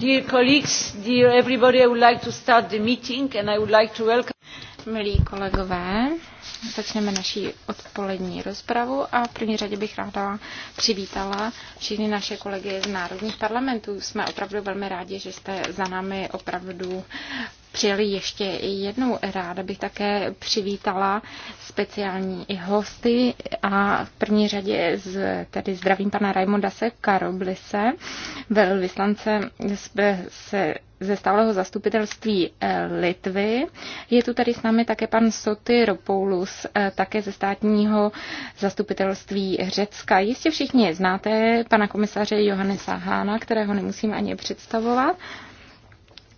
Dear colleagues, dear everybody, I would like to start the meeting and I would like to welcome... Milí kolegové, začneme naší odpolední rozpravu a v první řadě bych ráda přivítala všechny naše kolegy z národních parlamentů. Jsme opravdu velmi rádi, že jste za námi opravdu přijeli ještě jednou. Ráda bych také přivítala speciální hosty a v první řadě z, tedy zdravím pana Raimonda se Karoblise, velvyslance se ze stáleho zastupitelství eh, Litvy. Je tu tady s námi také pan Soty Ropoulus, eh, také ze státního zastupitelství Řecka. Jistě všichni znáte pana komisaře Johannesa Hána, kterého nemusím ani představovat.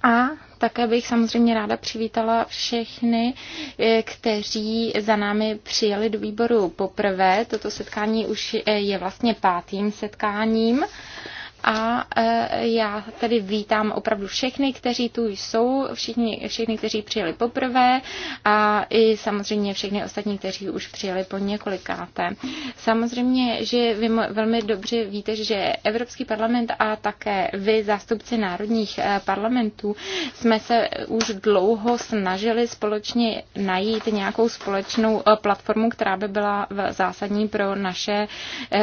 A také bych samozřejmě ráda přivítala všechny, eh, kteří za námi přijeli do výboru poprvé. Toto setkání už eh, je vlastně pátým setkáním. A e, já tedy vítám opravdu všechny, kteří tu jsou, všichni, všichni, kteří přijeli poprvé a i samozřejmě všechny ostatní, kteří už přijeli po několikáté. Samozřejmě, že vy velmi dobře víte, že Evropský parlament a také vy, zástupci národních e, parlamentů, jsme se už dlouho snažili společně najít nějakou společnou e, platformu, která by byla zásadní pro naše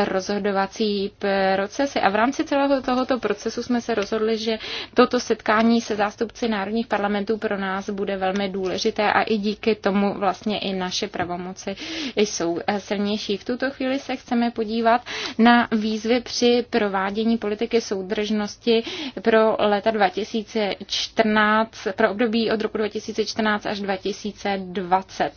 rozhodovací procesy. A v rámci celého průběhu tohoto procesu jsme se rozhodli, že toto setkání se zástupci národních parlamentů pro nás bude velmi důležité a i díky tomu vlastně i naše pravomoci jsou eh, silnější. V tuto chvíli se chceme podívat na výzvy při provádění politiky soudržnosti pro leta 2014, pro období od roku 2014 až 2020.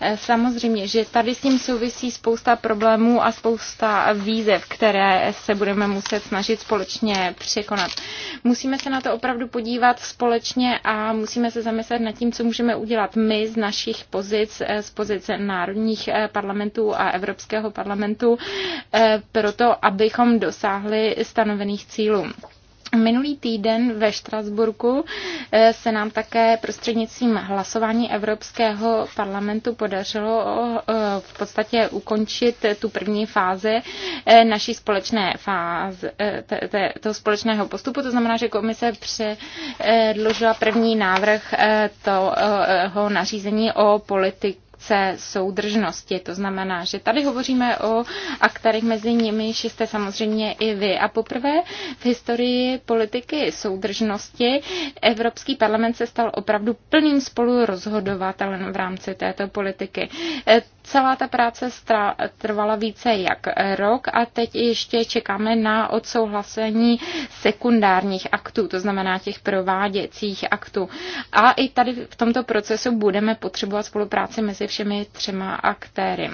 Eh, samozřejmě, že tady s tím souvisí spousta problémů a spousta výzev, které se budeme muset snažit společně společně překonat. Musíme se na to opravdu podívat společně a musíme se zamyslet nad tím, co můžeme udělat my z našich pozic, eh, z pozice národních eh, parlamentů a Evropského parlamentu, eh, proto abychom dosáhli stanovených cílů. Minulý týden ve Štrasburku eh, se nám také prostřednictvím hlasování Evropského parlamentu podařilo eh, v podstatě ukončit tu první fázi eh, naší společné fáze, toho společného postupu. To znamená, že komise předložila první návrh toho nařízení o politik politice soudržnosti. To znamená, že tady hovoříme o aktarech, mezi nimi jste samozřejmě i vy. A poprvé v historii politiky soudržnosti Evropský parlament se stal opravdu plným spolurozhodovatelem v rámci této politiky. Celá ta práce trvala více jak rok a teď ještě čekáme na odsouhlasení sekundárních aktů, to znamená těch prováděcích aktů. A i tady v tomto procesu budeme potřebovat spolupráci mezi všemi všemi třema aktéry.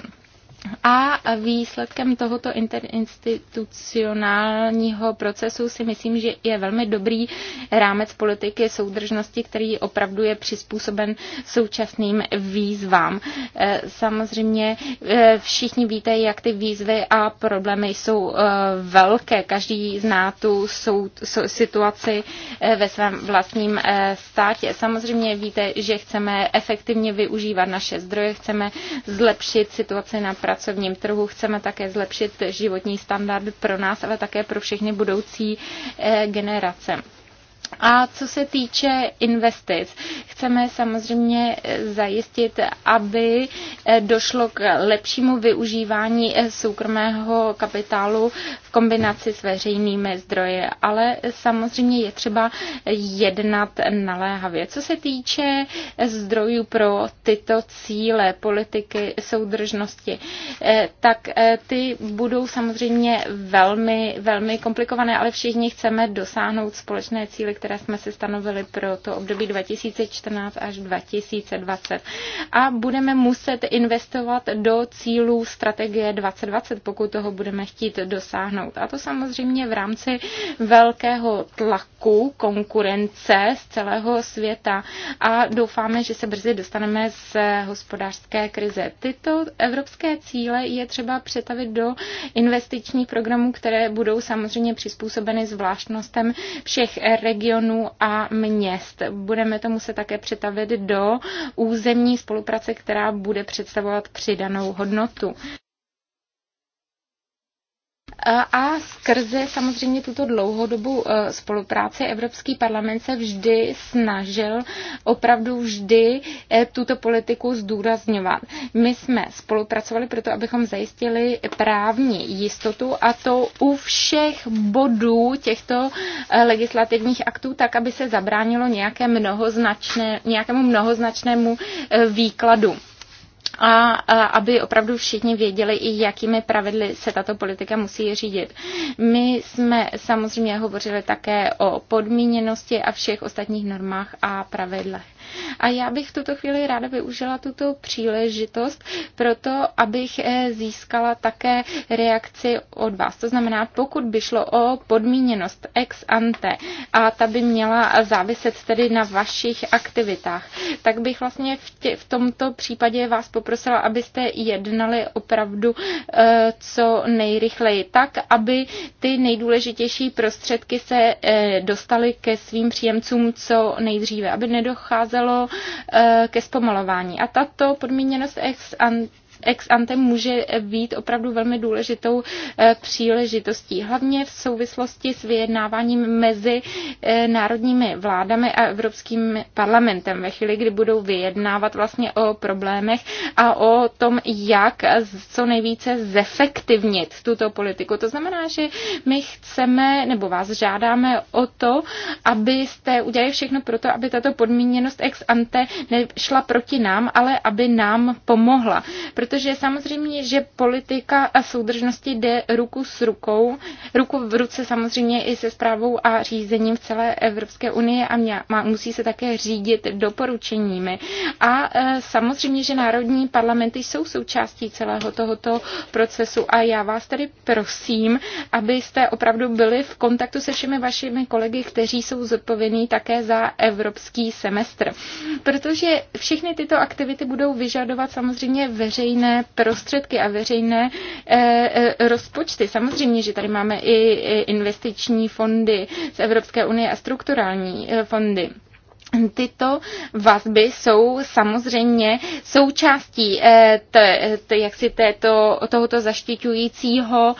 A výsledkem tohoto interinstitucionálního procesu si myslím, že je velmi dobrý rámec politiky soudržnosti, který opravdu je přizpůsoben současným výzvám. E, samozřejmě e, všichni víte, jak ty výzvy a problémy jsou e, velké. Každý zná tu situaci ve svém vlastním státě. Samozřejmě víte, že chceme efektivně využívat naše zdroje, chceme zlepšit situaci na pracovní pracovním trhu. Chceme také zlepšit životní standard pro nás, ale také pro všechny budoucí eh, generace. A co se týče investic, chceme samozřejmě eh, zajistit, aby eh, došlo k lepšímu využívání eh, soukromého kapitálu v kombinaci s veřejnými zdroje, ale samozřejmě je třeba jednat naléhavě. Co se týče zdrojů pro tyto cíle politiky soudržnosti, tak ty budou samozřejmě velmi, velmi komplikované, ale všichni chceme dosáhnout společné cíle, které jsme si stanovili pro to období 2014 až 2020. A budeme muset investovat do cílů strategie 2020, pokud toho budeme chtít dosáhnout. A to samozřejmě v rámci velkého tlaku konkurence z celého světa a doufáme, že se brzy dostaneme z hospodářské krize. Tyto evropské cíle je třeba přetavit do investičních programů, které budou samozřejmě přizpůsobeny zvláštnostem všech regionů regionů a měst. Budeme to muset také přetavit do územní spolupráce, která bude představovat přidanou hodnotu a skrze samozřejmě tuto dlouhodobu eh, spolupráci Evropský parlament se vždy snažil opravdu vždy eh, tuto politiku zdůrazňovat. My jsme spolupracovali proto, abychom zajistili právní jistotu a to u všech bodů těchto eh, legislativních aktů, tak aby se zabránilo nějaké mnohoznačné, nějakému mnohoznačnému výkladu a, a aby opravdu všichni věděli, i jakými pravidly se tato politika musí řídit. My jsme samozřejmě hovořili také o podmíněnosti a všech ostatních normách a pravidlech. A já bych v tuto chvíli ráda využila tuto příležitost pro to, abych eh, získala také reakci od vás. To znamená, pokud by šlo o podmíněnost ex ante a ta by měla záviset tedy na vašich aktivitách, tak bych vlastně v, tě, v tomto případě vás poprosila, abyste jednali opravdu e, co nejrychleji, tak, aby ty nejdůležitější prostředky se e, dostaly ke svým příjemcům co nejdříve, aby nedocházelo vedlo eh, ke zpomalování. A tato podmíněnost ex ante ex ante může být opravdu velmi důležitou eh, příležitostí, hlavně v souvislosti s vyjednáváním mezi eh, národními vládami a Evropským parlamentem ve chvíli, kdy budou vyjednávat vlastně o problémech a o tom, jak co nejvíce zefektivnit tuto politiku. To znamená, že my chceme nebo vás žádáme o to, abyste udělali všechno pro to, aby tato podmíněnost ex ante nešla proti nám, ale aby nám pomohla. Proto protože samozřejmě, že politika a soudržnosti jde ruku s rukou, ruku v ruce samozřejmě i se zprávou a řízením v celé Evropské unie a mě, má, musí se také řídit doporučeními. A e, samozřejmě, že národní parlamenty jsou součástí celého tohoto procesu a já vás tedy prosím, abyste opravdu byli v kontaktu se všemi vašimi kolegy, kteří jsou zodpovědní také za evropský semestr. Protože všechny tyto aktivity budou vyžadovat samozřejmě veřejné veřejné prostředky a veřejné eh, eh, rozpočty. Samozřejmě, že tady máme i investiční fondy z Evropské unie a strukturální eh, fondy. Tyto vazby jsou samozřejmě součástí t, t, jaksi této, tohoto zaštiťujícího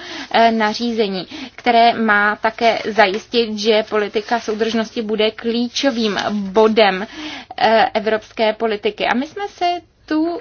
nařízení, které má také zajistit, že politika soudržnosti bude klíčovým bodem evropské politiky. A my jsme se tu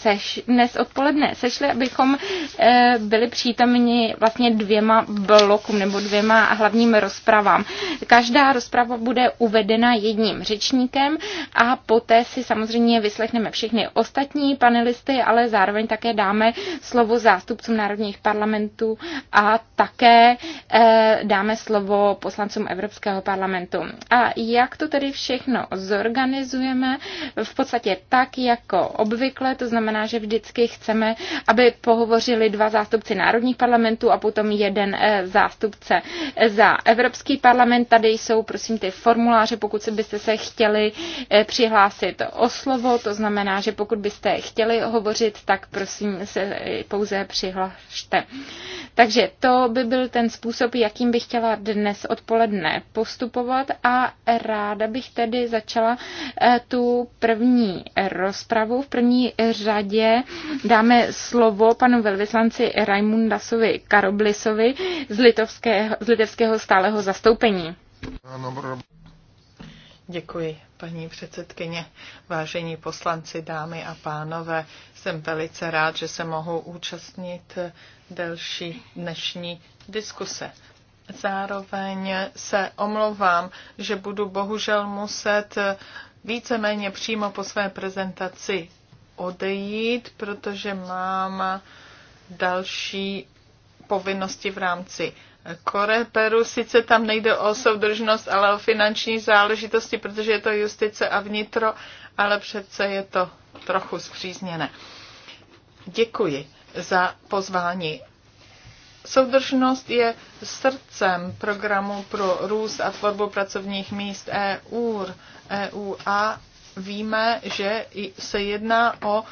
seš, dnes odpoledne sešli, abychom eh, byli přítomni vlastně dvěma blokům nebo dvěma hlavním rozpravám. Každá rozprava bude uvedena jedním řečníkem a poté si samozřejmě vyslechneme všechny ostatní panelisty, ale zároveň také dáme slovo zástupcům národních parlamentů a také eh, dáme slovo poslancům Evropského parlamentu. A jak to tedy všechno zorganizujeme? V podstatě tak jako obvykle, to znamená, znamená, že vždycky chceme, aby pohovořili dva zástupci národních parlamentů a potom jeden eh, zástupce za Evropský parlament. Tady jsou, prosím, ty formuláře, pokud byste se chtěli eh, přihlásit o slovo, to znamená, že pokud byste chtěli hovořit, tak prosím se eh, pouze přihlašte. Takže to by byl ten způsob, jakým bych chtěla dnes odpoledne postupovat a ráda bych tedy začala tu první rozpravu. V první řadě případě dáme slovo panu velvyslanci Raimundasovi Karoblisovi z, litovského, z litevského stáleho zastoupení. Děkuji, paní předsedkyně. Vážení poslanci, dámy a pánové, jsem velice rád, že se mohu účastnit delší dnešní diskuse. Zároveň se omlouvám, že budu bohužel muset víceméně přímo po své prezentaci odejít, protože mám další povinnosti v rámci Koreperu. Sice tam nejde o soudržnost, ale o finanční záležitosti, protože je to justice a vnitro, ale přece je to trochu zpřízněné. Děkuji za pozvání. Soudržnost je srdcem programu pro růst a tvorbu pracovních míst EUR, EU víme, že se jedná o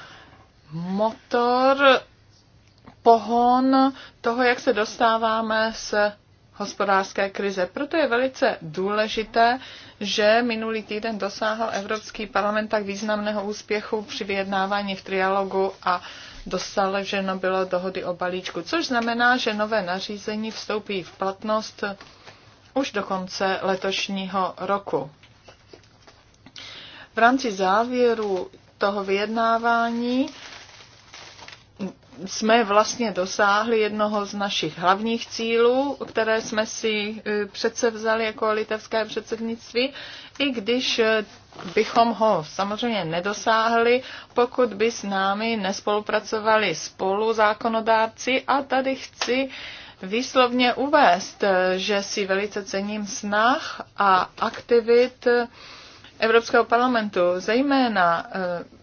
motor, pohon toho, jak se dostáváme z hospodářské krize. Proto je velice důležité, že minulý týden dosáhl Evropský parlament tak významného úspěchu při vyjednávání v trialogu a dosaženo bylo dohody o balíčku, což znamená, že nové nařízení vstoupí v platnost už do konce letošního roku. V rámci závěru toho vyjednávání jsme vlastně dosáhli jednoho z našich hlavních cílů, které jsme si e, přece vzali jako litevské předsednictví, i když e, bychom ho samozřejmě nedosáhli, pokud by s námi nespolupracovali spolu zákonodárci. A tady chci výslovně uvést, e, že si velice cením snah a aktivit Evropského parlamentu, zejména eh,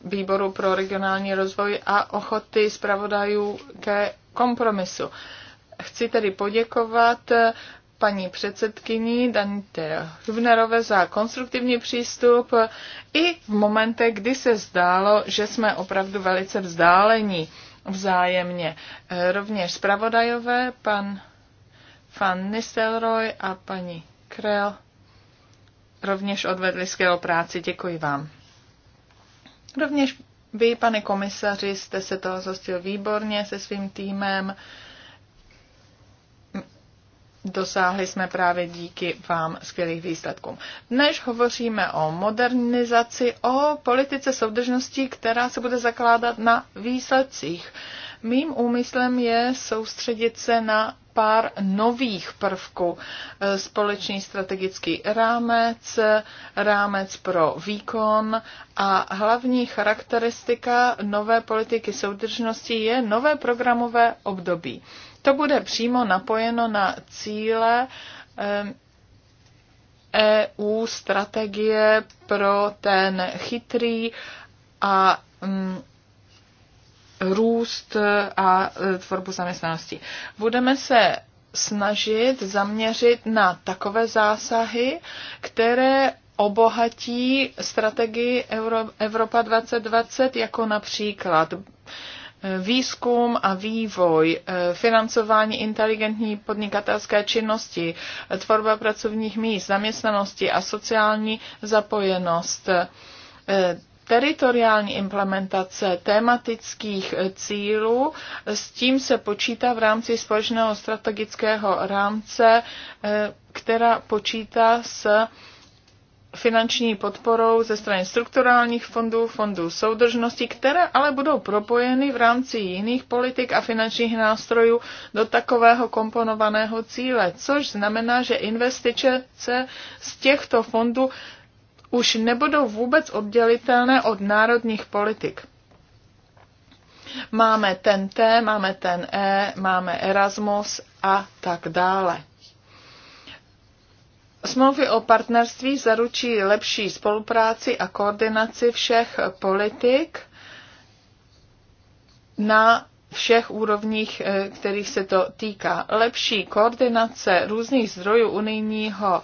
výboru pro regionální rozvoj a ochoty zpravodajů ke kompromisu. Chci tedy poděkovat eh, paní předsedkyni Danite Hübnerové za konstruktivní přístup eh, i v momentech, kdy se zdálo, že jsme opravdu velice vzdálení vzájemně. Rovněž zpravodajové, pan Van Nistelrooy a paní Krell rovněž odvedli skvělou práci. Děkuji vám. Rovněž vy, pane komisaři, jste se toho zhostil výborně se svým týmem. Dosáhli jsme právě díky vám skvělých výsledků. Dnes hovoříme o modernizaci, o politice soudržnosti, která se bude zakládat na výsledcích. Mým úmyslem je soustředit se na pár nových prvků. Společný strategický rámec, rámec pro výkon a hlavní charakteristika nové politiky soudržnosti je nové programové období. To bude přímo napojeno na cíle EU e strategie pro ten chytrý a mm, růst a e, tvorbu zaměstnanosti. Budeme se snažit zaměřit na takové zásahy, které obohatí strategii Euro, Evropa 2020, jako například e, výzkum a vývoj, e, financování inteligentní podnikatelské činnosti, tvorba pracovních míst, zaměstnanosti a sociální zapojenost teritoriální implementace tematických eh, cílů, s tím se počítá v rámci společného strategického rámce, eh, která počítá s finanční podporou ze strany strukturálních fondů, fondů soudržnosti, které ale budou propojeny v rámci jiných politik a finančních nástrojů do takového komponovaného cíle, což znamená, že investice z těchto fondů už nebudou vůbec oddělitelné od národních politik. Máme ten T, máme ten E, máme Erasmus a tak dále. Smlouvy o partnerství zaručí lepší spolupráci a koordinaci všech politik na všech úrovních, eh, kterých se to týká. Lepší koordinace různých zdrojů unijního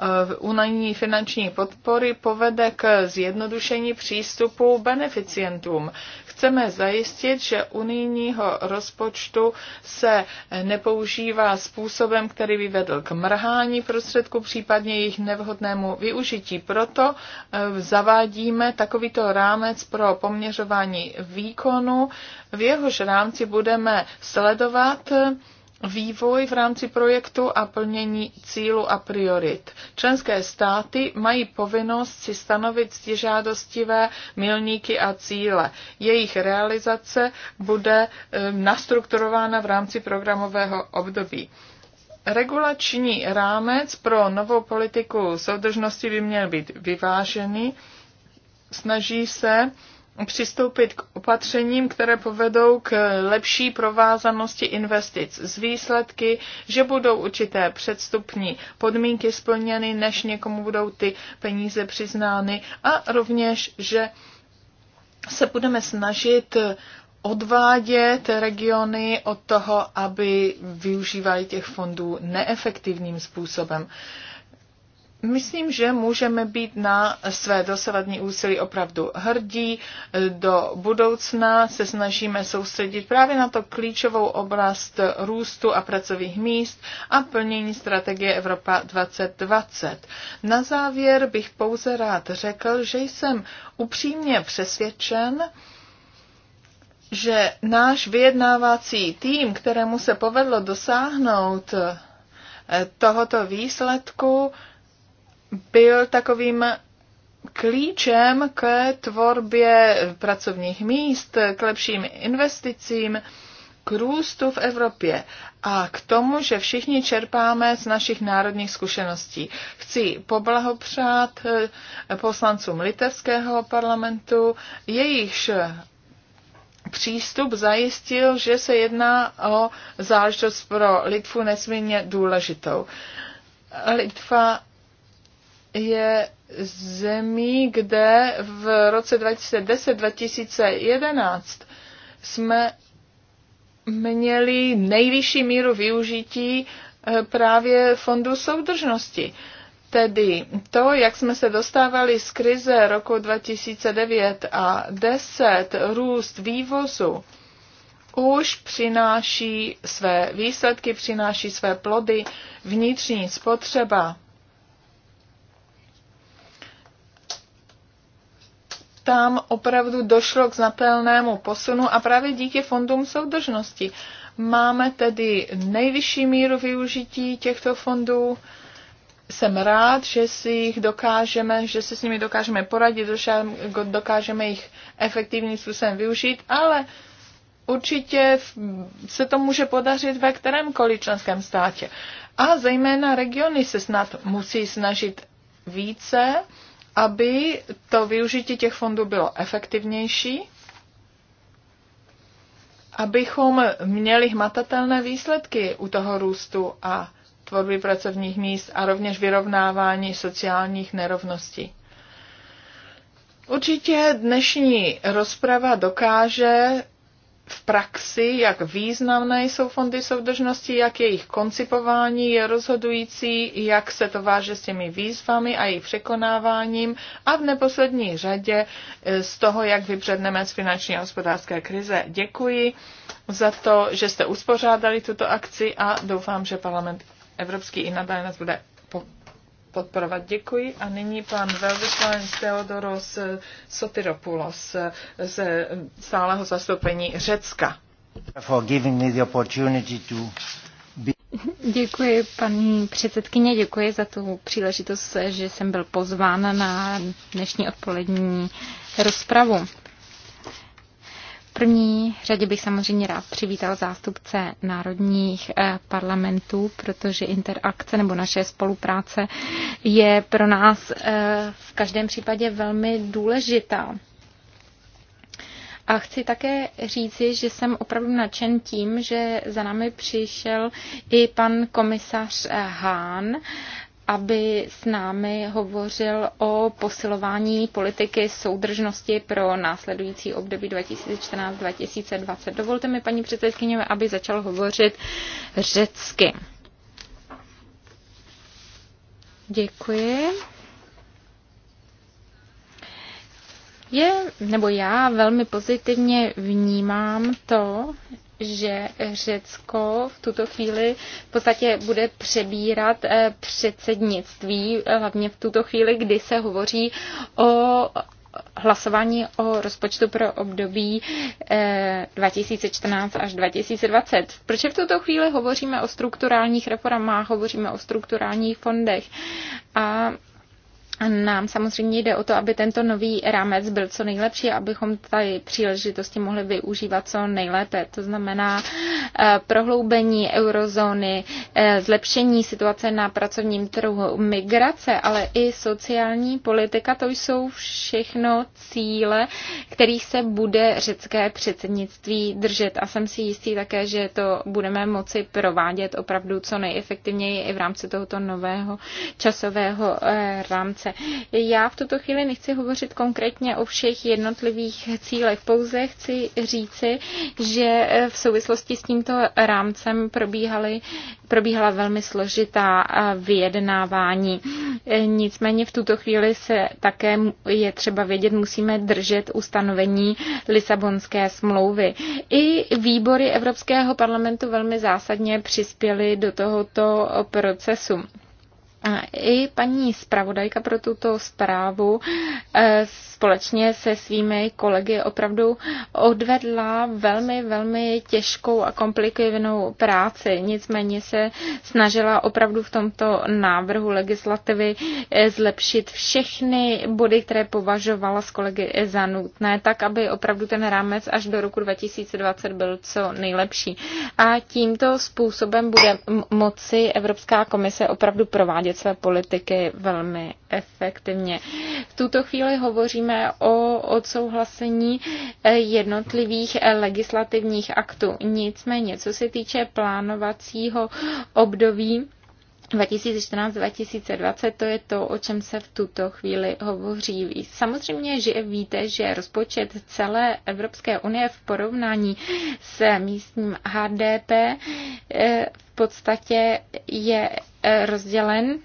Eh, unijní finanční podpory povede k zjednodušení přístupu beneficientům. Chceme zajistit, že unijního rozpočtu se nepoužívá způsobem, který by vedl k mrhání prostředků, případně jejich nevhodnému využití. Proto eh, zavádíme takovýto rámec pro poměřování výkonu. V jehož rámci budeme sledovat, eh, vývoj v rámci projektu a plnění cílu a priorit. Členské státy mají povinnost si stanovit stěžádostivé milníky a cíle. Jejich realizace bude nastrukturována v rámci programového období. Regulační rámec pro novou politiku soudržnosti by měl být vyvážený. Snaží se přistoupit k opatřením, které povedou k lepší provázanosti investic z výsledky, že budou určité předstupní podmínky splněny, než někomu budou ty peníze přiznány a rovněž, že se budeme snažit odvádět regiony od toho, aby využívali těch fondů neefektivním způsobem. Myslím, že můžeme být na své dosavadní úsilí opravdu hrdí. Do budoucna se snažíme soustředit právě na to klíčovou oblast růstu a pracových míst a plnění strategie Evropa 2020. Na závěr bych pouze rád řekl, že jsem upřímně přesvědčen, že náš vyjednávací tým, kterému se povedlo dosáhnout tohoto výsledku, byl takovým klíčem k tvorbě pracovních míst, k lepším investicím, k růstu v Evropě a k tomu, že všichni čerpáme z našich národních zkušeností. Chci poblahopřát eh, poslancům litevského parlamentu, jejichž přístup zajistil, že se jedná o záležitost pro Litvu nesmírně důležitou. Litva je zemí, kde v roce 2010-2011 jsme měli nejvyšší míru využití eh, právě fondu soudržnosti. Tedy to, jak jsme se dostávali z krize roku 2009 a 10 růst vývozu, už přináší své výsledky, přináší své plody, vnitřní spotřeba tam opravdu došlo k znatelnému posunu a právě díky fondům soudržnosti. Máme tedy nejvyšší míru využití těchto fondů. Jsem rád, že si jich dokážeme, že se s nimi dokážeme poradit, dokážeme jich efektivním způsobem využít, ale určitě se to může podařit ve kterémkoliv členském státě. A zejména regiony se snad musí snažit více, aby to využití těch fondů bylo efektivnější, abychom měli hmatatelné výsledky u toho růstu a tvorby pracovních míst a rovněž vyrovnávání sociálních nerovností. Určitě dnešní rozprava dokáže v praxi, jak významné jsou fondy soudržnosti, jak jejich koncipování je rozhodující, jak se to váže s těmi výzvami a jejich překonáváním a v neposlední řadě e, z toho, jak vybředneme z finanční a hospodářské krize. Děkuji za to, že jste uspořádali tuto akci a doufám, že parlament Evropský i nadále nás bude podporovat. Děkuji. A nyní pan velvyslanec Theodoros Sotiropoulos ze stáleho zastoupení Řecka. For giving me the opportunity to be... Děkuji, paní předsedkyně, děkuji za tu příležitost, že jsem byl pozván na dnešní odpolední rozpravu první řadě bych samozřejmě rád přivítal zástupce národních eh, parlamentů, protože interakce nebo naše spolupráce je pro nás eh, v každém případě velmi důležitá. A chci také říci, že jsem opravdu nadšen tím, že za námi přišel i pan komisař Hán, eh, aby s námi hovořil o posilování politiky soudržnosti pro následující období 2014-2020. Dovolte mi, paní předsedkyně, aby začal hovořit řecky. Děkuji. Je, nebo já velmi pozitivně vnímám to, že Řecko v tuto chvíli v podstatě bude přebírat eh, předsednictví, eh, hlavně v tuto chvíli, kdy se hovoří o hlasování o rozpočtu pro období 2014 eh, až 2020. Proč v tuto chvíli hovoříme o strukturálních reformách, hovoříme o strukturálních fondech? A nám samozřejmě jde o to, aby tento nový rámec byl co nejlepší, abychom tady příležitosti mohli využívat co nejlépe. To znamená eh, prohloubení eurozóny, eh, zlepšení situace na pracovním trhu, migrace, ale i sociální politika. To jsou všechno cíle, kterých se bude řecké předsednictví držet. A jsem si jistý také, že to budeme moci provádět opravdu co nejefektivněji i v rámci tohoto nového časového eh, rámce. Já v tuto chvíli nechci hovořit konkrétně o všech jednotlivých cílech, pouze chci říci, že v souvislosti s tímto rámcem probíhaly, probíhala velmi složitá vyjednávání. Nicméně v tuto chvíli se také je třeba vědět, musíme držet ustanovení Lisabonské smlouvy. I výbory Evropského parlamentu velmi zásadně přispěly do tohoto procesu. I paní zpravodajka pro tuto zprávu eh, společně se svými kolegy opravdu odvedla velmi, velmi těžkou a komplikovanou práci. Nicméně se snažila opravdu v tomto návrhu legislativy eh, zlepšit všechny body, které považovala s kolegy eh, za nutné, tak aby opravdu ten rámec až do roku 2020 byl co nejlepší. A tímto způsobem bude moci Evropská komise opravdu provádět řídit své politiky velmi efektivně. V tuto chvíli hovoříme o odsouhlasení eh, jednotlivých eh, legislativních aktů. Nicméně, co se týče plánovacího období, 2014-2020, to je to, o čem se v tuto chvíli hovoří. Samozřejmě, že víte, že rozpočet celé Evropské unie v porovnání s místním HDP eh, v podstatě je rozdělen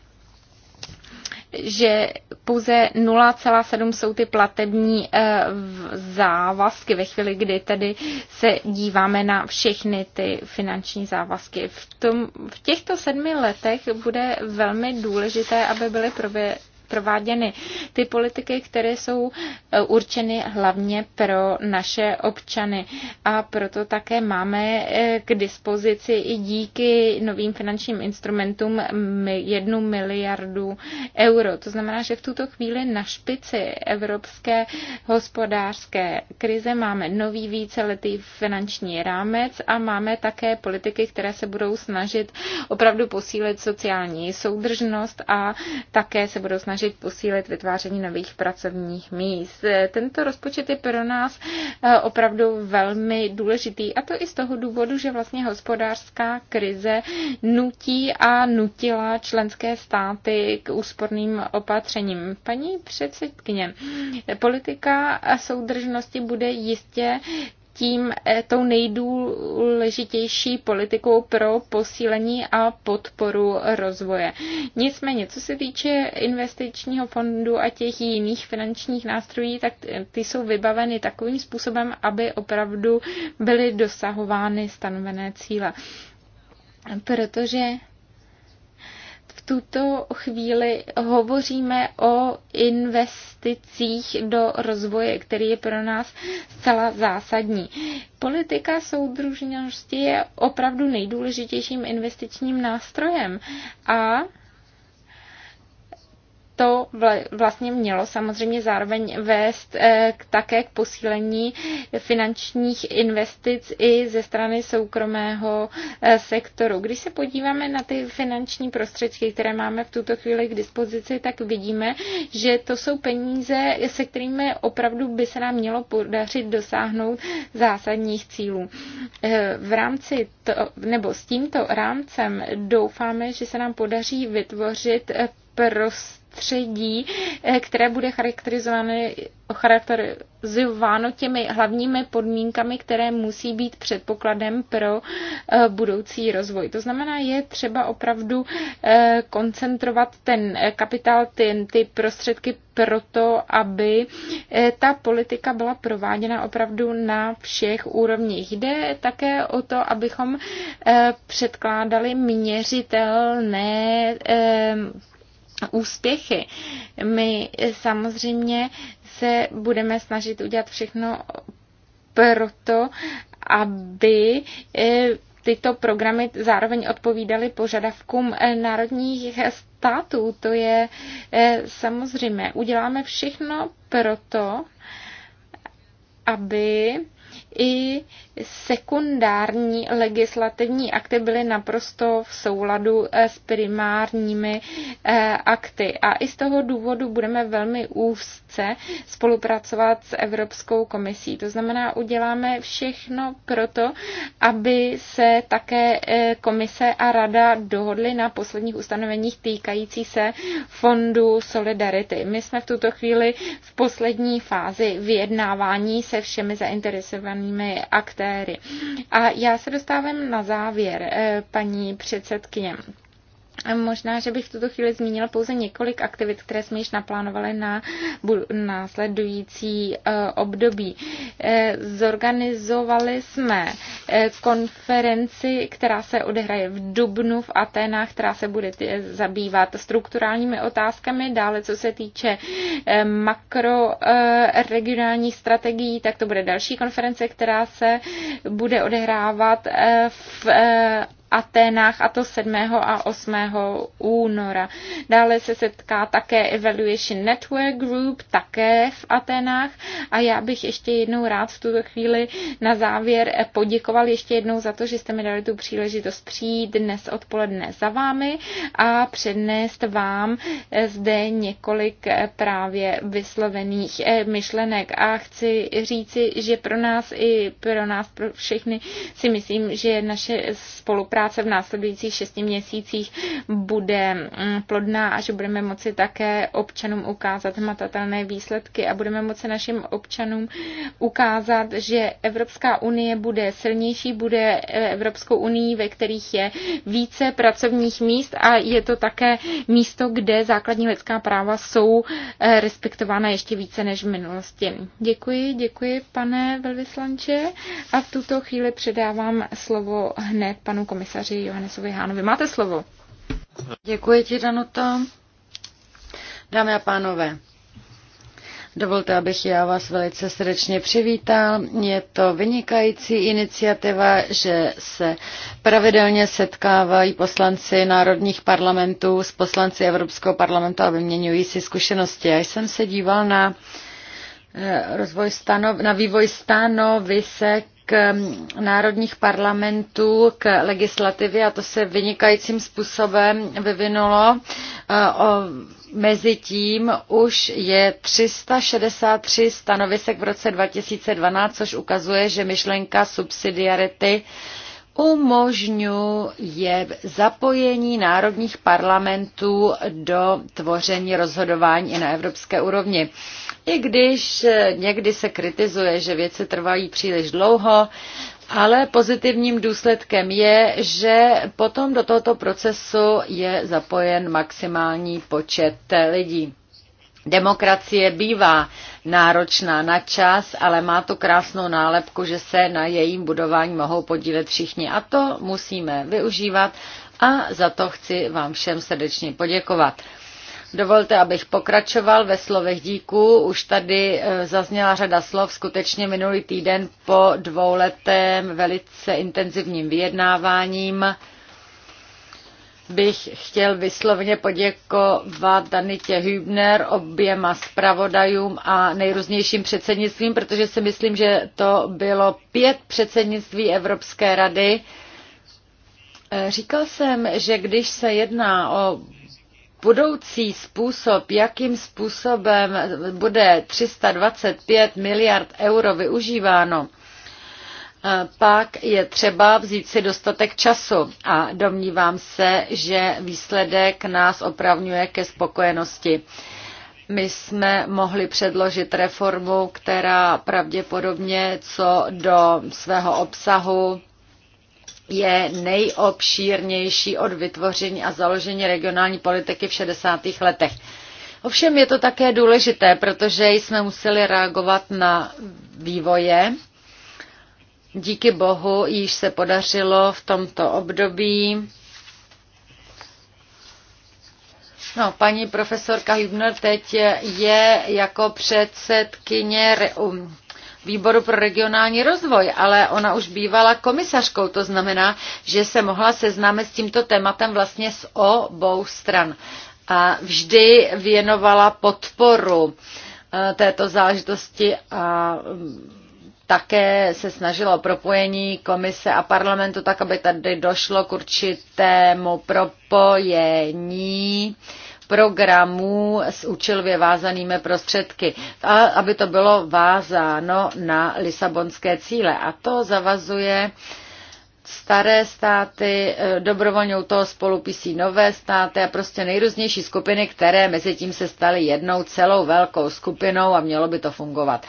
že pouze 0,7 jsou ty platební eh, závazky ve chvíli, kdy tedy se díváme na všechny ty finanční závazky. V, tom, v těchto sedmi letech bude velmi důležité, aby byly prově, prováděny ty politiky, které jsou e, určeny hlavně pro naše občany. A proto také máme e, k dispozici i díky novým finančním instrumentům jednu miliardu euro. To znamená, že v tuto chvíli na špici evropské hospodářské krize máme nový víceletý finanční rámec a máme také politiky, které se budou snažit opravdu posílit sociální soudržnost a také se budou snažit snažit posílit vytváření nových pracovních míst. Tento rozpočet je pro nás eh, opravdu velmi důležitý a to i z toho důvodu, že vlastně hospodářská krize nutí a nutila členské státy k úsporným opatřením. Paní předsedkyně, politika soudržnosti bude jistě tím eh, tou nejdůležitější politikou pro posílení a podporu rozvoje. Nicméně, co se týče investičního fondu a těch jiných finančních nástrojů, tak ty jsou vybaveny takovým způsobem, aby opravdu byly dosahovány stanovené cíle. Protože tuto chvíli hovoříme o investicích do rozvoje, který je pro nás zcela zásadní. Politika soudružnosti je opravdu nejdůležitějším investičním nástrojem a to vlastně mělo samozřejmě zároveň vést eh, také k posílení finančních investic i ze strany soukromého eh, sektoru. Když se podíváme na ty finanční prostředky, které máme v tuto chvíli k dispozici, tak vidíme, že to jsou peníze, se kterými opravdu by se nám mělo podařit dosáhnout zásadních cílů. Eh, v rámci to, nebo s tímto rámcem doufáme, že se nám podaří vytvořit prostředky prostředí, eh, které bude charakterizováno, charakterizováno těmi hlavními podmínkami, které musí být předpokladem pro eh, budoucí rozvoj. To znamená, je třeba opravdu eh, koncentrovat ten kapitál, ty, ty prostředky proto, aby ta politika byla prováděna opravdu na všech úrovních. Jde také o to, abychom předkládali měřitelné úspěchy. My samozřejmě se budeme snažit udělat všechno proto, aby e, tyto programy zároveň odpovídaly požadavkům e, národních států. To je e, samozřejmé. Uděláme všechno proto, aby i sekundární legislativní akty byly naprosto v souladu eh, s primárními eh, akty. A i z toho důvodu budeme velmi úzce spolupracovat s Evropskou komisí. To znamená, uděláme všechno proto, aby se také eh, komise a rada dohodly na posledních ustanoveních týkající se fondu Solidarity. My jsme v tuto chvíli v poslední fázi vyjednávání se všemi zainteresovanými zainteresovanými aktéry. A já se dostávám na závěr, eh, paní předsedkyně. Možná, že bych v tuto chvíli zmínila pouze několik aktivit, které jsme již naplánovali na následující eh, období. Eh, zorganizovali jsme eh, konferenci, která se odehraje v Dubnu v Aténách, která se bude zabývat strukturálními otázkami. Dále, co se týče makroregionálních strategií, tak to bude další konference, která se bude odehrávat v Aténách, a to 7. a 8 února. Dále se setká také Evaluation Network Group, také v Atenách. A já bych ještě jednou rád v tuto chvíli na závěr poděkoval ještě jednou za to, že jste mi dali tu příležitost přijít dnes odpoledne za vámi a přednést vám zde několik právě vyslovených eh, myšlenek. A chci říci, že pro nás i pro nás, pro všechny si myslím, že naše spolupráce v následujících šesti měsících bude mm, plodná a že budeme moci také občanům ukázat matatelné výsledky a budeme moci našim občanům ukázat, že Evropská unie bude silnější, bude e, Evropskou unii, ve kterých je více pracovních míst a je to také místo, kde základní lidská práva jsou e, respektována ještě více než v minulosti. Děkuji, děkuji, pane velvyslanče. A v tuto chvíli předávám slovo hned panu komisaři Johannesovi Hánovi. Máte slovo. Děkuji ti, Danuto. Dámy a pánové, Dovolte, abych já vás velice srdečně přivítal. Je to vynikající iniciativa, že se pravidelně setkávají poslanci národních parlamentů s poslanci Evropského parlamentu a vyměňují si zkušenosti. Já jsem se díval na eh, rozvoj stanov, na vývoj stanovisek k mm, národních parlamentů k legislativě a to se vynikajícím způsobem vyvinulo. Eh, Mezitím už je 363 stanovisek v roce 2012, což ukazuje, že myšlenka subsidiarity umožňuje zapojení národních parlamentů do tvoření rozhodování i na evropské úrovni. I když eh, někdy se kritizuje, že věci trvají příliš dlouho, ale pozitivním důsledkem je, že potom do tohoto procesu je zapojen maximální počet eh, lidí. Demokracie bývá náročná na čas, ale má tu krásnou nálepku, že se na jejím budování mohou podílet všichni a to musíme využívat a za to chci vám všem srdečně poděkovat. Dovolte, abych pokračoval ve slovech díků. Už tady eh, zazněla řada slov. Skutečně minulý týden po dvouletém velice intenzivním vyjednáváním bych chtěl vyslovně poděkovat Danitě Hübner, oběma zpravodajům a nejrůznějším předsednictvím, protože si myslím, že to bylo pět předsednictví Evropské rady. Eh, říkal jsem, že když se jedná o budoucí způsob, jakým způsobem bude 325 miliard euro využíváno, pak je třeba vzít si dostatek času a domnívám se, že výsledek nás opravňuje ke spokojenosti. My jsme mohli předložit reformu, která pravděpodobně co do svého obsahu je nejobšírnější od vytvoření a založení regionální politiky v 60. letech. Ovšem je to také důležité, protože jsme museli reagovat na vývoje. Díky bohu již se podařilo v tomto období No, paní profesorka Hübner teď je jako předsedkyně um, výboru pro regionální rozvoj, ale ona už bývala komisařkou, to znamená, že se mohla seznámit s tímto tématem vlastně z obou stran. A vždy věnovala podporu eh, této záležitosti a mm, také se snažila o propojení komise a parlamentu, tak aby tady došlo k určitému propojení programů s účelově vázanými prostředky, a aby to bylo vázáno na lisabonské cíle. A to zavazuje staré státy, eh, dobrovolně u toho spolupisí nové státy a prostě nejrůznější skupiny, které mezi tím se staly jednou celou velkou skupinou a mělo by to fungovat.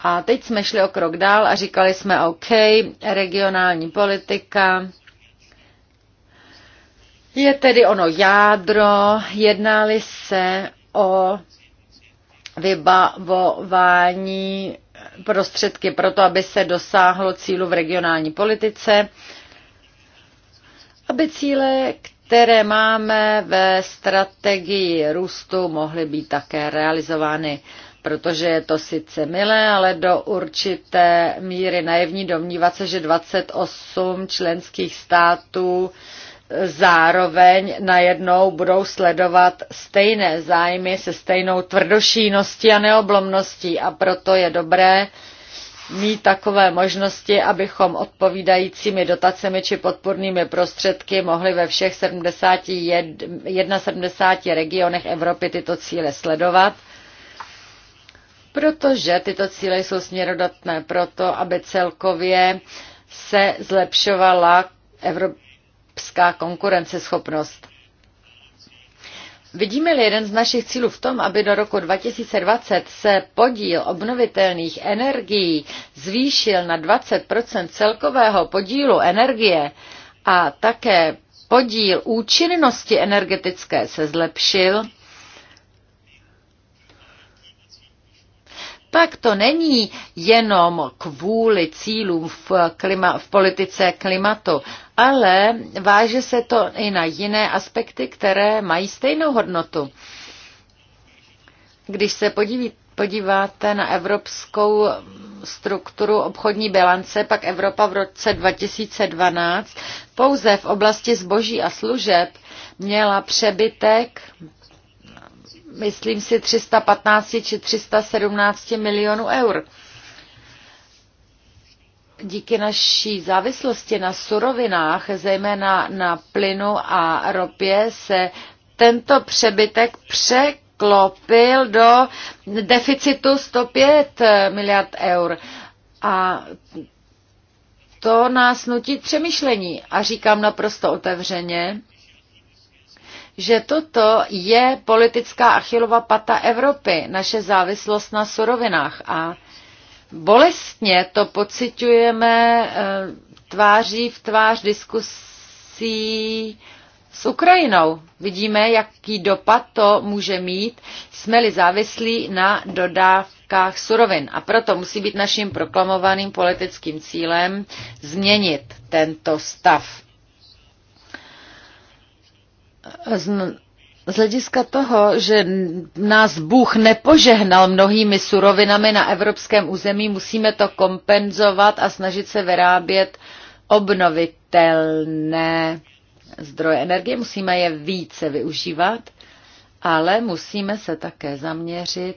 A teď jsme šli o krok dál a říkali jsme OK, regionální politika, je tedy ono jádro, jednali se o vybavování prostředky pro to, aby se dosáhlo cílu v regionální politice, aby cíle, které máme ve strategii růstu, mohly být také realizovány protože je to sice milé, ale do určité míry naivní domnívat se, že 28 členských států zároveň najednou budou sledovat stejné zájmy se stejnou tvrdošíností a neoblomností a proto je dobré mít takové možnosti, abychom odpovídajícími dotacemi či podpornými prostředky mohli ve všech 71, 70 regionech Evropy tyto cíle sledovat protože tyto cíle jsou směrodatné proto, aby celkově se zlepšovala Evropa evropská konkurenceschopnost. Vidíme-li jeden z našich cílů v tom, aby do roku 2020 se podíl obnovitelných energií zvýšil na 20 celkového podílu energie a také podíl účinnosti energetické se zlepšil, tak to není jenom kvůli cílům v, klima, v politice klimatu, ale váže se to i na jiné aspekty, které mají stejnou hodnotu. Když se podíví, podíváte na evropskou strukturu obchodní bilance, pak Evropa v roce 2012 pouze v oblasti zboží a služeb měla přebytek myslím si, 315 či 317 milionů eur. Díky naší závislosti na surovinách, zejména na plynu a ropě, se tento přebytek překlopil do deficitu 105 miliard eur. A to nás nutí k přemýšlení. A říkám naprosto otevřeně, že toto je politická achilová pata Evropy, naše závislost na surovinách. A bolestně to pociťujeme eh, tváří v tvář diskusí s Ukrajinou. Vidíme, jaký dopad to může mít, jsme-li závislí na dodávkách surovin. A proto musí být naším proklamovaným politickým cílem změnit tento stav z, hlediska toho, že nás Bůh nepožehnal mnohými surovinami na evropském území, musíme to kompenzovat a snažit se vyrábět obnovitelné zdroje energie. Musíme je více využívat, ale musíme se také zaměřit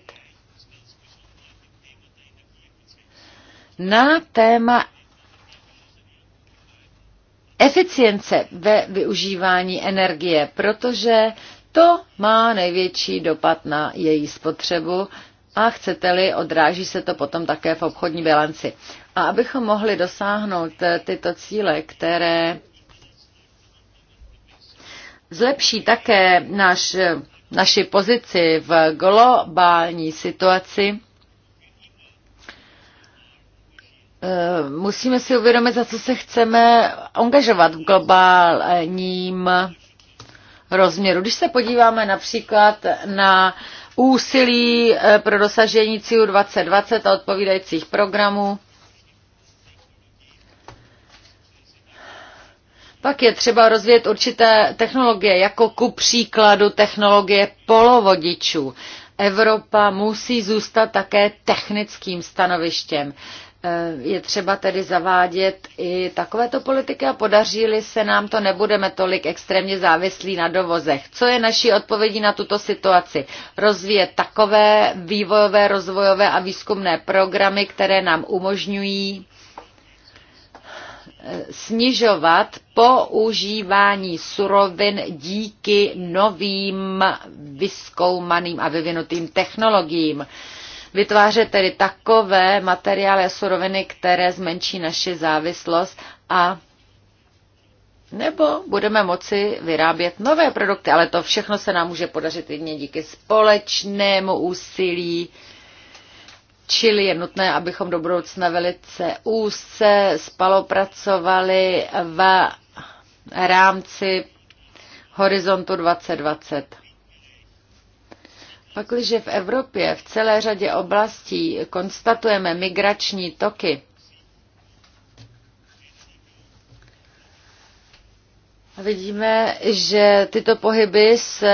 na téma eficience ve využívání energie, protože to má největší dopad na její spotřebu a chcete-li, odráží se to potom také v obchodní bilanci. A abychom mohli dosáhnout eh, tyto cíle, které zlepší také naš, eh, naši pozici v globální situaci, Eh, musíme si uvědomit, za co se chceme angažovat v globálním rozměru. Když se podíváme například na úsilí eh, pro dosažení CIU 2020 a odpovídajících programů, Pak je třeba rozvíjet určité technologie, jako ku příkladu technologie polovodičů. Evropa musí zůstat také technickým stanovištěm je třeba tedy zavádět i takovéto politiky a podaří-li se nám to, nebudeme tolik extrémně závislí na dovozech. Co je naší odpovědí na tuto situaci? Rozvíjet takové vývojové, rozvojové a výzkumné programy, které nám umožňují eh, snižovat používání surovin díky novým vyskoumaným a vyvinutým technologiím vytvářet tedy takové materiály a suroviny, které zmenší naši závislost a nebo budeme moci vyrábět nové produkty, ale to všechno se nám může podařit jedině díky společnému úsilí. Čili je nutné, abychom do budoucna velice úzce spalopracovali v rámci horizontu 2020. Pakliže v Evropě v celé řadě oblastí konstatujeme migrační toky, Vidíme, že tyto pohyby se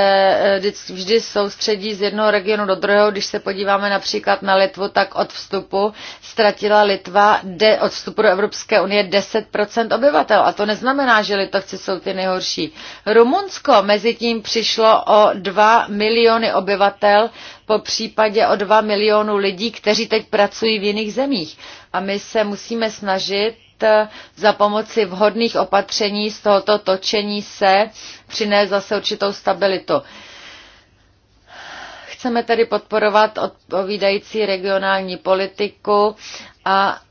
eh, vždy soustředí z jednoho regionu do druhého. Když se podíváme například na Litvu, tak od vstupu ztratila Litva de, od vstupu do Evropské unie 10% obyvatel. A to neznamená, že Litovci jsou ty nejhorší. Rumunsko mezi tím přišlo o 2 miliony obyvatel, po případě o 2 milionů lidí, kteří teď pracují v jiných zemích. A my se musíme snažit Eh, za pomoci vhodných opatření z tohoto točení se přinést zase určitou stabilitu. Chceme tedy podporovat odpovídající regionální politiku a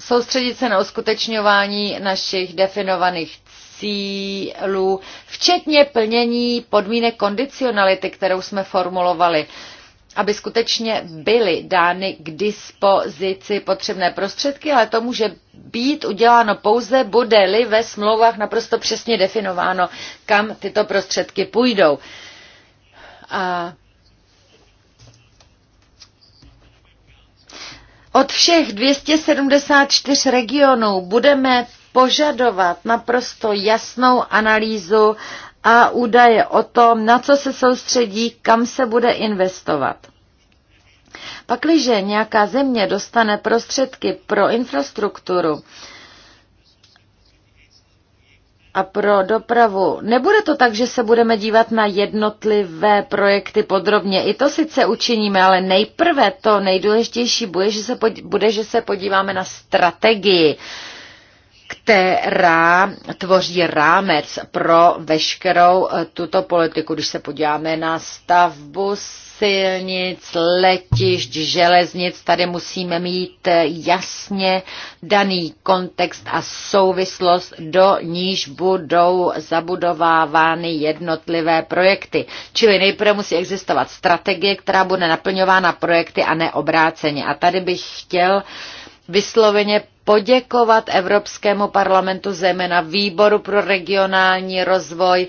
soustředit se na uskutečňování našich definovaných cílů, včetně plnění podmínek kondicionality, kterou jsme formulovali aby skutečně byly dány k dispozici potřebné prostředky, ale to může být uděláno pouze, bude-li ve smlouvách naprosto přesně definováno, kam tyto prostředky půjdou. A Od všech 274 regionů budeme požadovat naprosto jasnou analýzu a údaje o tom, na co se soustředí, kam se bude investovat. Pakliže nějaká země dostane prostředky pro infrastrukturu a pro dopravu, nebude to tak, že se budeme dívat na jednotlivé projekty podrobně. I to sice učiníme, ale nejprve to nejdůležitější bude, že se, podíváme na strategii. Uh, která tvoří rámec pro veškerou eh, tuto politiku. Když se podíváme na stavbu silnic, letišť, železnic, tady musíme mít eh, jasně daný kontext a souvislost, do níž budou zabudovávány jednotlivé projekty. Čili nejprve musí existovat strategie, která bude naplňována projekty a ne obráceně. A tady bych chtěl vysloveně poděkovat Evropskému parlamentu, zejména výboru pro regionální rozvoj,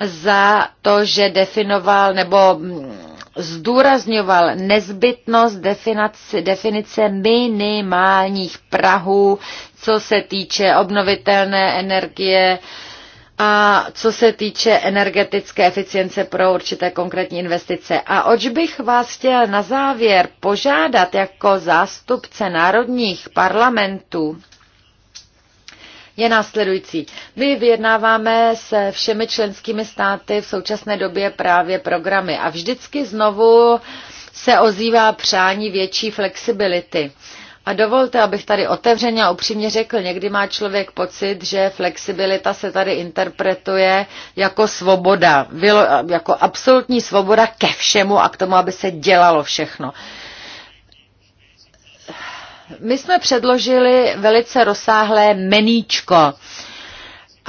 za to, že definoval nebo mm, zdůrazňoval nezbytnost definice, definice minimálních prahů, co se týče obnovitelné energie, a co se týče energetické eficience pro určité konkrétní investice. A oč bych vás chtěl na závěr požádat jako zástupce národních parlamentů, je následující. My vyjednáváme se všemi členskými státy v současné době právě programy a vždycky znovu se ozývá přání větší flexibility. A dovolte, abych tady otevřeně a upřímně řekl, někdy má člověk pocit, že flexibilita se tady interpretuje jako svoboda, jako absolutní svoboda ke všemu a k tomu, aby se dělalo všechno. My jsme předložili velice rozsáhlé meníčko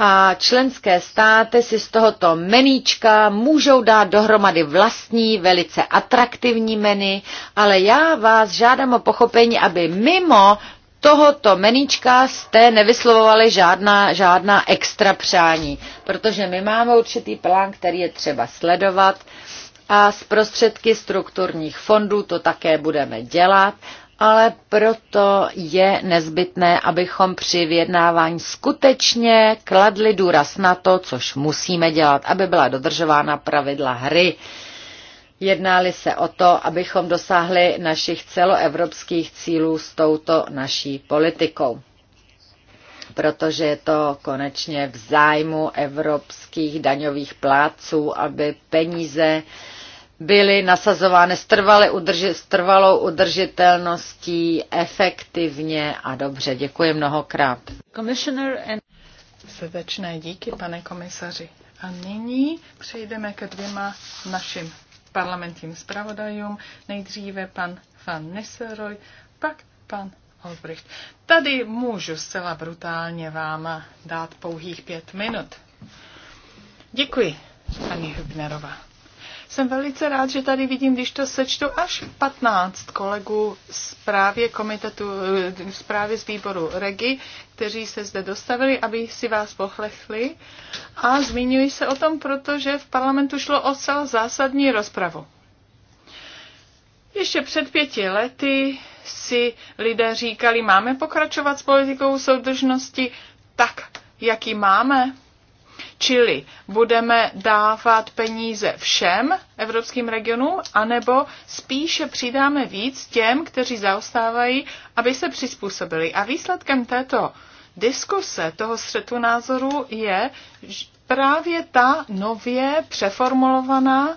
a členské státy si z tohoto meníčka můžou dát dohromady vlastní, velice atraktivní meny, ale já vás žádám o pochopení, aby mimo tohoto meníčka jste nevyslovovali žádná, žádná extra přání, protože my máme určitý plán, který je třeba sledovat a z prostředky strukturních fondů to také budeme dělat, ale proto je nezbytné, abychom při vyjednávání skutečně kladli důraz na to, což musíme dělat, aby byla dodržována pravidla hry. Jednáli se o to, abychom dosáhli našich celoevropských cílů s touto naší politikou protože je to konečně v zájmu evropských daňových plátců, aby peníze byly nasazovány s, udrži, trvalou udržitelností efektivně a dobře. Děkuji mnohokrát. And... Srdečné díky, pane komisaři. A nyní přejdeme ke dvěma našim parlamentním zpravodajům. Nejdříve pan Van Nesseroy, pak pan Olbricht. Tady můžu zcela brutálně vám dát pouhých pět minut. Děkuji, paní Hübnerová. Jsem velice rád, že tady vidím, když to sečtu, až 15 kolegů z právě komitetu, eh, z právě z výboru REGI, kteří se zde dostavili, aby si vás pochlechli. A zmiňuji se o tom, protože v parlamentu šlo o celá zásadní rozpravu. Ještě před pěti lety si lidé říkali, máme pokračovat s politikou soudržnosti tak, jaký máme. Čili budeme dávat peníze všem evropským regionům, anebo spíše přidáme víc těm, kteří zaostávají, aby se přizpůsobili. A výsledkem této diskuse, toho střetu názoru je právě ta nově přeformulovaná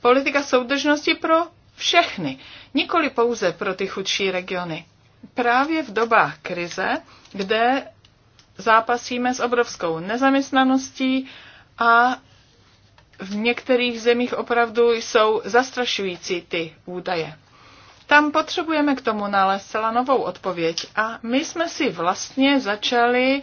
politika soudržnosti pro všechny, nikoli pouze pro ty chudší regiony. Právě v dobách krize, kde zápasíme s obrovskou nezaměstnaností a v některých zemích opravdu jsou zastrašující ty údaje. Tam potřebujeme k tomu nalézt celá novou odpověď a my jsme si vlastně začali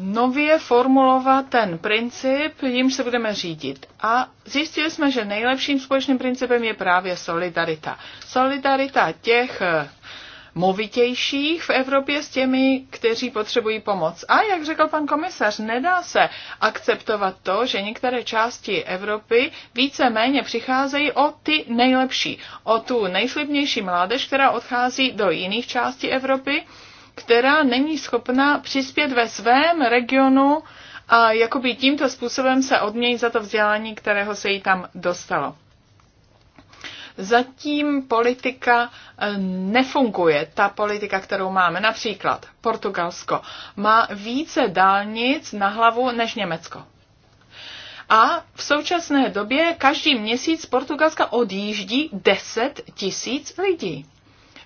nově formulovat ten princip, jimž se budeme řídit. A zjistili jsme, že nejlepším společným principem je právě solidarita. Solidarita těch movitějších v Evropě s těmi, kteří potřebují pomoc. A jak řekl pan komisař, nedá se akceptovat to, že některé části Evropy více-méně přicházejí o ty nejlepší, o tu nejslibnější mládež, která odchází do jiných částí Evropy, která není schopna přispět ve svém regionu a jakoby tímto způsobem se odmění za to vzdělání, kterého se jí tam dostalo zatím politika eh, nefunguje. Ta politika, kterou máme, například Portugalsko, má více dálnic na hlavu než Německo. A v současné době každý měsíc z Portugalska odjíždí 10 tisíc lidí.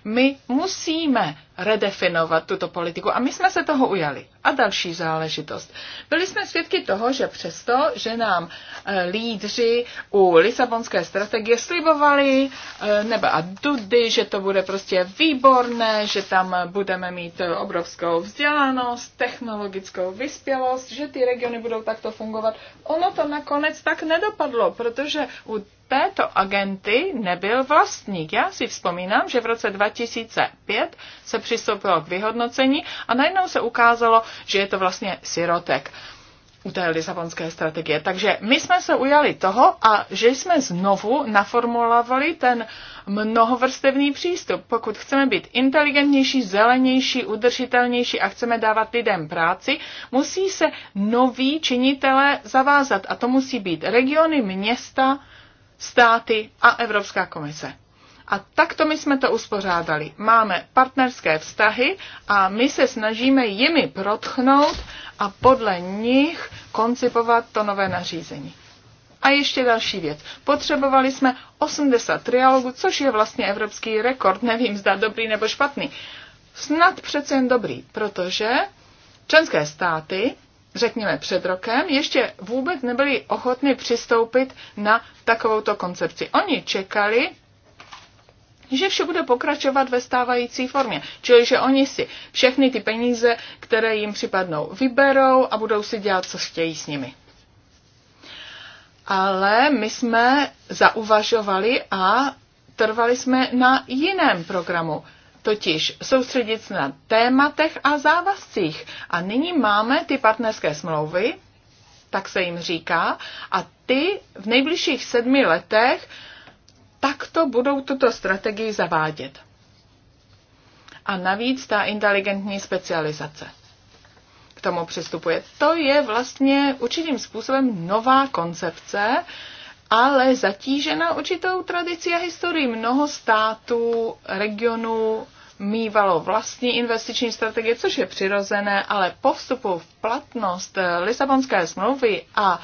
My musíme redefinovat tuto politiku. A my jsme se toho ujali. A další záležitost. Byli jsme svědky toho, že přesto, že nám eh, lídři u Lisabonské strategie slibovali eh, nebe a dudy, že to bude prostě výborné, že tam budeme mít obrovskou vzdělanost, technologickou vyspělost, že ty regiony budou takto fungovat. Ono to nakonec tak nedopadlo, protože u této agenty nebyl vlastník. Já si vzpomínám, že v roce 2005 se přistoupilo k vyhodnocení a najednou se ukázalo, že je to vlastně sirotek u té Lisabonské strategie. Takže my jsme se ujali toho a že jsme znovu naformulovali ten mnohovrstevný přístup. Pokud chceme být inteligentnější, zelenější, udržitelnější a chceme dávat lidem práci, musí se noví činitelé zavázat a to musí být regiony, města, státy a Evropská komise. A takto my jsme to uspořádali. Máme partnerské vztahy a my se snažíme jimi protchnout a podle nich koncipovat to nové nařízení. A ještě další věc. Potřebovali jsme 80 trialogů, což je vlastně evropský rekord. Nevím, zda dobrý nebo špatný. Snad přece jen dobrý, protože členské státy, řekněme před rokem, ještě vůbec nebyli ochotni přistoupit na takovouto koncepci. Oni čekali, že vše bude pokračovat ve stávající formě. Čili, že oni si všechny ty peníze, které jim připadnou, vyberou a budou si dělat, co chtějí s nimi. Ale my jsme zauvažovali a trvali jsme na jiném programu, totiž soustředit se na tématech a závazcích. A nyní máme ty partnerské smlouvy, tak se jim říká, a ty v nejbližších sedmi letech takto budou tuto strategii zavádět. A navíc ta inteligentní specializace k tomu přistupuje. To je vlastně určitým způsobem nová koncepce, ale zatížena určitou tradicí a historií. Mnoho států, regionů mývalo vlastní investiční strategie, což je přirozené, ale po vstupu v platnost Lisabonské smlouvy a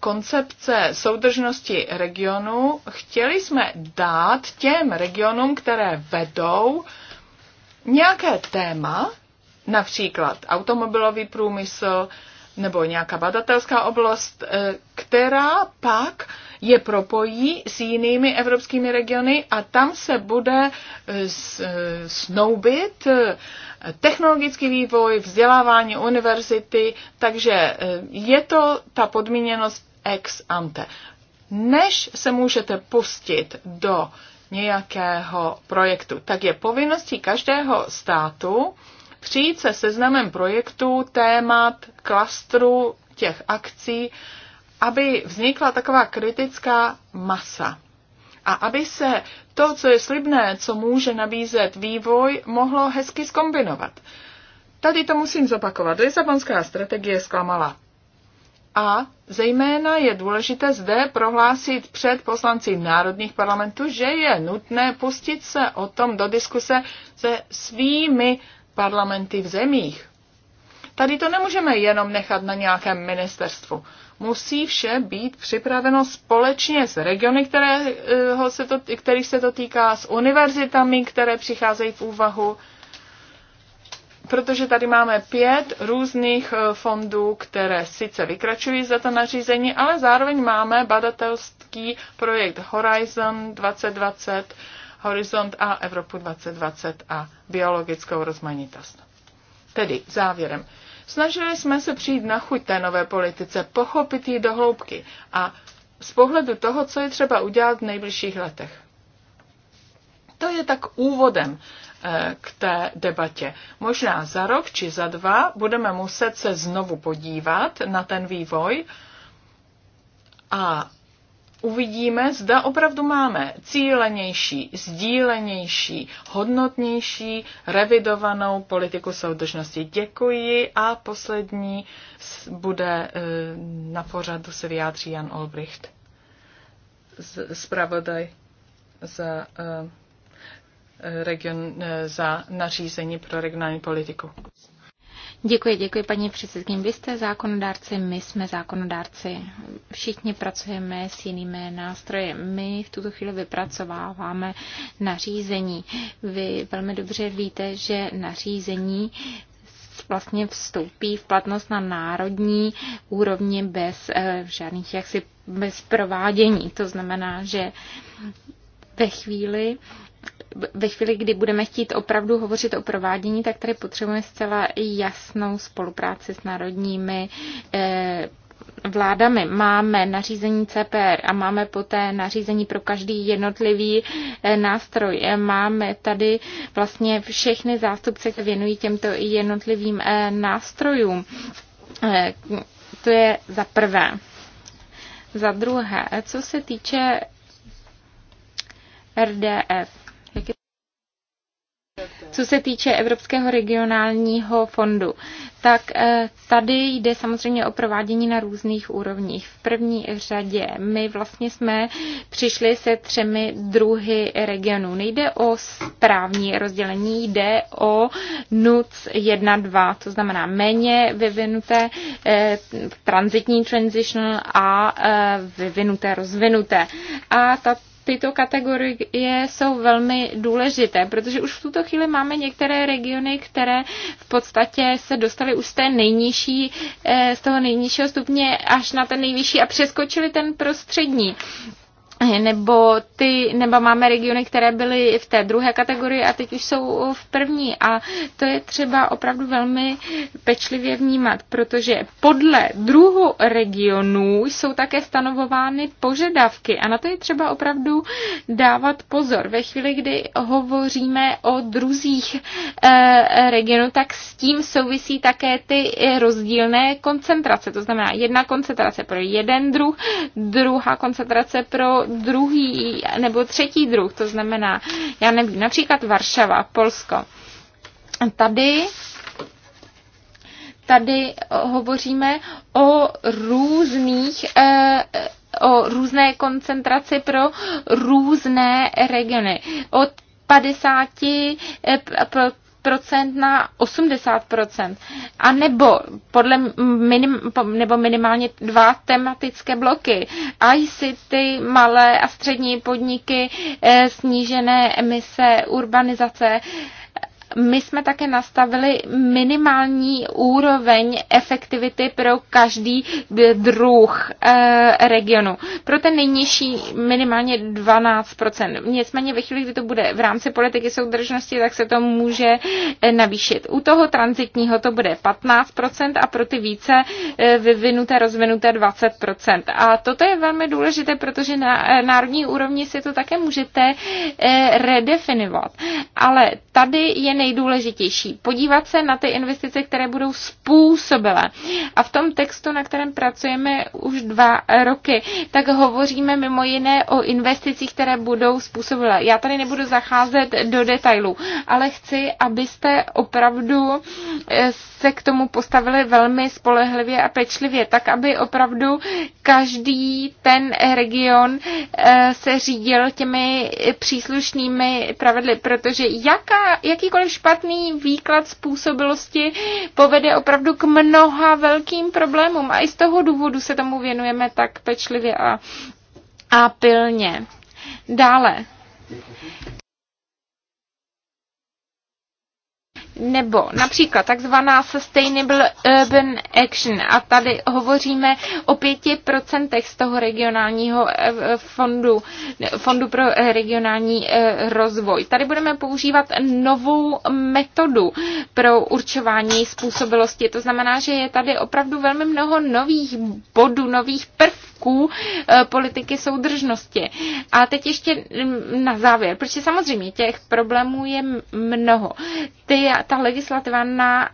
koncepce soudržnosti regionu chtěli jsme dát těm regionům, které vedou, nějaké téma, například automobilový průmysl nebo nějaká badatelská oblast, eh, která pak je propojí s jinými evropskými regiony a tam se bude eh, eh, snoubit technologický vývoj, vzdělávání univerzity, takže je to ta podmíněnost ex ante. Než se můžete pustit do nějakého projektu, tak je povinností každého státu přijít se seznamem projektů, témat, klastru těch akcí, aby vznikla taková kritická masa. A aby se to, co je slibné, co může nabízet vývoj, mohlo hezky skombinovat. Tady to musím zopakovat. Lisabonská strategie zklamala. A zejména je důležité zde prohlásit před poslanci národních parlamentů, že je nutné pustit se o tom do diskuse se svými parlamenty v zemích. Tady to nemůžeme jenom nechat na nějakém ministerstvu. Musí vše být připraveno společně s regiony, kterého eh, se to, kterých se to týká, s univerzitami, které přicházejí v úvahu, protože tady máme pět různých eh, fondů, které sice vykračují za to nařízení, ale zároveň máme badatelský projekt Horizon 2020, Horizont a Evropu 2020 a biologickou rozmanitost. Tedy závěrem. Snažili jsme se přijít na chuť té nové politice, pochopit ji do hloubky a z pohledu toho, co je třeba udělat v nejbližších letech. To je tak úvodem Eh, k té debatě. Možná za rok či za dva budeme muset se znovu podívat na ten vývoj a uvidíme, zda opravdu máme cílenější, sdílenější, hodnotnější, revidovanou politiku soudržnosti. Děkuji a poslední bude eh, na pořadu se vyjádří Jan Olbricht, zpravodaj za uh, region, eh, za nařízení pro regionální politiku. Děkuji, děkuji paní předsedkyně. Vy jste zákonodárci, my jsme zákonodárci. Všichni pracujeme s jinými nástroji. My v tuto chvíli vypracováváme nařízení. Vy velmi dobře víte, že nařízení vlastně vstoupí v platnost na národní úrovni bez eh, žádných jaksi bez provádění. To znamená, že ve chvíli, ve chvíli, kdy budeme chtít opravdu hovořit o provádění, tak tady potřebujeme zcela jasnou spolupráci s národními eh, vládami. Máme nařízení CPR a máme poté nařízení pro každý jednotlivý eh, nástroj. Eh, máme tady vlastně všechny zástupce, které věnují těmto jednotlivým nástrojům. To je za prvé. Za druhé, co se týče RDF, co se týče Evropského regionálního fondu, tak eh, tady jde samozřejmě o provádění na různých úrovních. V první řadě my vlastně jsme přišli se třemi druhy regionů. Nejde o správní rozdělení, jde o NUC 1.2, to znamená méně vyvinuté eh, transitní transitional a eh, vyvinuté rozvinuté. A ta tyto kategorie jsou velmi důležité, protože už v tuto chvíli máme některé regiony, které v podstatě se dostaly už z té nejnižší, eh, z toho nejnižšího stupně až na ten nejvyšší a přeskočili ten prostřední nebo, ty, nebo máme regiony, které byly v té druhé kategorii a teď už jsou v první. A to je třeba opravdu velmi pečlivě vnímat, protože podle druhu regionů jsou také stanovovány požadavky a na to je třeba opravdu dávat pozor. Ve chvíli, kdy hovoříme o druzích e, regionů, tak s tím souvisí také ty rozdílné koncentrace. To znamená jedna koncentrace pro jeden druh, druhá koncentrace pro druhý nebo třetí druh, to znamená, já nevím, například Varšava, Polsko. Tady tady hovoříme o různých eh, eh, o různé koncentraci pro různé regiony. Od 50 procent na 80%. A nebo, podle minim, nebo minimálně dva tematické bloky. ty malé a střední podniky, eh, snížené emise, urbanizace, my jsme také nastavili minimální úroveň efektivity pro každý druh eh, regionu. Pro ten nejnižší minimálně 12%. Nicméně ve chvíli, kdy to bude v rámci politiky soudržnosti, tak se to může eh, navýšit. U toho transitního to bude 15% a pro ty více eh, vyvinuté, rozvinuté 20%. A toto je velmi důležité, protože na národní úrovni si to také můžete redefinovat. Ale tady je nejdůležitější. Podívat se na ty investice, které budou způsobilé. A v tom textu, na kterém pracujeme už dva roky, tak hovoříme mimo jiné o investicích, které budou způsobilé. Já tady nebudu zacházet do detailů, ale chci, abyste opravdu eh, se k tomu postavili velmi spolehlivě a pečlivě, tak aby opravdu každý ten region eh, se řídil těmi příslušnými pravidly, protože jaká, jakýkoliv špatný výklad způsobilosti povede opravdu k mnoha velkým problémům a i z toho důvodu se tomu věnujeme tak pečlivě a, a pilně. Dále. nebo například takzvaná Sustainable Urban Action a tady hovoříme o 5% z toho regionálního eh, fondu, fondu pro regionální eh, rozvoj. Tady budeme používat novou metodu pro určování způsobilosti. To znamená, že je tady opravdu velmi mnoho nových bodů, nových prvků, prvků eh, politiky soudržnosti. A teď ještě mm, na závěr, protože samozřejmě těch problémů je mnoho. Ty, ta legislativa na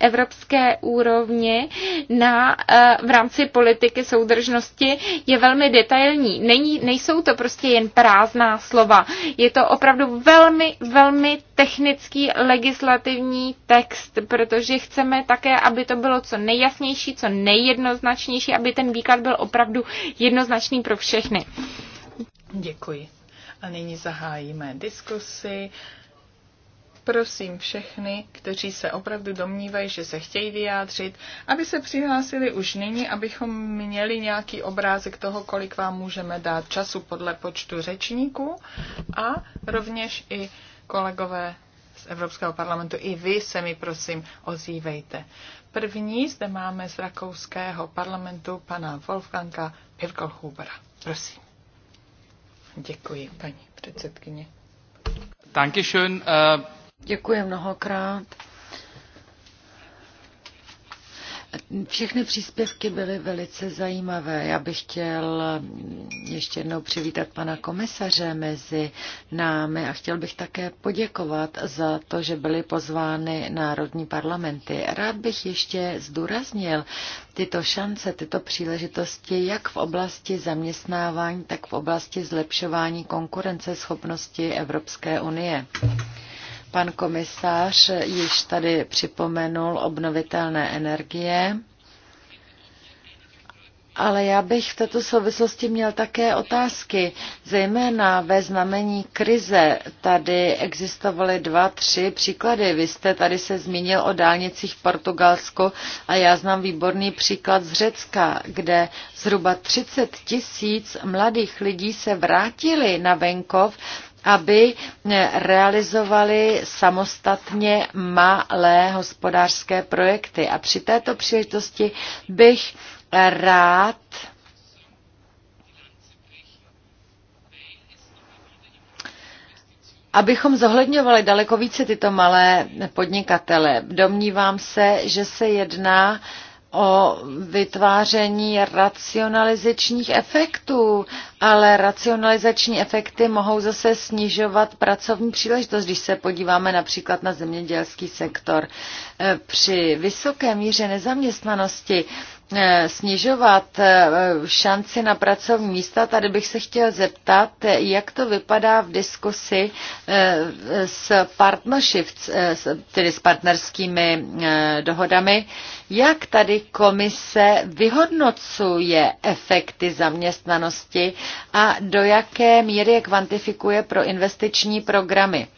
evropské úrovni na, eh, v rámci politiky soudržnosti je velmi detailní. Není, nejsou to prostě jen prázdná slova. Je to opravdu velmi, velmi technický legislativní text, protože chceme také, aby to bylo co nejjasnější, co nejjednoznačnější, aby ten výklad byl opravdu jednoznačný pro všechny. Děkuji. A nyní zahájíme diskusy prosím všechny, kteří se opravdu domnívají, že se chtějí vyjádřit, aby se přihlásili už nyní, abychom měli nějaký obrázek toho, kolik vám můžeme dát času podle počtu řečníků a rovněž i kolegové z Evropského parlamentu, i vy se mi prosím ozývejte. První zde máme z rakouského parlamentu pana Wolfganga Pirkelhubera. Prosím. Děkuji, paní předsedkyně. Dankeschön. Uh... Děkuji mnohokrát. Všechny příspěvky byly velice zajímavé. Já bych chtěl ještě jednou přivítat pana komisaře mezi námi a chtěl bych také poděkovat za to, že byly pozvány národní parlamenty. Rád bych ještě zdůraznil tyto šance, tyto příležitosti jak v oblasti zaměstnávání, tak v oblasti zlepšování konkurenceschopnosti Evropské unie. Pan komisář již tady připomenul obnovitelné energie. Ale já bych v této souvislosti měl také otázky. Zejména ve znamení krize tady existovaly dva, tři příklady. Vy jste tady se zmínil o dálnicích v Portugalsku a já znám výborný příklad z Řecka, kde zhruba 30 tisíc mladých lidí se vrátili na venkov aby eh, realizovali samostatně malé hospodářské projekty. A při této příležitosti bych rád Abychom zohledňovali daleko více tyto malé podnikatele, domnívám se, že se jedná uh, o vytváření racionalizačních efektů, ale racionalizační efekty mohou zase snižovat pracovní příležitost, když se podíváme například na zemědělský sektor. E, při vysoké míře nezaměstnanosti Eh, snižovat eh, šanci na pracovní místa, tady bych se chtěl zeptat, eh, jak to vypadá v diskusi s tedy s partnerskými dohodami, jak tady komise vyhodnocuje efekty zaměstnanosti a do jaké míry je kvantifikuje pro investiční programy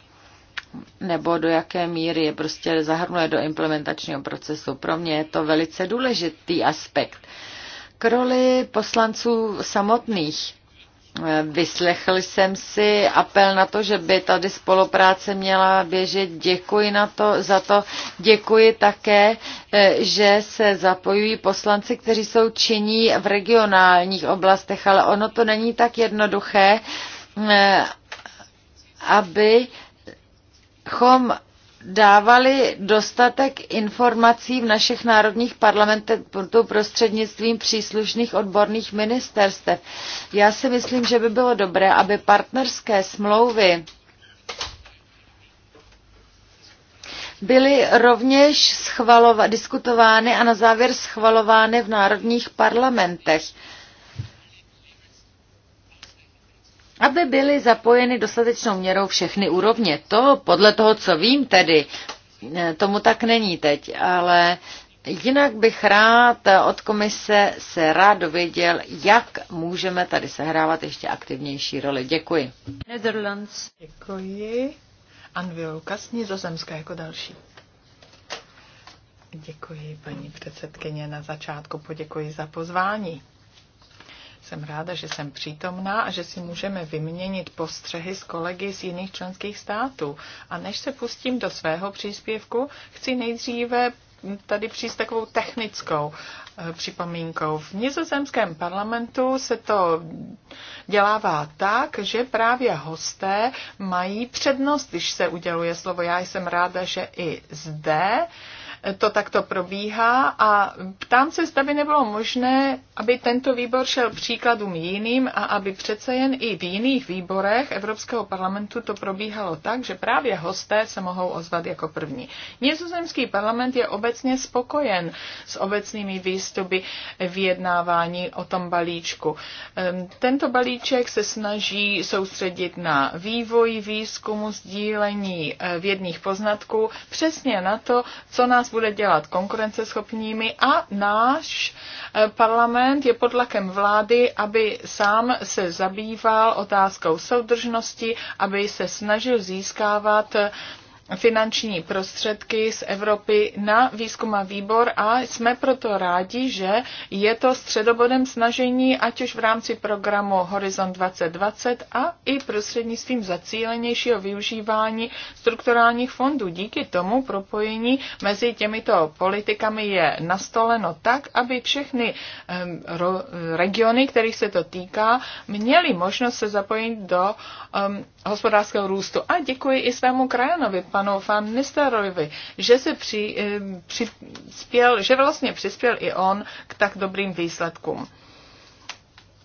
nebo do jaké míry je prostě zahrnuje do implementačního procesu. Pro mě je to velice důležitý aspekt. K roli poslanců samotných. Vyslechl jsem si apel na to, že by tady spolupráce měla běžet. Děkuji na to, za to. Děkuji také, že se zapojují poslanci, kteří jsou činní v regionálních oblastech, ale ono to není tak jednoduché, aby abychom dávali dostatek informací v našich národních parlamentech prostřednictvím příslušných odborných ministerstev. Já si myslím, že by bylo dobré, aby partnerské smlouvy byly rovněž diskutovány a na závěr schvalovány v národních parlamentech. aby byly zapojeny dostatečnou měrou všechny úrovně. To podle toho, co vím tedy, tomu tak není teď, ale jinak bych rád od komise se rád dověděl, jak můžeme tady sehrávat ještě aktivnější roli. Děkuji. Netherlands. Děkuji. Anvil Lukas, Nizozemská jako další. Děkuji, paní předsedkyně. Na začátku poděkuji za pozvání. Jsem ráda, že jsem přítomná a že si můžeme vyměnit postřehy s kolegy z jiných členských států. A než se pustím do svého příspěvku, chci nejdříve tady přijít takovou technickou eh, připomínkou. V nizozemském parlamentu se to dělává tak, že právě hosté mají přednost, když se uděluje slovo. Já jsem ráda, že i zde to takto probíhá a ptám se, zda by nebylo možné, aby tento výbor šel příkladům jiným a aby přece jen i v jiných výborech Evropského parlamentu to probíhalo tak, že právě hosté se mohou ozvat jako první. Nězozemský parlament je obecně spokojen s obecnými výstupy vyjednávání o tom balíčku. Ehm, tento balíček se snaží soustředit na vývoj výzkumu, sdílení eh, vědních poznatků, přesně na to, co nás bude dělat konkurenceschopnými a náš eh, parlament je pod tlakem vlády, aby sám se zabýval otázkou soudržnosti, aby se snažil získávat eh, finanční prostředky z Evropy na výzkum a výbor a jsme proto rádi, že je to středobodem snažení, ať už v rámci programu Horizont 2020 a i prostřednictvím zacílenějšího využívání strukturálních fondů. Díky tomu propojení mezi těmito politikami je nastoleno tak, aby všechny regiony, kterých se to týká, měly možnost se zapojit do hospodářského růstu. A děkuji i svému krajanovi, panu panu Van Nistelrooyovi, že se při, eh, přispěl, že vlastně přispěl i on k tak dobrým výsledkům.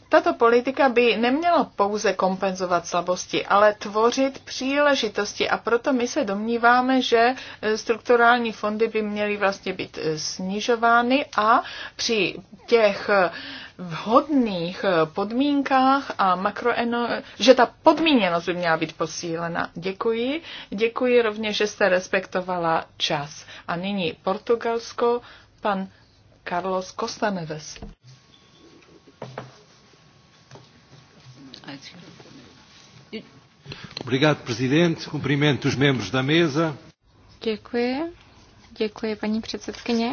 Tato politika by neměla pouze kompenzovat slabosti, ale tvořit příležitosti a proto my se domníváme, že eh, strukturální fondy by měly vlastně být eh, snižovány a při těch eh, vhodných podmínkách a makroeno, že ta podmíněnost by měla být posílena. Děkuji. Děkuji rovněž, že jste respektovala čas. A nyní Portugalsko, pan Carlos Costaneves. Obrigado, presidente. Cumprimento os membros da mesa. Děkuji. Děkuji, paní předsedkyně.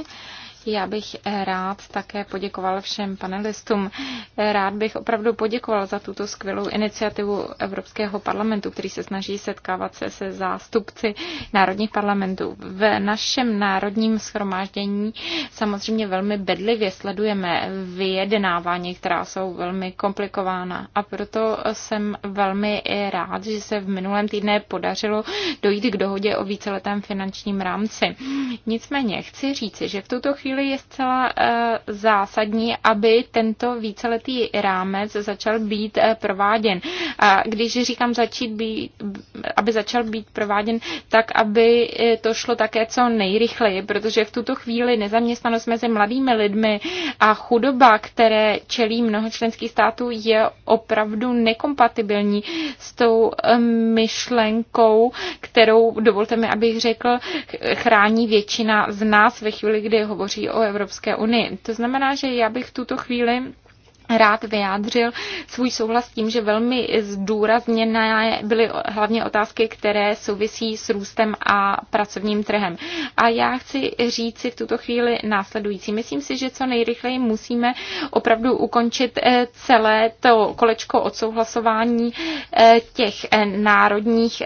Já bych rád také poděkoval všem panelistům. Rád bych opravdu poděkoval za tuto skvělou iniciativu Evropského parlamentu, který se snaží setkávat se se zástupci národních parlamentů. V našem národním schromáždění samozřejmě velmi bedlivě sledujeme vyjednávání, která jsou velmi komplikována. A proto jsem velmi rád, že se v minulém týdne podařilo dojít k dohodě o víceletém finančním rámci. Nicméně chci říci, že v tuto chvíli chvíli je zcela eh, zásadní, aby tento víceletý rámec začal být eh, prováděn. A když říkám začít být, aby začal být prováděn, tak aby eh, to šlo také co nejrychleji, protože v tuto chvíli nezaměstnanost mezi mladými lidmi a chudoba, které čelí mnoho členských států, je opravdu nekompatibilní s tou myšlenkou, kterou, dovolte mi, abych řekl, chrání většina z nás ve chvíli, kdy hovoří o Evropské unii. To znamená, že já bych v tuto chvíli rád vyjádřil svůj souhlas tím, že velmi zdůrazněné byly hlavně otázky, které souvisí s růstem a pracovním trhem. A já chci říci v tuto chvíli následující. Myslím si, že co nejrychleji musíme opravdu ukončit eh, celé to kolečko odsouhlasování eh, těch eh, národních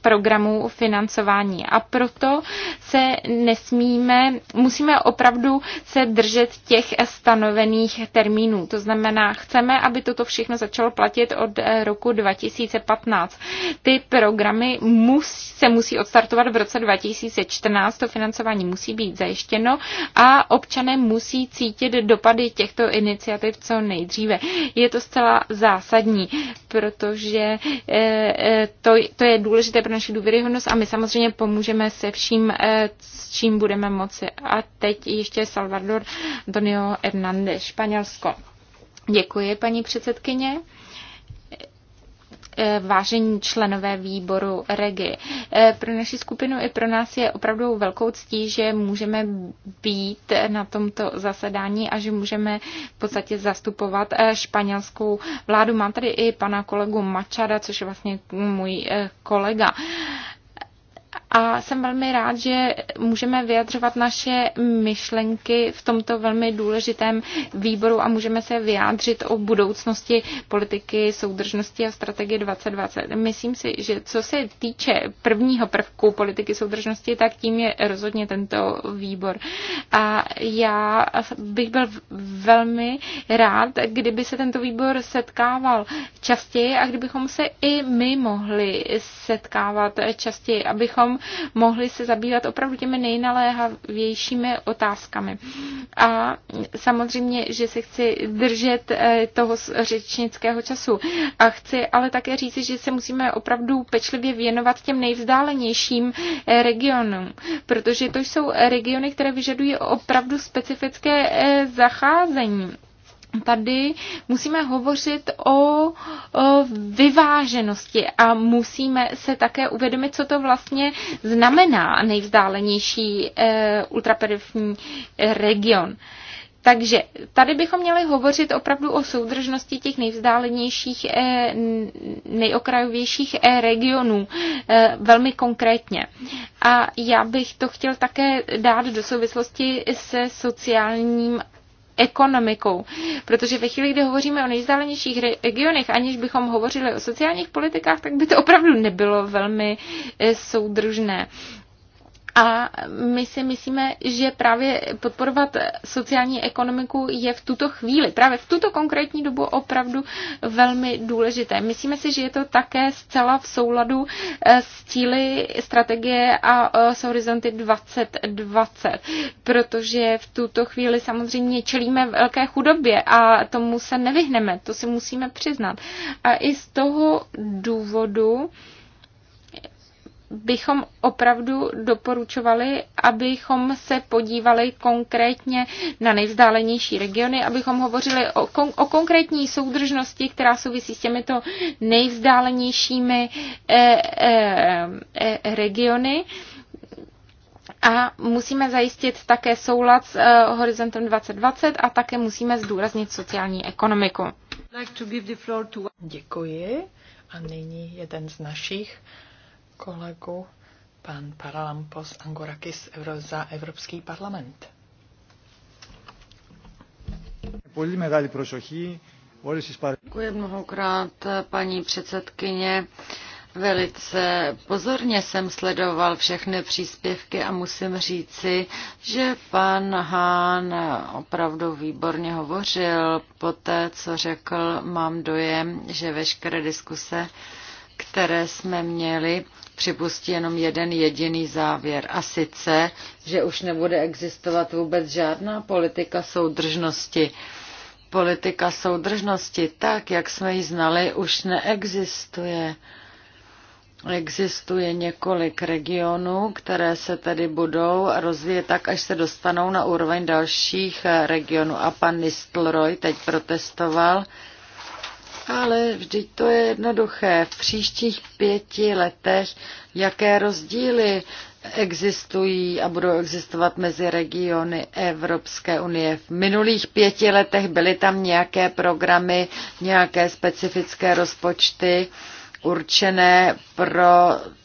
programů financování. A proto se nesmíme, musíme opravdu se držet těch stanovených termínů. To znamená, chceme, aby toto všechno začalo platit od eh, roku 2015. Ty programy musí, se musí odstartovat v roce 2014, to financování musí být zajištěno a občané musí cítit dopady těchto iniciativ co nejdříve. Je to zcela zásadní, protože eh, eh, to, to je důležité pro naši důvěryhodnost a my samozřejmě pomůžeme se vším, s čím budeme moci. A teď ještě Salvador Donio Hernández, Španělsko. Děkuji, paní předsedkyně e, vážení členové výboru REGI. E, pro naši skupinu i pro nás je opravdu velkou ctí, že můžeme být na tomto zasedání a že můžeme v podstatě zastupovat e, španělskou vládu. Mám tady i pana kolegu Mačada, což je vlastně můj kolega a jsem velmi rád, že můžeme vyjadřovat naše myšlenky v tomto velmi důležitém výboru a můžeme se vyjádřit o budoucnosti politiky soudržnosti a strategie 2020. Myslím si, že co se týče prvního prvku politiky soudržnosti, tak tím je rozhodně tento výbor. A já bych byl velmi rád, kdyby se tento výbor setkával častěji a kdybychom se i my mohli setkávat častěji, abychom mohli se zabývat opravdu těmi nejnaléhavějšími otázkami. A samozřejmě, že se chci držet eh, toho řečnického času. A chci ale také říci, že se musíme opravdu pečlivě věnovat těm nejvzdálenějším eh, regionům, protože to jsou regiony, které vyžadují opravdu specifické eh, zacházení tady musíme hovořit o, o vyváženosti a musíme se také uvědomit, co to vlastně znamená nejvzdálenější e, eh, ultraperiferní region. Takže tady bychom měli hovořit opravdu o soudržnosti těch nejvzdálenějších, eh, nejokrajovějších eh, regionů velmi konkrétně. A já bych to chtěl také dát do souvislosti se sociálním ekonomikou. Protože ve chvíli, kdy hovoříme o nejzdálenějších regionech, aniž bychom hovořili o sociálních politikách, tak by to opravdu nebylo velmi eh, soudržné. A my si myslíme, že právě podporovat sociální ekonomiku je v tuto chvíli, právě v tuto konkrétní dobu opravdu velmi důležité. Myslíme si, že je to také zcela v souladu eh, s cíly strategie a eh, s horizonty 2020, protože v tuto chvíli samozřejmě čelíme velké chudobě a tomu se nevyhneme, to si musíme přiznat. A i z toho důvodu, bychom opravdu doporučovali, abychom se podívali konkrétně na nejvzdálenější regiony, abychom hovořili o, kon- o konkrétní soudržnosti, která souvisí s těmito nejvzdálenějšími eh, eh, eh, regiony. A musíme zajistit také soulad s eh, Horizontem 2020 a také musíme zdůraznit sociální ekonomiku. Děkuji. A nyní jeden z našich kolegu pan Paralampos Angorakis za Evropský parlament. Děkuji mnohokrát, paní předsedkyně. Velice pozorně jsem sledoval všechny příspěvky a musím říci, že pan Hán opravdu výborně hovořil. Po té, co řekl, mám dojem, že veškeré diskuse, které jsme měli, připustí jenom jeden jediný závěr, a sice, že už nebude existovat vůbec žádná politika soudržnosti. Politika soudržnosti, tak jak jsme ji znali, už neexistuje. Existuje několik regionů, které se tedy budou rozvíjet tak, až se dostanou na úroveň dalších regionů. A pan Nistelrooy teď protestoval, ale vždyť to je jednoduché. V příštích pěti letech, jaké rozdíly existují a budou existovat mezi regiony Evropské unie. V minulých pěti letech byly tam nějaké programy, nějaké specifické rozpočty určené pro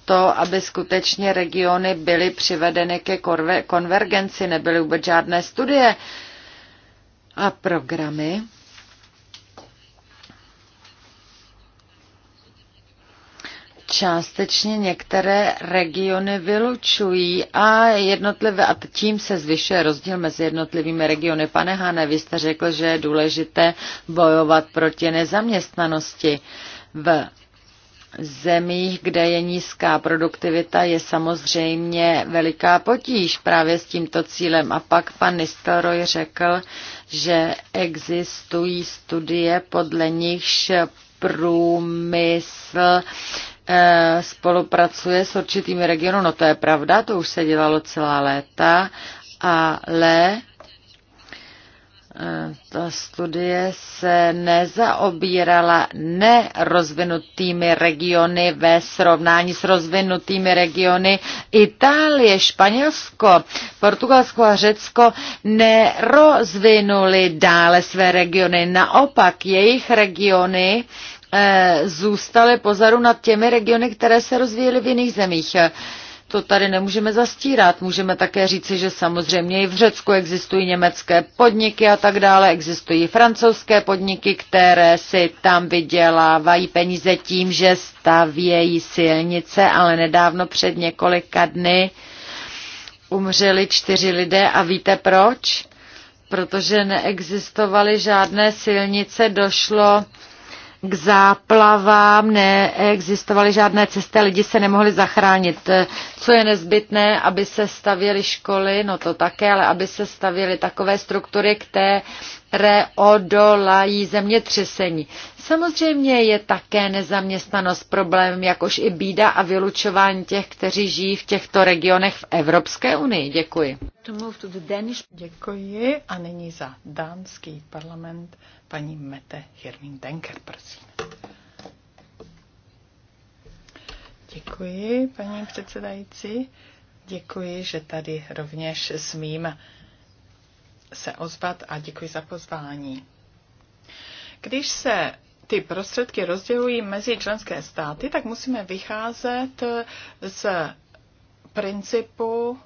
to, aby skutečně regiony byly přivedeny ke konvergenci, nebyly vůbec žádné studie a programy částečně některé regiony vylučují a jednotlivé, a tím se zvyšuje rozdíl mezi jednotlivými regiony. Pane Hane, vy jste řekl, že je důležité bojovat proti nezaměstnanosti. V zemích, kde je nízká produktivita, je samozřejmě veliká potíž právě s tímto cílem. A pak pan Nistelroj řekl, že existují studie, podle nichž průmysl E, spolupracuje s určitými regiony. No to je pravda, to už se dělalo celá léta, ale e, ta studie se nezaobírala nerozvinutými regiony ve srovnání s rozvinutými regiony. Itálie, Španělsko, Portugalsko a Řecko nerozvinuli dále své regiony. Naopak jejich regiony Eh, zůstaly pozadu nad těmi regiony, které se rozvíjely v jiných zemích. Eh, to tady nemůžeme zastírat. Můžeme také říci, že samozřejmě i v Řecku existují německé podniky a tak dále, existují francouzské podniky, které si tam vydělávají peníze tím, že stavějí silnice, ale nedávno před několika dny umřeli čtyři lidé a víte proč? Protože neexistovaly žádné silnice, došlo k záplavám, neexistovaly žádné cesty, lidi se nemohli zachránit. Co je nezbytné, aby se stavěly školy, no to také, ale aby se stavěly takové struktury, které odolají zemětřesení. Samozřejmě je také nezaměstnanost problém, jakož i bída a vylučování těch, kteří žijí v těchto regionech v Evropské unii. Děkuji. Děkuji a nyní za dánský parlament Paní Mete Hirmin Denker, prosím. Děkuji, paní předsedající. Děkuji, že tady rovněž smím se ozvat a děkuji za pozvání. Když se ty prostředky rozdělují mezi členské státy, tak musíme vycházet z principu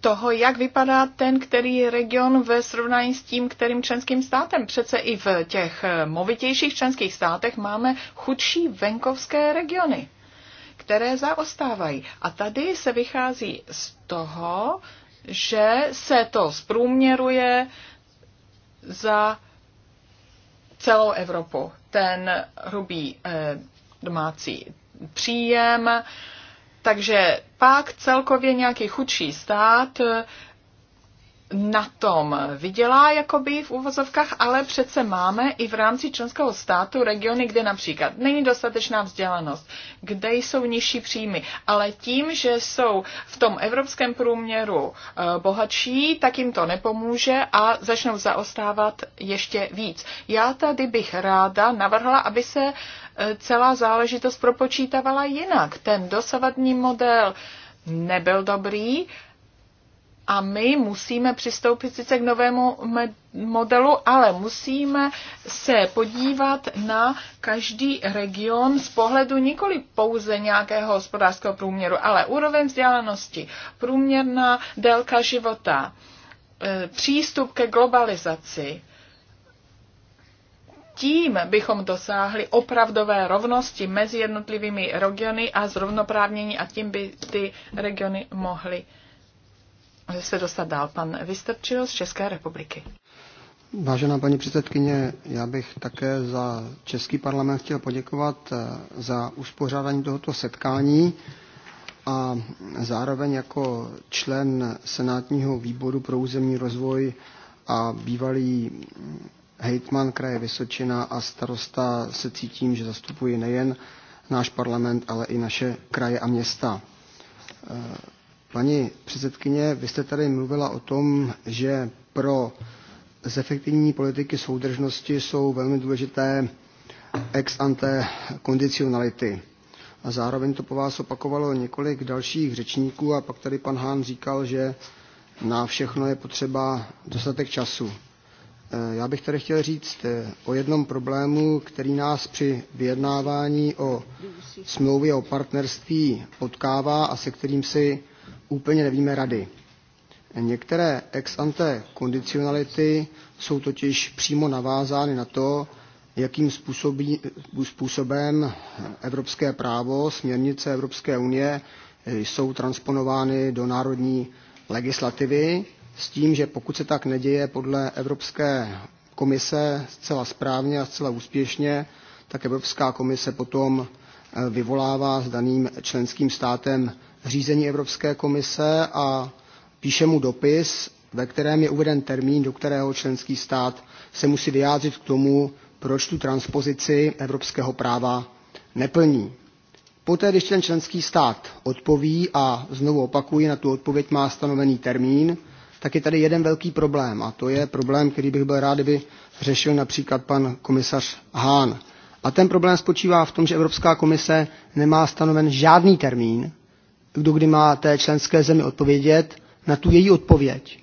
toho, jak vypadá ten, který region ve srovnání s tím, kterým členským státem. Přece i v těch eh, movitějších členských státech máme chudší venkovské regiony, které zaostávají. A tady se vychází z toho, že se to zprůměruje za celou Evropu. Ten hrubý eh, domácí příjem, eh, takže pak celkově nějaký chudší stát na tom vydělá jakoby v úvozovkách, ale přece máme i v rámci členského státu regiony, kde například není dostatečná vzdělanost, kde jsou nižší příjmy, ale tím, že jsou v tom evropském průměru eh, bohatší, tak jim to nepomůže a začnou zaostávat ještě víc. Já tady bych ráda navrhla, aby se eh, celá záležitost propočítávala jinak. Ten dosavadní model nebyl dobrý, a my musíme přistoupit sice k novému modelu, ale musíme se podívat na každý region z pohledu nikoli pouze nějakého hospodářského průměru, ale úroveň vzdělanosti, průměrná délka života, e, přístup ke globalizaci, tím bychom dosáhli opravdové rovnosti mezi jednotlivými regiony a zrovnoprávnění a tím by ty regiony mohly se dostat dál. Pan Vystrčil z České republiky. Vážená paní předsedkyně, já bych také za Český parlament chtěl poděkovat eh, za uspořádání tohoto setkání a zároveň jako člen Senátního výboru pro územní rozvoj a bývalý hm, hejtman kraje Vysočina a starosta se cítím, že zastupuji nejen náš parlament, ale i naše kraje a města. Eh, Paní předsedkyně, vy jste tady mluvila o tom, že pro zefektivní politiky soudržnosti jsou velmi důležité ex ante kondicionality. A zároveň to po vás opakovalo několik dalších řečníků a pak tady pan Hán říkal, že na všechno je potřeba dostatek času. Eh, já bych tady chtěl říct eh, o jednom problému, který nás při vyjednávání o smlouvě o partnerství potkává a se kterým si úplně nevíme rady. Některé ex ante kondicionality jsou totiž přímo navázány na to, jakým způsobem evropské právo, směrnice Evropské unie jsou transponovány do národní legislativy s tím, že pokud se tak neděje podle Evropské komise zcela správně a zcela úspěšně, tak Evropská komise potom eh, vyvolává s daným členským státem řízení Evropské komise a píše mu dopis, ve kterém je uveden termín, do kterého členský stát se musí vyjádřit k tomu, proč tu transpozici evropského práva neplní. Poté, když ten členský stát odpoví a znovu opakuji, na tu odpověď má stanovený termín, tak je tady jeden velký problém a to je problém, který bych byl rád, kdyby řešil například pan komisař Hahn. A ten problém spočívá v tom, že Evropská komise nemá stanoven žádný termín kdo kdy má té členské zemi odpovědět na tu její odpověď.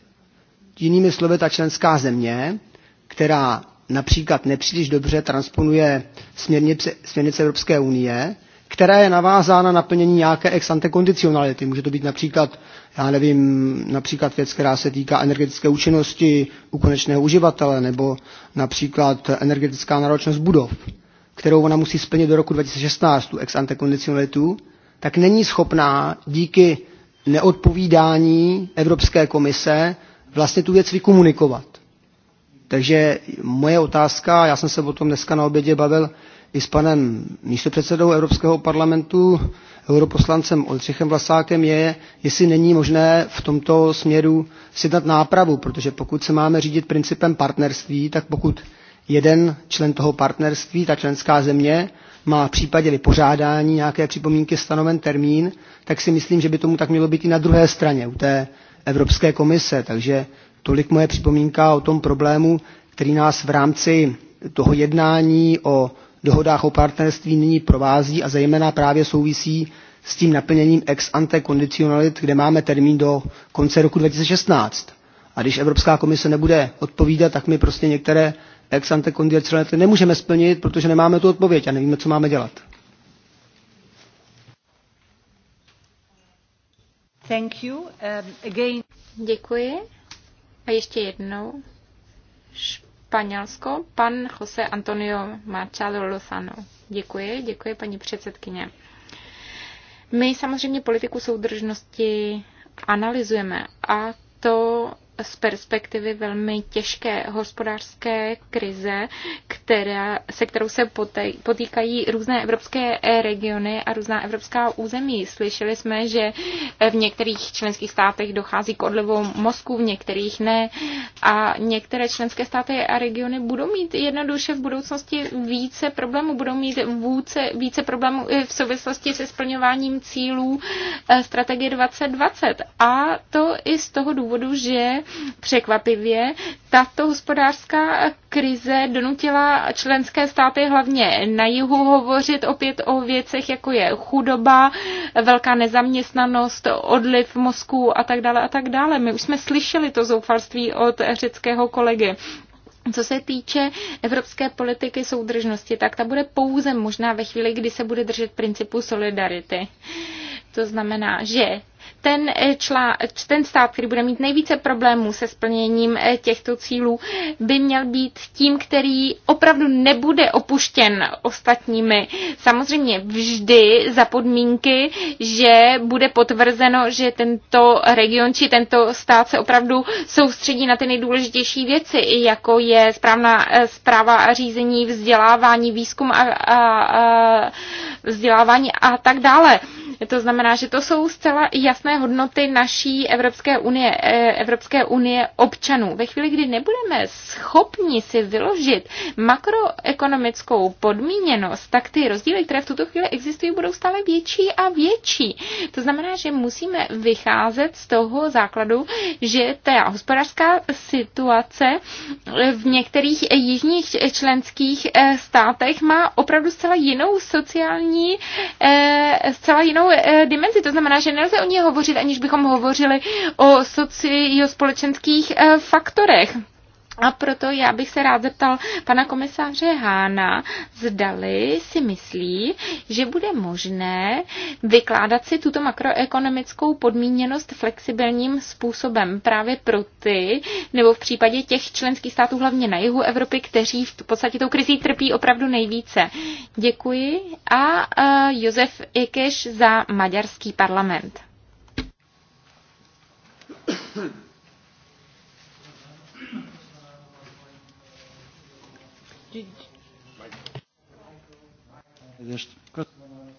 Jinými slovy, ta členská země, která například nepříliš dobře transponuje směrnice, směrnice Evropské unie, která je navázána na plnění nějaké ex ante kondicionality. Může to být například, já nevím, například věc, která se týká energetické účinnosti u konečného uživatele, nebo například energetická náročnost budov, kterou ona musí splnit do roku 2016, tu ex ante kondicionalitu, tak není schopná díky neodpovídání Evropské komise vlastně tu věc vykomunikovat. Takže moje otázka, já jsem se o tom dneska na obědě bavil i s panem místopředsedou Evropského parlamentu, europoslancem Oldřichem Vlasákem, je, jestli není možné v tomto směru sjednat nápravu, protože pokud se máme řídit principem partnerství, tak pokud jeden člen toho partnerství, ta členská země, má v případě vypořádání nějaké připomínky stanoven termín, tak si myslím, že by tomu tak mělo být i na druhé straně, u té Evropské komise. Takže tolik moje připomínka o tom problému, který nás v rámci toho jednání o dohodách o partnerství nyní provází a zejména právě souvisí s tím naplněním ex ante kondicionalit, kde máme termín do konce roku 2016. A když Evropská komise nebude odpovídat, tak my prostě některé ex ante condicionality nemůžeme splnit, protože nemáme tu odpověď a nevíme, co máme dělat. Thank you. Um, again. Děkuji. A ještě jednou. Španělsko, pan Jose Antonio Machado Lozano. Děkuji, děkuji paní předsedkyně. My samozřejmě politiku soudržnosti analyzujeme a to z perspektivy velmi těžké hospodářské krize, která, se kterou se potýkají různé evropské regiony a různá evropská území. Slyšeli jsme, že v některých členských státech dochází k odlivu mozku, v některých ne. A některé členské státy a regiony budou mít jednoduše v budoucnosti více problémů, budou mít vůdce, více problémů v souvislosti se splňováním cílů eh, strategie 2020. A to i z toho důvodu, že překvapivě tato hospodářská krize donutila členské státy hlavně na jihu hovořit opět o věcech, jako je chudoba, velká nezaměstnanost, odliv mozků a tak dále a tak dále. My už jsme slyšeli to zoufalství od řeckého kolegy. Co se týče evropské politiky soudržnosti, tak ta bude pouze možná ve chvíli, kdy se bude držet principu solidarity. To znamená, že ten, eh, člá, ten stát, který bude mít nejvíce problémů se splněním eh, těchto cílů, by měl být tím, který opravdu nebude opuštěn ostatními. Samozřejmě vždy za podmínky, že bude potvrzeno, že tento region či tento stát se opravdu soustředí na ty nejdůležitější věci, jako je správná zpráva eh, a řízení, vzdělávání, výzkum a, a, a vzdělávání a tak dále. To znamená, že to jsou zcela jasné hodnoty naší Evropské unie, eh, Evropské unie občanů. Ve chvíli, kdy nebudeme schopni si vyložit makroekonomickou podmíněnost, tak ty rozdíly, které v tuto chvíli existují, budou stále větší a větší. To znamená, že musíme vycházet z toho základu, že ta hospodářská situace v některých jižních členských eh, státech má opravdu zcela jinou sociální, eh, zcela jinou e, dimenzi. To znamená, že nelze o ní hovořit, aniž bychom hovořili o sociospolečenských eh, faktorech. A proto já bych se rád zeptal pana komisáře Hána, zdali si myslí, že bude možné vykládat si tuto makroekonomickou podmíněnost flexibilním způsobem právě pro ty, nebo v případě těch členských států, hlavně na jihu Evropy, kteří v podstatě tou krizí trpí opravdu nejvíce. Děkuji a e, Josef Ikeš za maďarský parlament. Elnézést. Köszönöm,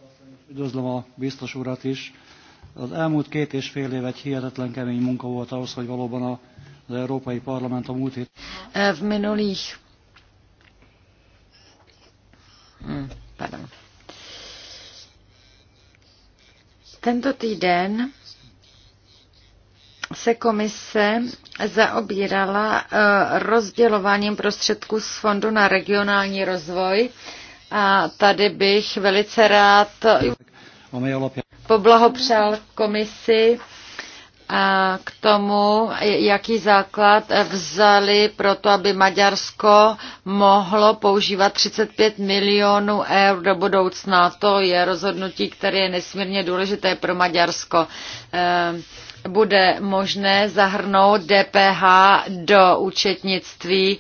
üdvözlöm a biztos urat is. Az elmúlt két és fél év egy hihetetlen kemény munka volt ahhoz, hogy valóban a, az Európai Parlament a múlt hét... V minulých... Hmm, Tento týden se komise zaobírala eh, rozdělováním prostředků z Fondu na regionální rozvoj a tady bych velice rád poblahopřál komisi a k tomu, jaký základ vzali pro to, aby Maďarsko mohlo používat 35 milionů eur do budoucna. To je rozhodnutí, které je nesmírně důležité pro Maďarsko. Ehm, bude možné zahrnout DPH do účetnictví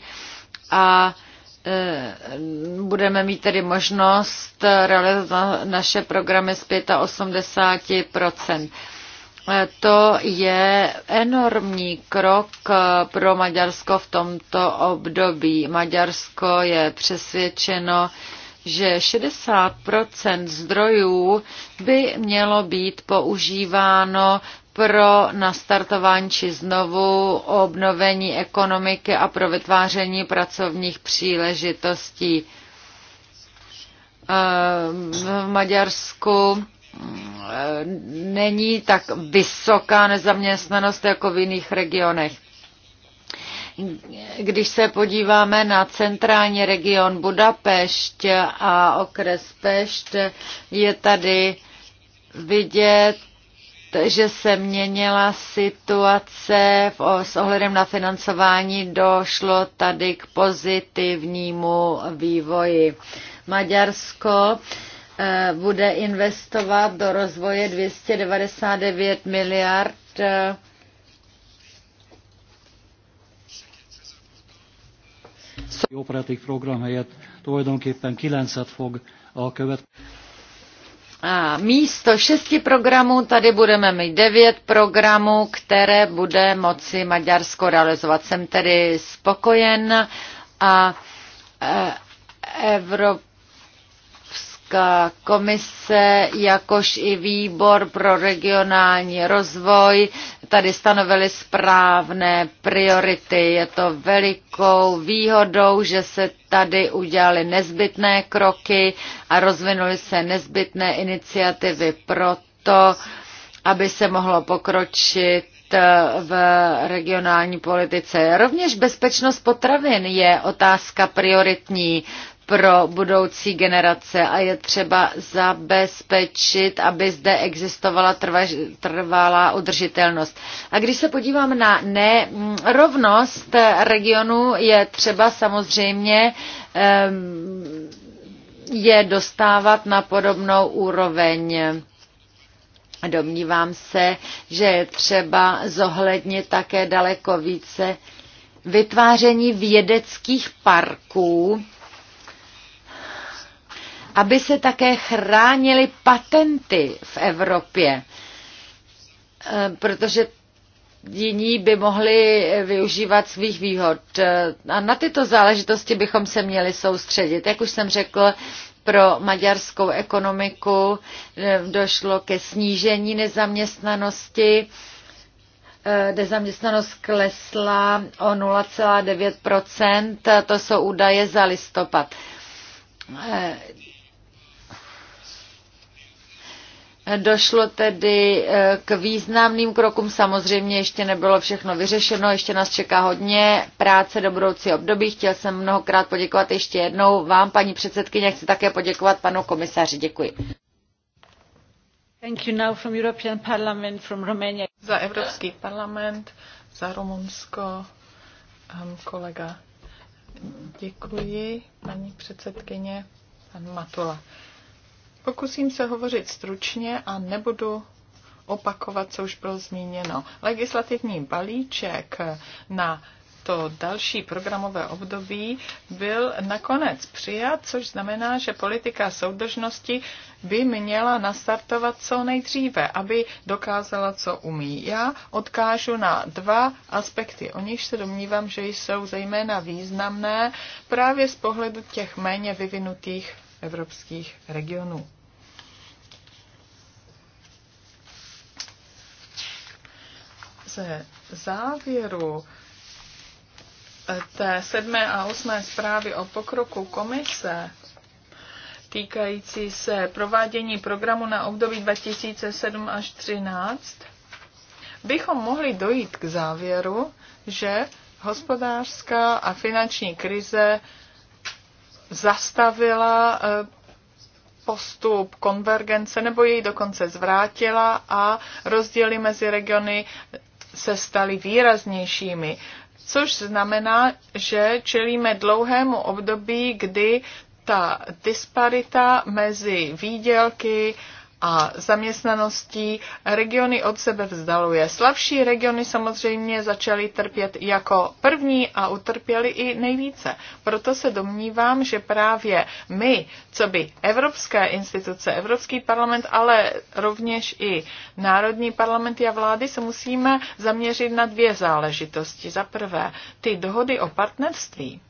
a Eh, budeme mít tedy možnost realizovat naše programy z 85 eh, to je enormní krok eh, pro Maďarsko v tomto období. Maďarsko je přesvědčeno, že 60 zdrojů by mělo být používáno pro nastartování či znovu obnovení ekonomiky a pro vytváření pracovních příležitostí. Eh, v Maďarsku eh, není tak vysoká nezaměstnanost jako v jiných regionech. Když se podíváme na centrální region Budapešť a okres Pešť, je tady vidět že se měnila situace v, s ohledem na financování, došlo tady k pozitivnímu vývoji. Maďarsko eh, bude investovat do rozvoje 299 miliard eh, operatív program helyett tulajdonképpen 9-et fog a követ. A místo šesti programů tady budeme mít devět programů, které bude moci Maďarsko realizovat. Jsem tedy spokojen a e, Evropa Evropská komise, jakož i výbor pro regionální rozvoj tady stanovili správné priority. Je to velikou výhodou, že se tady udělali nezbytné kroky a rozvinuly se nezbytné iniciativy proto, aby se mohlo pokročit v regionální politice. Rovněž bezpečnost potravin je otázka prioritní pro budoucí generace a je třeba zabezpečit, aby zde existovala trvaž, trvalá udržitelnost. A když se podívám na nerovnost regionu, je třeba samozřejmě je dostávat na podobnou úroveň. Domnívám se, že je třeba zohlednit také daleko více vytváření vědeckých parků, aby se také chránily patenty v Evropě, e, protože jiní by mohli využívat svých výhod. E, a na tyto záležitosti bychom se měli soustředit. Jak už jsem řekl, pro maďarskou ekonomiku e, došlo ke snížení nezaměstnanosti. Nezaměstnanost klesla o 0,9 To jsou údaje za listopad. Došlo tedy eh, k významným krokům, samozřejmě ještě nebylo všechno vyřešeno, ještě nás čeká hodně práce do budoucí období. Chtěl jsem mnohokrát poděkovat ještě jednou vám, paní předsedkyně, chci také poděkovat panu komisaři. Děkuji. Thank you now from European Parliament, from Romania. Za Evropský parlament, za Rumunsko, ehm, kolega. Děkuji, paní předsedkyně, pan Matula. Pokusím se hovořit stručně a nebudu opakovat, co už bylo zmíněno. Legislativní balíček na to další programové období byl nakonec přijat, což znamená, že politika soudržnosti by měla nastartovat co nejdříve, aby dokázala, co umí. Já odkážu na dva aspekty, o nich se domnívám, že jsou zejména významné právě z pohledu těch méně vyvinutých evropských regionů. se závěru eh, té sedmé a osmé zprávy o pokroku komise týkající se provádění programu na období 2007 až 2013, bychom mohli dojít k závěru, že hospodářská a finanční krize zastavila eh, postup konvergence nebo jej dokonce zvrátila a rozdíly mezi regiony se staly výraznějšími, což znamená, že čelíme dlouhému období, kdy ta disparita mezi výdělky a zaměstnaností regiony od sebe vzdaluje. Slabší regiony samozřejmě začaly trpět jako první a utrpěly i nejvíce. Proto se domnívám, že právě my, co by evropské instituce, Evropský parlament, ale rovněž i národní parlamenty a vlády se musíme zaměřit na dvě záležitosti. Za prvé, ty dohody o partnerství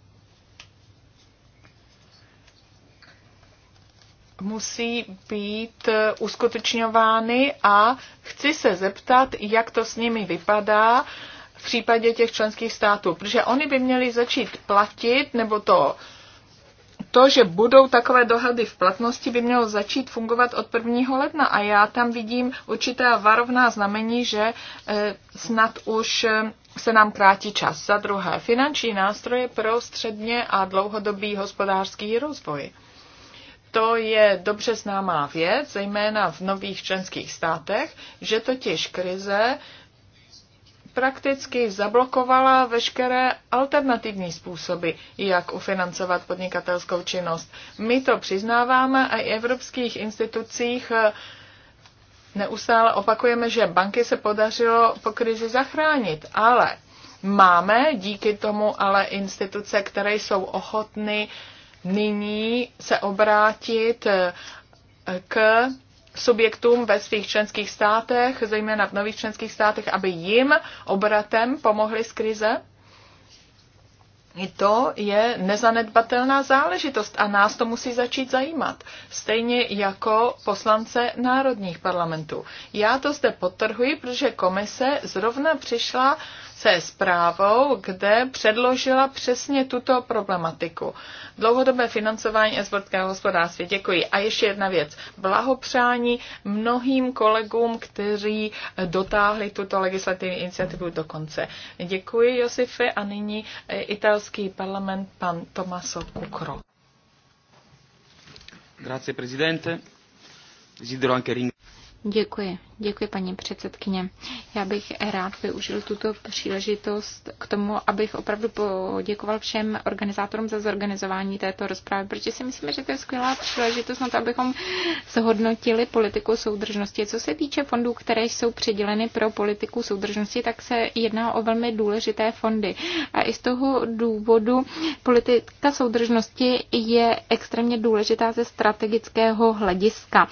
musí být eh, uskutečňovány a chci se zeptat, jak to s nimi vypadá v případě těch členských států, protože oni by měli začít platit, nebo to, to, že budou takové dohady v platnosti, by mělo začít fungovat od 1. ledna a já tam vidím určitá varovná znamení, že eh, snad už eh, se nám krátí čas. Za druhé, finanční nástroje pro středně a dlouhodobý hospodářský rozvoj to je dobře známá věc, zejména v nových členských státech, že totiž krize prakticky zablokovala veškeré alternativní způsoby, jak ufinancovat podnikatelskou činnost. My to přiznáváme a i evropských institucích eh, neustále opakujeme, že banky se podařilo po krizi zachránit, ale máme díky tomu ale instituce, které jsou ochotny nyní se obrátit eh, k subjektům ve svých členských státech, zejména v nových členských státech, aby jim obratem pomohli z krize? I to je nezanedbatelná záležitost a nás to musí začít zajímat. Stejně jako poslance národních parlamentů. Já to zde potrhuji, protože komise zrovna přišla uh, se zprávou, kde předložila přesně tuto problematiku. Dlouhodobé financování esportského hospodářství. Děkuji. A ještě jedna věc. Blahopřání mnohým kolegům, kteří dotáhli tuto legislativní iniciativu do konce. Děkuji, Josife, a nyní eh, italský parlament, pan Tomaso Kukro. Grazie, presidente. Desidero anche ringraziare Děkuji. Děkuji, paní předsedkyně. Já bych rád využil tuto příležitost k tomu, abych opravdu poděkoval všem organizátorům za zorganizování této rozpravy, protože si myslím, že to je skvělá příležitost na to, abychom zhodnotili politiku soudržnosti. Co se týče fondů, které jsou přiděleny pro politiku soudržnosti, tak se jedná o velmi důležité fondy. A i z toho důvodu politika soudržnosti je extrémně důležitá ze strategického hlediska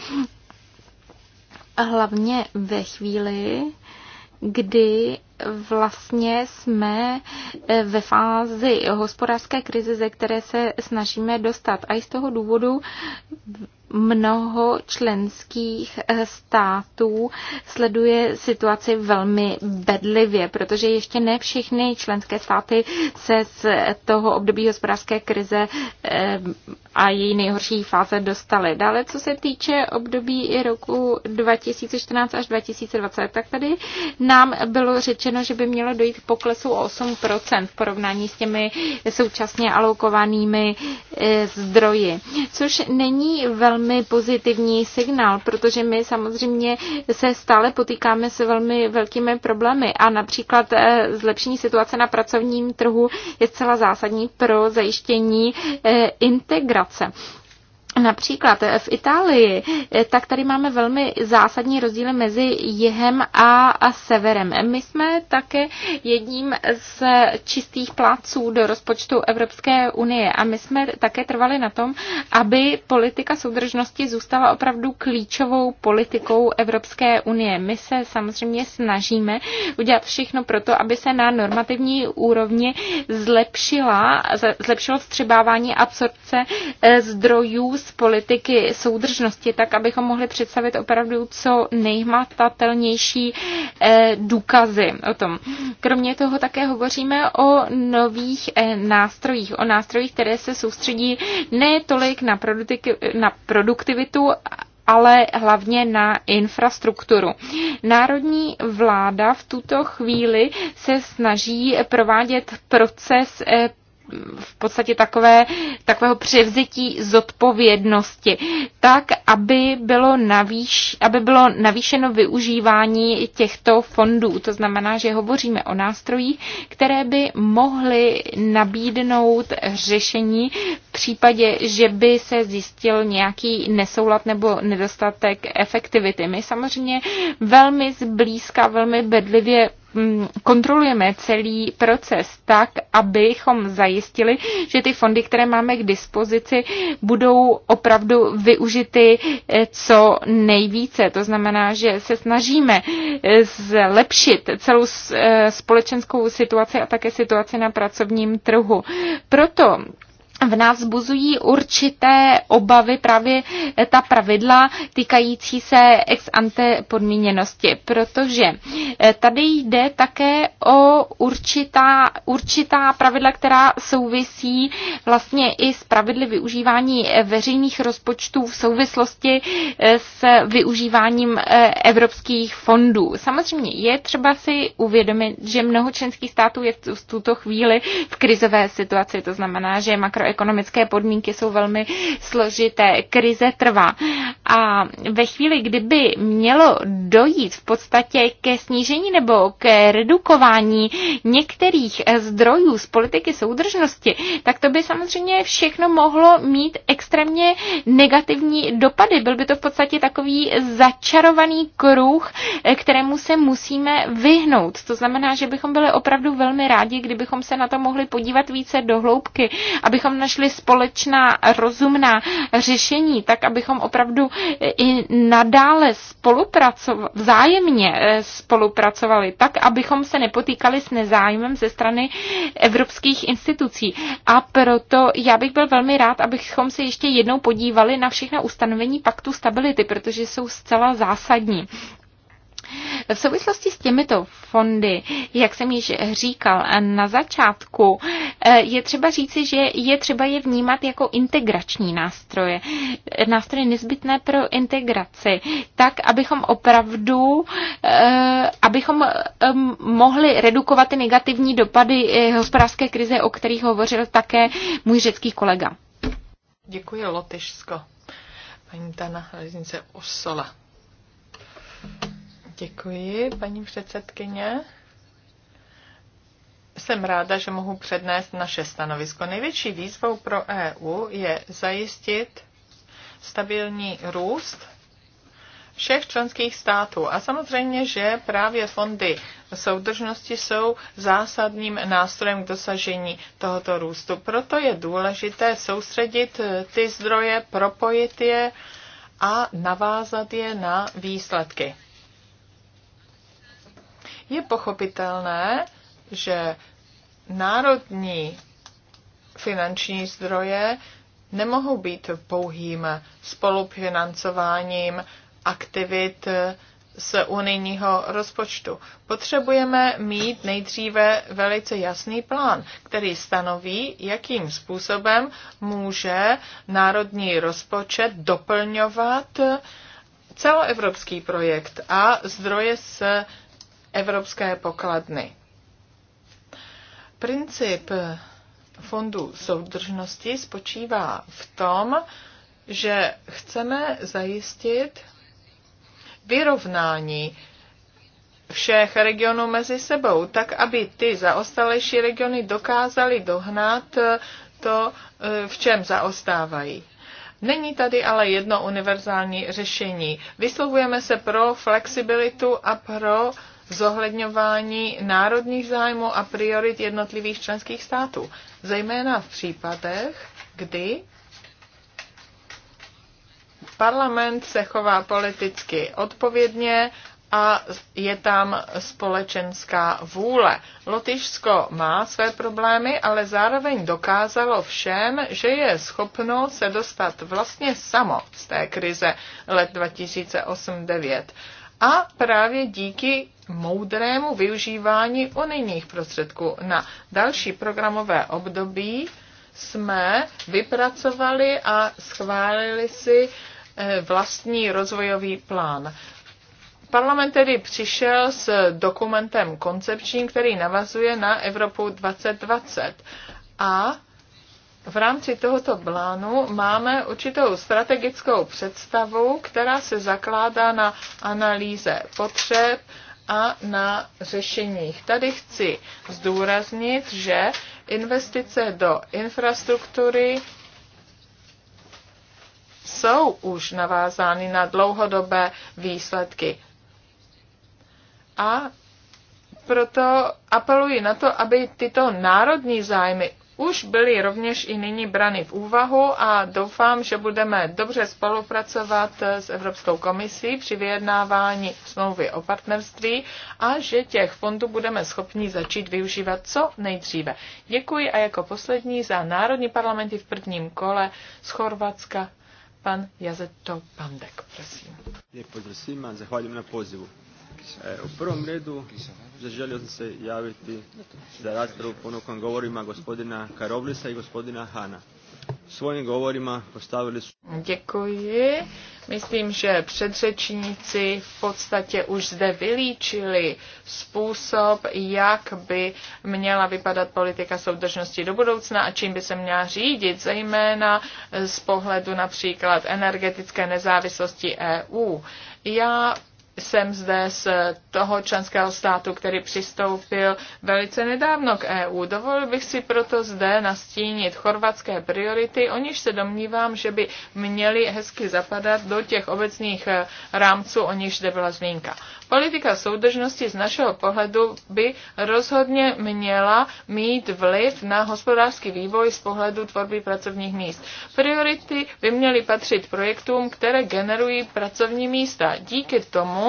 hlavně ve chvíli, kdy vlastně jsme e, ve fázi hospodářské krize, ze které se snažíme dostat. A i z toho důvodu mnoho členských eh, států sleduje situaci velmi bedlivě, protože ještě ne všechny členské státy se z toho období hospodářské krize eh, a její nejhorší fáze dostaly. Dále, co se týče období i roku 2014 až 2020, tak tady nám bylo řečeno, že by mělo dojít k poklesu o 8% v porovnání s těmi současně alokovanými eh, zdroji, což není velmi velmi pozitivní signál, protože my samozřejmě se stále potýkáme s velmi velkými problémy a například eh, zlepšení situace na pracovním trhu je zcela zásadní pro zajištění eh, integrace. Například v Itálii, eh, tak tady máme velmi zásadní rozdíly mezi jihem a, severem. My jsme také jedním z čistých pláců do rozpočtu Evropské unie a my jsme také trvali na tom, aby politika soudržnosti zůstala opravdu klíčovou politikou Evropské unie. My se samozřejmě snažíme udělat všechno pro to, aby se na normativní úrovni zlepšila, zlepšilo vstřebávání absorpce eh, zdrojů z politiky soudržnosti, tak abychom mohli představit opravdu co nejhmatatelnější eh, důkazy o tom. Kromě toho také hovoříme o nových eh, nástrojích, o nástrojích, které se soustředí ne tolik na, na produktivitu, ale hlavně na infrastrukturu. Národní vláda v tuto chvíli se snaží provádět proces eh, v podstatě takové, takového převzetí zodpovědnosti, tak, aby bylo, navýš, aby bylo navýšeno využívání těchto fondů. To znamená, že hovoříme o nástrojích, které by mohly nabídnout řešení v případě, že by se zjistil nějaký nesoulad nebo nedostatek efektivity. My samozřejmě velmi zblízka, velmi bedlivě Mm, kontrolujeme celý proces tak, abychom zajistili, že ty fondy, které máme k dispozici, budou opravdu využity eh, co nejvíce. To znamená, že se snažíme eh, zlepšit celou eh, společenskou situaci a také situaci na pracovním trhu. Proto v nás buzují určité obavy právě ta pravidla týkající se ex ante podmíněnosti, protože eh, tady jde také o určitá, určitá pravidla, která souvisí vlastně i s pravidly využívání eh, veřejných rozpočtů v souvislosti eh, s využíváním evropských fondů. Samozřejmě je třeba si uvědomit, že mnoho členských států je v tuto chvíli v krizové situaci, to znamená, že makro makroekonomické podmínky jsou velmi složité, krize trvá. A ve chvíli, kdyby mělo dojít v podstatě ke snížení nebo ke redukování některých zdrojů z politiky soudržnosti, tak to by samozřejmě všechno mohlo mít extrémně negativní dopady. Byl by to v podstatě takový začarovaný kruh, kterému se musíme vyhnout. To znamená, že bychom byli opravdu velmi rádi, kdybychom se na to mohli podívat více do hloubky, abychom našli společná rozumná řešení, tak abychom opravdu i nadále spolupracovali, vzájemně eh, spolupracovali, tak abychom se nepotýkali s nezájmem ze strany evropských institucí. A proto já bych byl velmi rád, abychom se ještě jednou podívali na všechna ustanovení paktu stability, protože jsou zcela zásadní. V souvislosti s těmito fondy, jak jsem již říkal na začátku, eh, je třeba říci, že je třeba je vnímat jako integrační nástroje. Nástroje nezbytné pro integraci, tak abychom opravdu, eh, abychom mohli redukovat ty negativní dopady eh, hospodářské krize, o kterých hovořil také můj řecký kolega. Děkuji, Lotyšsko. Paní Tana Reznice Osola. Děkuji, paní předsedkyně. Jsem ráda, že mohu přednést naše stanovisko. Největší výzvou pro EU je zajistit stabilní růst všech členských států. A samozřejmě, že právě fondy soudržnosti jsou zásadním nástrojem k dosažení tohoto růstu. Proto je důležité soustředit ty zdroje, propojit je a navázat je na výsledky. Je pochopitelné, že národní finanční zdroje nemohou být pouhým spolufinancováním aktivit z unijního rozpočtu. Potřebujeme mít nejdříve velice jasný plán, který stanoví, jakým způsobem může národní rozpočet doplňovat celoevropský projekt a zdroje se evropské pokladny. Princip fondu soudržnosti spočívá v tom, že chceme zajistit vyrovnání všech regionů mezi sebou, tak aby ty zaostalejší regiony dokázaly dohnat to, v čem zaostávají. Není tady ale jedno univerzální řešení. Vyslovujeme se pro flexibilitu a pro uh, zohledňování národních zájmů a priorit jednotlivých členských států, zejména v případech, kdy parlament se chová politicky odpovědně a je tam společenská vůle. Lotyšsko má své problémy, ale zároveň dokázalo všem, že je schopno se dostat vlastně samo z té krize let 2008-2009. A právě díky moudrému využívání unijních prostředků. Na další programové období jsme vypracovali a schválili si eh, vlastní rozvojový plán. Parlament tedy přišel s dokumentem koncepčním, který navazuje na Evropu 2020. A v rámci tohoto plánu máme určitou strategickou představu, která se zakládá na analýze potřeb, a na řešeních. Tady chci zdůraznit, že investice do infrastruktury jsou už navázány na dlouhodobé výsledky. A proto apeluji na to, aby tyto národní zájmy už byly rovněž i nyní brany v úvahu a doufám, že budeme dobře spolupracovat s Evropskou komisí při vyjednávání smlouvy o partnerství a že těch fondů budeme schopni začít využívat co nejdříve. Děkuji a jako poslední za Národní parlamenty v prvním kole z Chorvatska pan Jazeto Pandek. Prosím. Děkuji, prosím, zahvaljujem na pozivu. E, u prvom redu zaželio sam se javiti za raspravu ponukom govorima gospodina Karoblisa i gospodina Hana. Svojim govorima postavili su... Děkuji. Myslím, že předřečníci v podstatě už zde vylíčili způsob, jak by měla vypadat politika soudržnosti do budoucna a čím by se měla řídit, zejména z pohledu například energetické nezávislosti EU. Já jsem zde z toho členského státu, který přistoupil velice nedávno k EU. Dovolil bych si proto zde nastínit chorvatské priority, o níž se domnívám, že by měly hezky zapadat do těch obecných eh, rámců, o níž zde byla zmínka. Politika soudržnosti z našeho pohledu by rozhodně měla mít vliv na hospodářský vývoj z pohledu tvorby pracovních míst. Priority by měly patřit projektům, které generují pracovní místa. Díky tomu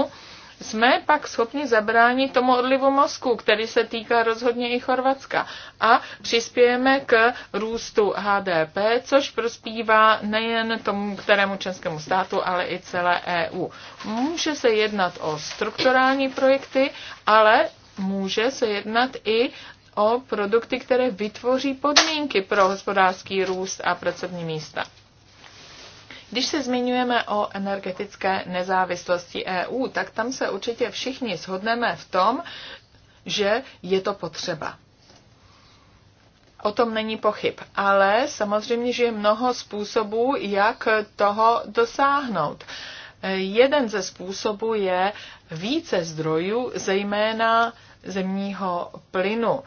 jsme pak schopni zabránit tomu odlivu mozku, který se týká rozhodně i Chorvatska. A přispějeme k růstu HDP, což prospívá nejen tomu, kterému českému státu, ale i celé EU. Může se jednat o strukturální projekty, ale může se jednat i o produkty, které vytvoří podmínky pro hospodářský růst a pracovní místa. Když se zmiňujeme o energetické nezávislosti EU, tak tam se určitě všichni shodneme v tom, že je to potřeba. O tom není pochyb, ale samozřejmě, že je mnoho způsobů, jak toho dosáhnout. Jeden ze způsobů je více zdrojů, zejména zemního plynu.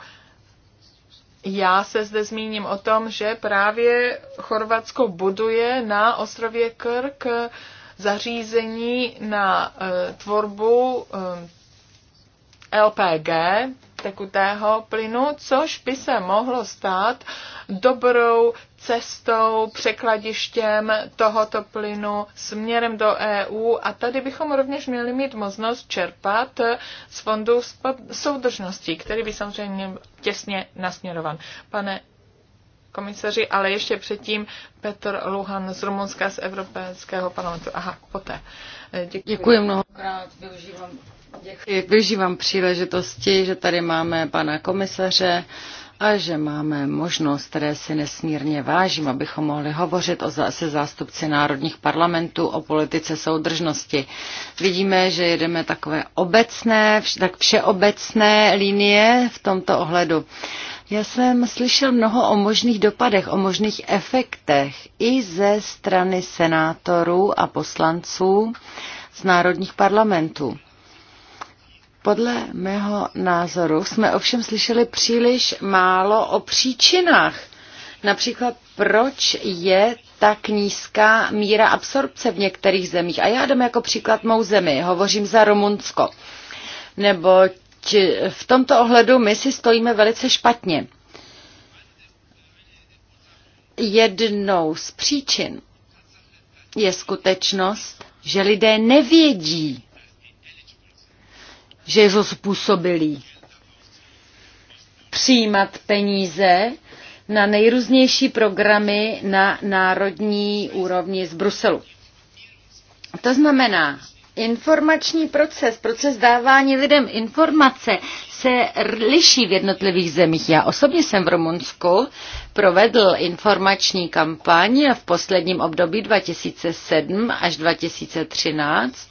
Já se zde zmíním o tom, že právě Chorvatsko buduje na ostrově Krk zařízení na e, tvorbu e, LPG, tekutého plynu, což by se mohlo stát dobrou cestou, překladištěm tohoto plynu směrem do EU a tady bychom rovněž měli mít možnost čerpat z fondu soudržnosti, který by samozřejmě měl těsně nasměrovan. Pane komisaři, ale ještě předtím Petr Luhan z Rumunska z Evropského parlamentu. Aha, poté. Děkuji, Děkuji mnohokrát, využívám, děkuji. využívám příležitosti, že tady máme pana komisaře a že máme možnost, které si nesmírně vážím, abychom mohli hovořit o, se zástupci národních parlamentů o politice soudržnosti. Vidíme, že jedeme takové obecné, tak všeobecné linie v tomto ohledu. Já jsem slyšel mnoho o možných dopadech, o možných efektech i ze strany senátorů a poslanců z národních parlamentů. Podle mého názoru jsme ovšem slyšeli příliš málo o příčinách. Například proč je tak nízká míra absorpce v některých zemích. A já dám jako příklad mou zemi, hovořím za Rumunsko. Nebo v tomto ohledu my si stojíme velice špatně. Jednou z příčin je skutečnost, že lidé nevědí, že jsou způsobilí přijímat peníze na nejrůznější programy na národní úrovni z Bruselu. To znamená, informační proces, proces dávání lidem informace se liší v jednotlivých zemích. Já osobně jsem v Rumunsku provedl informační kampaň v posledním období 2007 až 2013,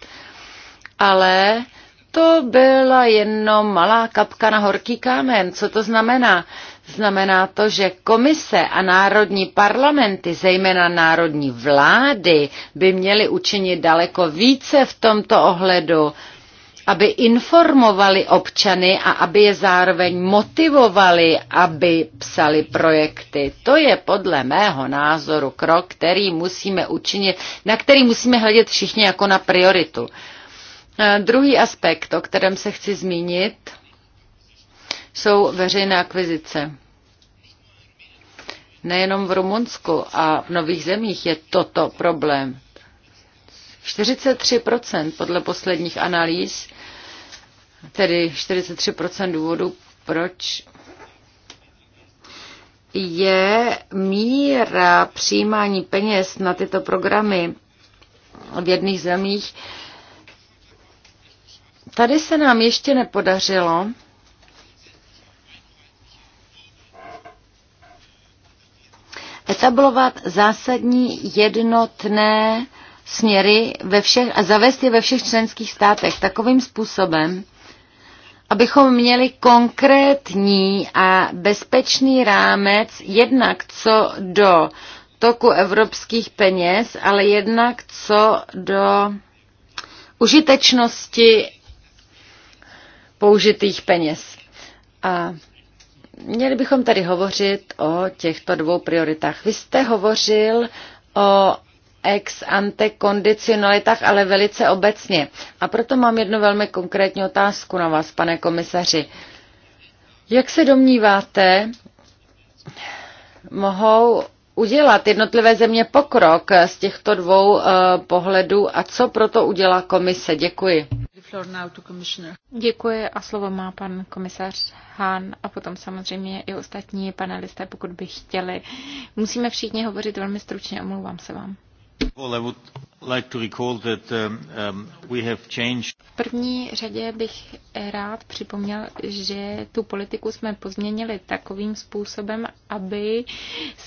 ale to byla jenom malá kapka na horký kámen. Co to znamená? Znamená to, že komise a národní parlamenty, zejména národní vlády, by měly učinit daleko více v tomto ohledu, aby informovali občany a aby je zároveň motivovali, aby psali projekty. To je podle mého názoru krok, který musíme učinit, na který musíme hledět všichni jako na prioritu. Eh, druhý aspekt, o kterém se chci zmínit, jsou veřejné akvizice. Nejenom v Rumunsku a v nových zemích je toto problém. 43% podle posledních analýz, tedy 43% důvodů, proč je míra přijímání peněz na tyto programy v jedných zemích Tady se nám ještě nepodařilo etablovat zásadní jednotné směry ve všech, a zavést je ve všech členských státech takovým způsobem, abychom měli konkrétní a bezpečný rámec jednak co do toku evropských peněz, ale jednak co do užitečnosti použitých peněz. A měli bychom tady hovořit o těchto dvou prioritách. Vy jste hovořil o ex ante kondicionalitách, ale velice obecně. A proto mám jednu velmi konkrétní otázku na vás, pane komisaři. Jak se domníváte, mohou udělat jednotlivé země pokrok z těchto dvou eh, pohledů a co proto udělá komise? Děkuji floor now to Commissioner. Děkuji a slovo má pan komisař Hahn a potom samozřejmě i ostatní panelisté, pokud by chtěli. Musíme všichni hovořit velmi stručně, omlouvám se vám. Um, um, v první řadě bych rád připomněl, že tu politiku jsme pozměnili takovým způsobem, aby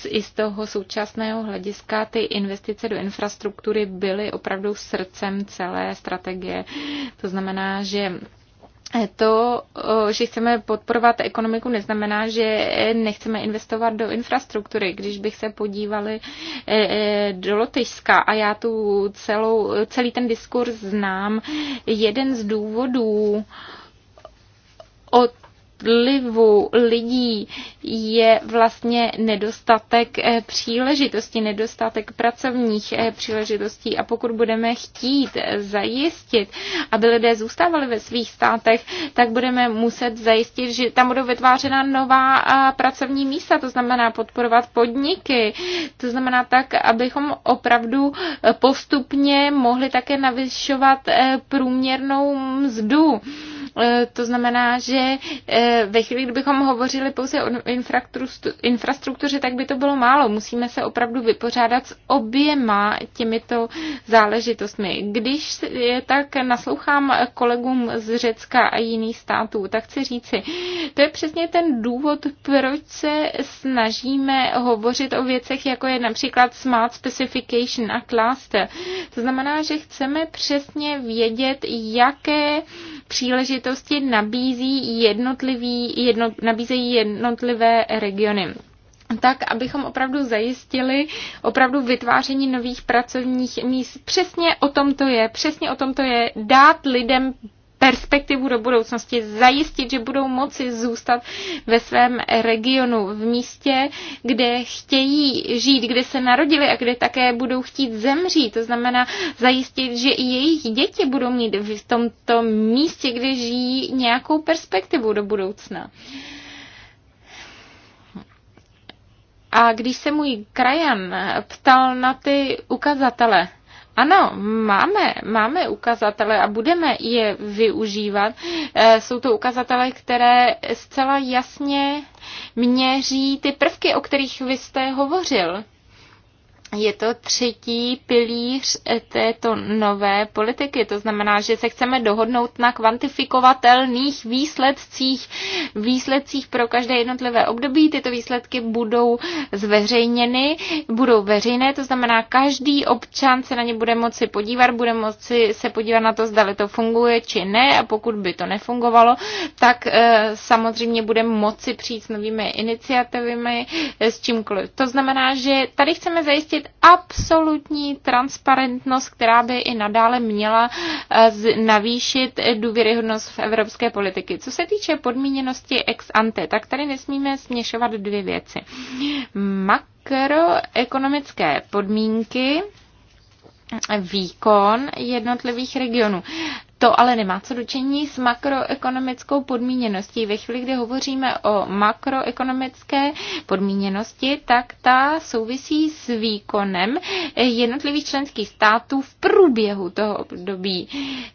i z toho současného hlediska ty investice do infrastruktury byly opravdu srdcem celé strategie. To znamená, že to, eh, že chceme podporovat ekonomiku, neznamená, že nechceme investovat do infrastruktury. Když bych se podívali eh, eh, do Lotyšska a já tu celou, celý ten diskurs znám, jeden z důvodů, od vlivu lidí je vlastně nedostatek eh, příležitostí, nedostatek pracovních eh, příležitostí. A pokud budeme chtít eh, zajistit, aby lidé zůstávali ve svých státech, tak budeme muset zajistit, že tam budou vytvářena nová pracovní místa, to znamená podporovat podniky, to znamená tak, abychom opravdu postupně mohli také navyšovat průměrnou mzdu. Eh, to znamená, že eh, ve chvíli, kdybychom hovořili pouze o infrastruktuře, tak by to bylo málo. Musíme se opravdu vypořádat s oběma těmito záležitostmi. Když tak naslouchám kolegům z Řecka a jiných států, tak chci říci, to je přesně ten důvod, proč se snažíme hovořit o věcech, jako je například Smart Specification a Cluster. To znamená, že chceme přesně vědět, jaké příležitosti nabízí jednotlivý, jedno, nabízejí jednotlivé regiony tak, abychom opravdu zajistili opravdu vytváření nových pracovních míst. Přesně o tom to je, přesně o tom to je, dát lidem perspektivu do budoucnosti, zajistit, že budou moci zůstat ve svém regionu, v místě, kde chtějí žít, kde se narodili a kde také budou chtít zemřít. To znamená zajistit, že i jejich děti budou mít v tomto místě, kde žijí, nějakou perspektivu do budoucna. A když se můj krajan ptal na ty ukazatele, ano, máme, máme ukazatele a budeme je využívat. Eh, jsou to ukazatele, které zcela jasně měří ty prvky, o kterých vy jste hovořil je to třetí pilíř eh, této nové politiky. To znamená, že se chceme dohodnout na kvantifikovatelných výsledcích, výsledcích pro každé jednotlivé období. Tyto výsledky budou zveřejněny, budou veřejné, to znamená, každý občan se na ně bude moci podívat, bude moci se podívat na to, zda to funguje či ne a pokud by to nefungovalo, tak eh, samozřejmě bude moci přijít s novými iniciativami, eh, s čímkoliv. To znamená, že tady chceme zajistit zajistit absolutní transparentnost, která by i nadále měla eh, navýšit důvěryhodnost v evropské politiky. Co se týče podmíněnosti ex ante, tak tady nesmíme směšovat dvě věci. Makroekonomické podmínky výkon jednotlivých regionů. To ale nemá co dočení s makroekonomickou podmíněností. Ve chvíli, kdy hovoříme o makroekonomické podmíněnosti, tak ta souvisí s výkonem jednotlivých členských států v průběhu toho období.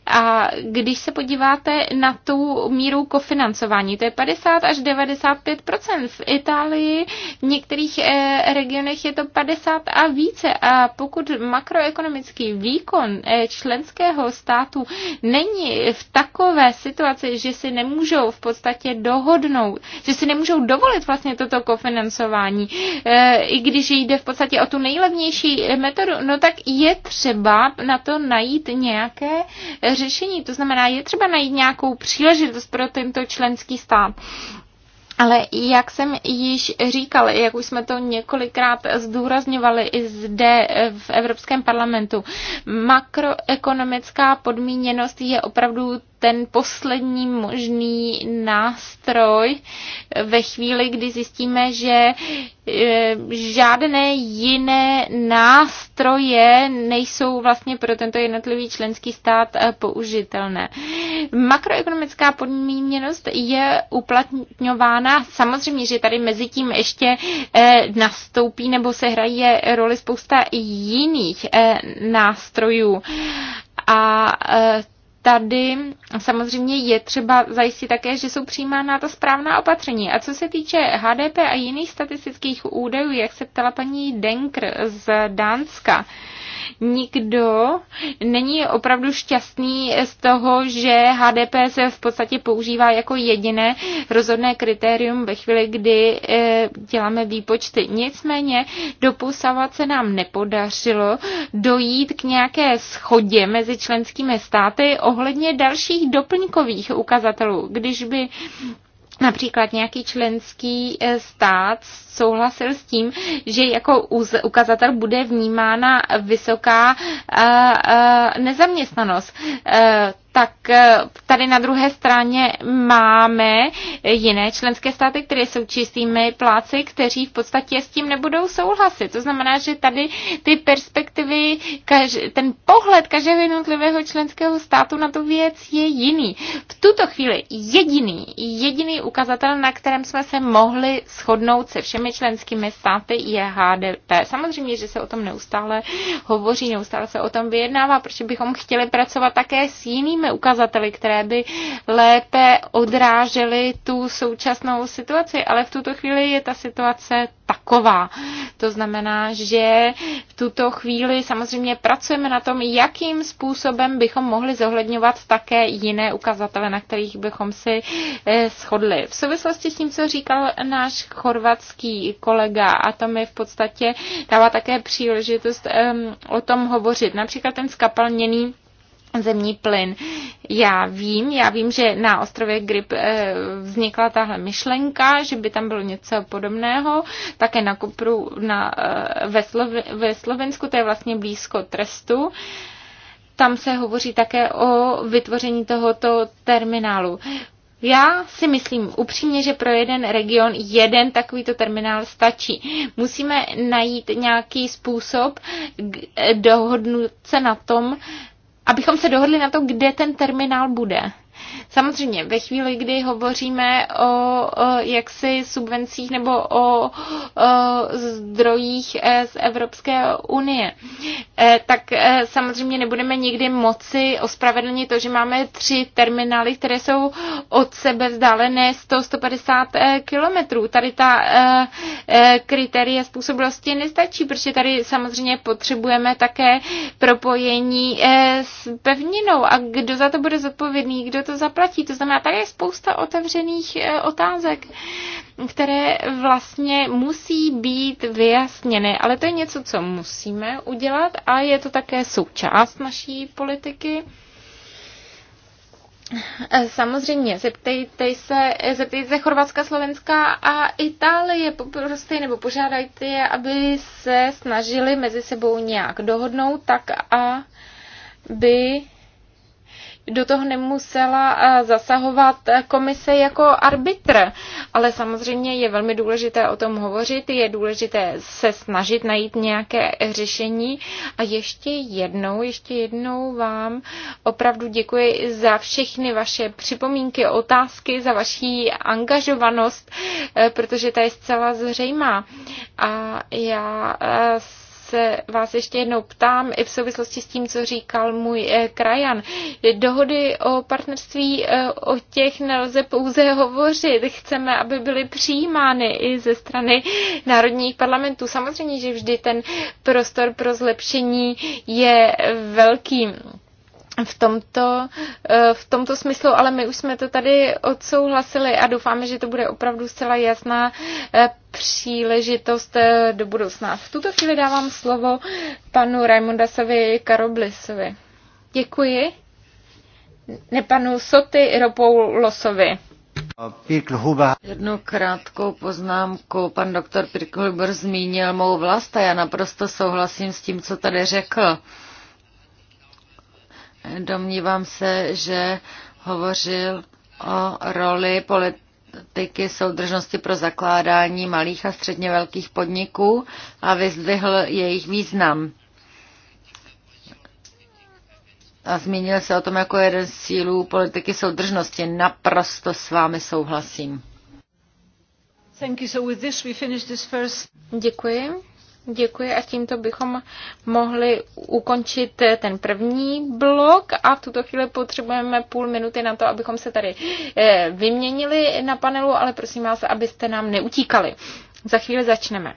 A když se podíváte na tu míru kofinancování, to je 50 až 95 V Itálii v některých eh, regionech je to 50 a více. A pokud makroekonomický výkon eh, členského státu ne není v takové situaci, že si nemůžou v podstatě dohodnout, že si nemůžou dovolit vlastně toto kofinancování, e, i když jde v podstatě o tu nejlevnější metodu, no tak je třeba na to najít nějaké řešení. To znamená, je třeba najít nějakou příležitost pro tento členský stát. Ale jak jsem již říkal, jak už jsme to několikrát zdůrazňovali i zde v Evropském parlamentu, makroekonomická podmíněnost je opravdu ten poslední možný nástroj ve chvíli, kdy zjistíme, že e, žádné jiné nástroje nejsou vlastně pro tento jednotlivý členský stát e, použitelné. Makroekonomická podmíněnost je uplatňována, samozřejmě, že tady mezi tím ještě e, nastoupí nebo se hrají roli spousta jiných nástrojů. A tady samozřejmě je třeba zajistit také, že jsou přijímána ta správná opatření. A co se týče HDP a jiných statistických údajů, jak se ptala paní Denkr z Dánska, nikdo není opravdu šťastný z toho, že HDP se v podstatě používá jako jediné rozhodné kritérium ve chvíli, kdy eh, děláme výpočty. Nicméně doposavat se nám nepodařilo dojít k nějaké schodě mezi členskými státy ohledně dalších doplňkových ukazatelů. Když by například nějaký členský eh, stát souhlasil s tím, že jako ukazatel bude vnímána vysoká eh, eh, nezaměstnanost tak eh, tady na druhé straně máme jiné členské státy, které jsou čistými pláci, kteří v podstatě s tím nebudou souhlasit. To znamená, že tady ty perspektivy, ten pohled každého jednotlivého členského státu na tu věc je jiný. V tuto chvíli jediný, jediný ukazatel, na kterém jsme se mohli shodnout se všemi členskými státy, je HDP. Samozřejmě, že se o tom neustále hovoří, neustále se o tom vyjednává, protože bychom chtěli pracovat také s jinými nevidíme ukazateli, které by lépe odrážely tu současnou situaci, ale v tuto chvíli je ta situace taková. To znamená, že v tuto chvíli samozřejmě pracujeme na tom, jakým způsobem bychom mohli zohledňovat také jiné ukazatele, na kterých bychom si eh, shodli. V souvislosti s tím, co říkal náš chorvatský kolega, a to mi v podstatě dává také příležitost um, o tom hovořit. Například ten skapalněný zemní plyn. Já vím, já vím, že na ostrově Grip eh, vznikla tahle myšlenka, že by tam bylo něco podobného, také na Kupru na, eh, ve, Slovi, ve Slovensku, to je vlastně blízko trestu. Tam se hovoří také o vytvoření tohoto terminálu. Já si myslím upřímně, že pro jeden region jeden takovýto terminál stačí. Musíme najít nějaký způsob eh, dohodnout se na tom, abychom se dohodli na to, kde ten terminál bude. Samozřejmě, ve chvíli, kdy hovoříme o, o jaksi subvencích nebo o, o zdrojích e, z Evropské unie, e, tak e, samozřejmě nebudeme nikdy moci ospravedlnit to, že máme tři terminály, které jsou od sebe vzdálené 100-150 kilometrů. Tady ta kritéria způsobilosti nestačí, protože tady samozřejmě potřebujeme také propojení s pevninou. A kdo za to bude zodpovědný, kdo to zaplatí. To znamená, tady je spousta otevřených eh, otázek, které vlastně musí být vyjasněny, ale to je něco, co musíme udělat a je to také součást naší politiky. Eh, samozřejmě, zeptejte se, eh, zeptejte se Chorvatska, Slovenska a Itálie, prostě, nebo požádajte je, aby se snažili mezi sebou nějak dohodnout, tak a aby do toho nemusela eh, zasahovat komise jako arbitr. Ale samozřejmě je velmi důležité o tom hovořit, je důležité se snažit najít nějaké řešení. A ještě jednou, ještě jednou vám opravdu děkuji za všechny vaše připomínky, otázky, za vaší angažovanost, eh, protože ta je zcela zřejmá. A já eh, se vás ještě jednou ptám i v souvislosti s tím, co říkal můj eh, krajan. Dohody o partnerství, eh, o těch nelze pouze hovořit. Chceme, aby byly přijímány i ze strany národních parlamentů. Samozřejmě, že vždy ten prostor pro zlepšení je velký v tomto, eh, v tomto smyslu, ale my už jsme to tady odsouhlasili a doufáme, že to bude opravdu zcela jasná eh, příležitost eh, do budoucna. V tuto chvíli dávám slovo panu Raimundasovi Karoblisovi. Děkuji. Ne panu Soty Ropoulosovi. Jednu krátkou poznámku. Pan doktor Pirkhuber zmínil mou vlast a já naprosto souhlasím s tím, co tady řekl. Domnívám se, že hovořil o roli politiky soudržnosti pro zakládání malých a středně velkých podniků a vyzdvihl jejich význam. A zmínil se o tom jako jeden z cílů politiky soudržnosti. Naprosto s vámi souhlasím. Děkuji. Děkuji a tímto bychom mohli ukončit eh, ten první blok a v tuto chvíli potřebujeme půl minuty na to, abychom se tady eh, vyměnili na panelu, ale prosím vás, abyste nám neutíkali. Za chvíli začneme.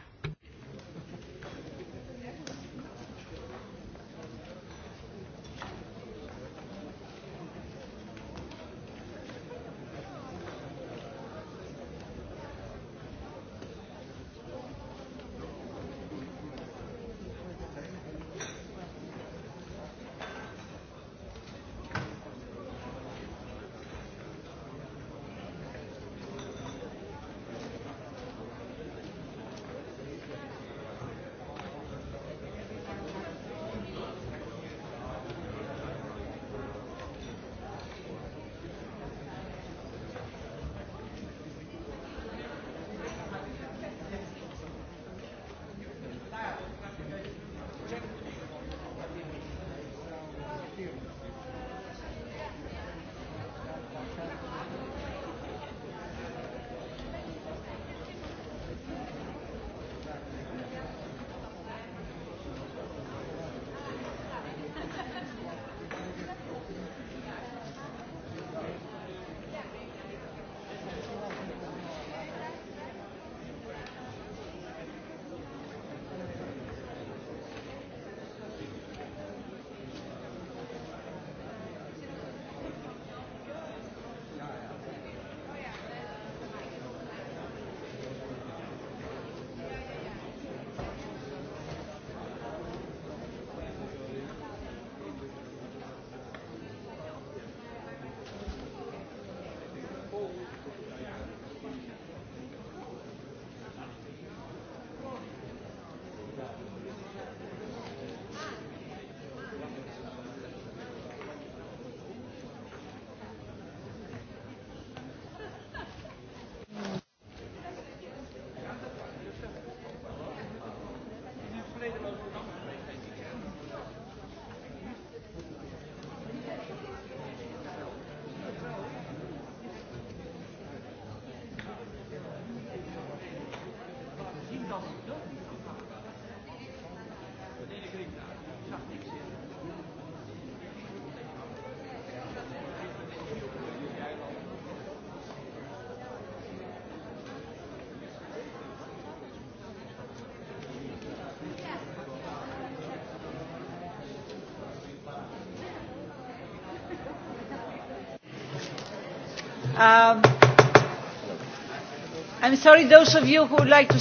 sorry, those of you who would like to...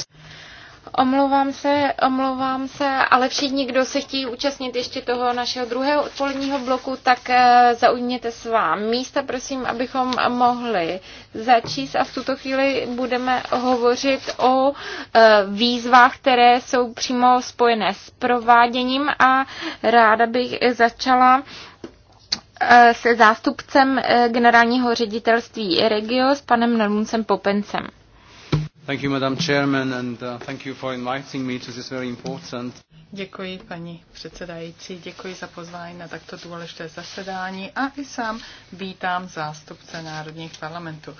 Omlouvám se, omlouvám se, ale všichni, kdo se chtějí účastnit ještě toho našeho druhého odpoledního bloku, tak eh, zaujměte svá místa, prosím, abychom mohli začíst a v tuto chvíli budeme hovořit o eh, výzvách, které jsou přímo spojené s prováděním a ráda bych začala eh, se zástupcem generálního ředitelství Regio s panem Nelmuncem Popencem. Děkuji, paní předsedající, děkuji za pozvání na takto důležité zasedání a i sám vítám zástupce národních parlamentů.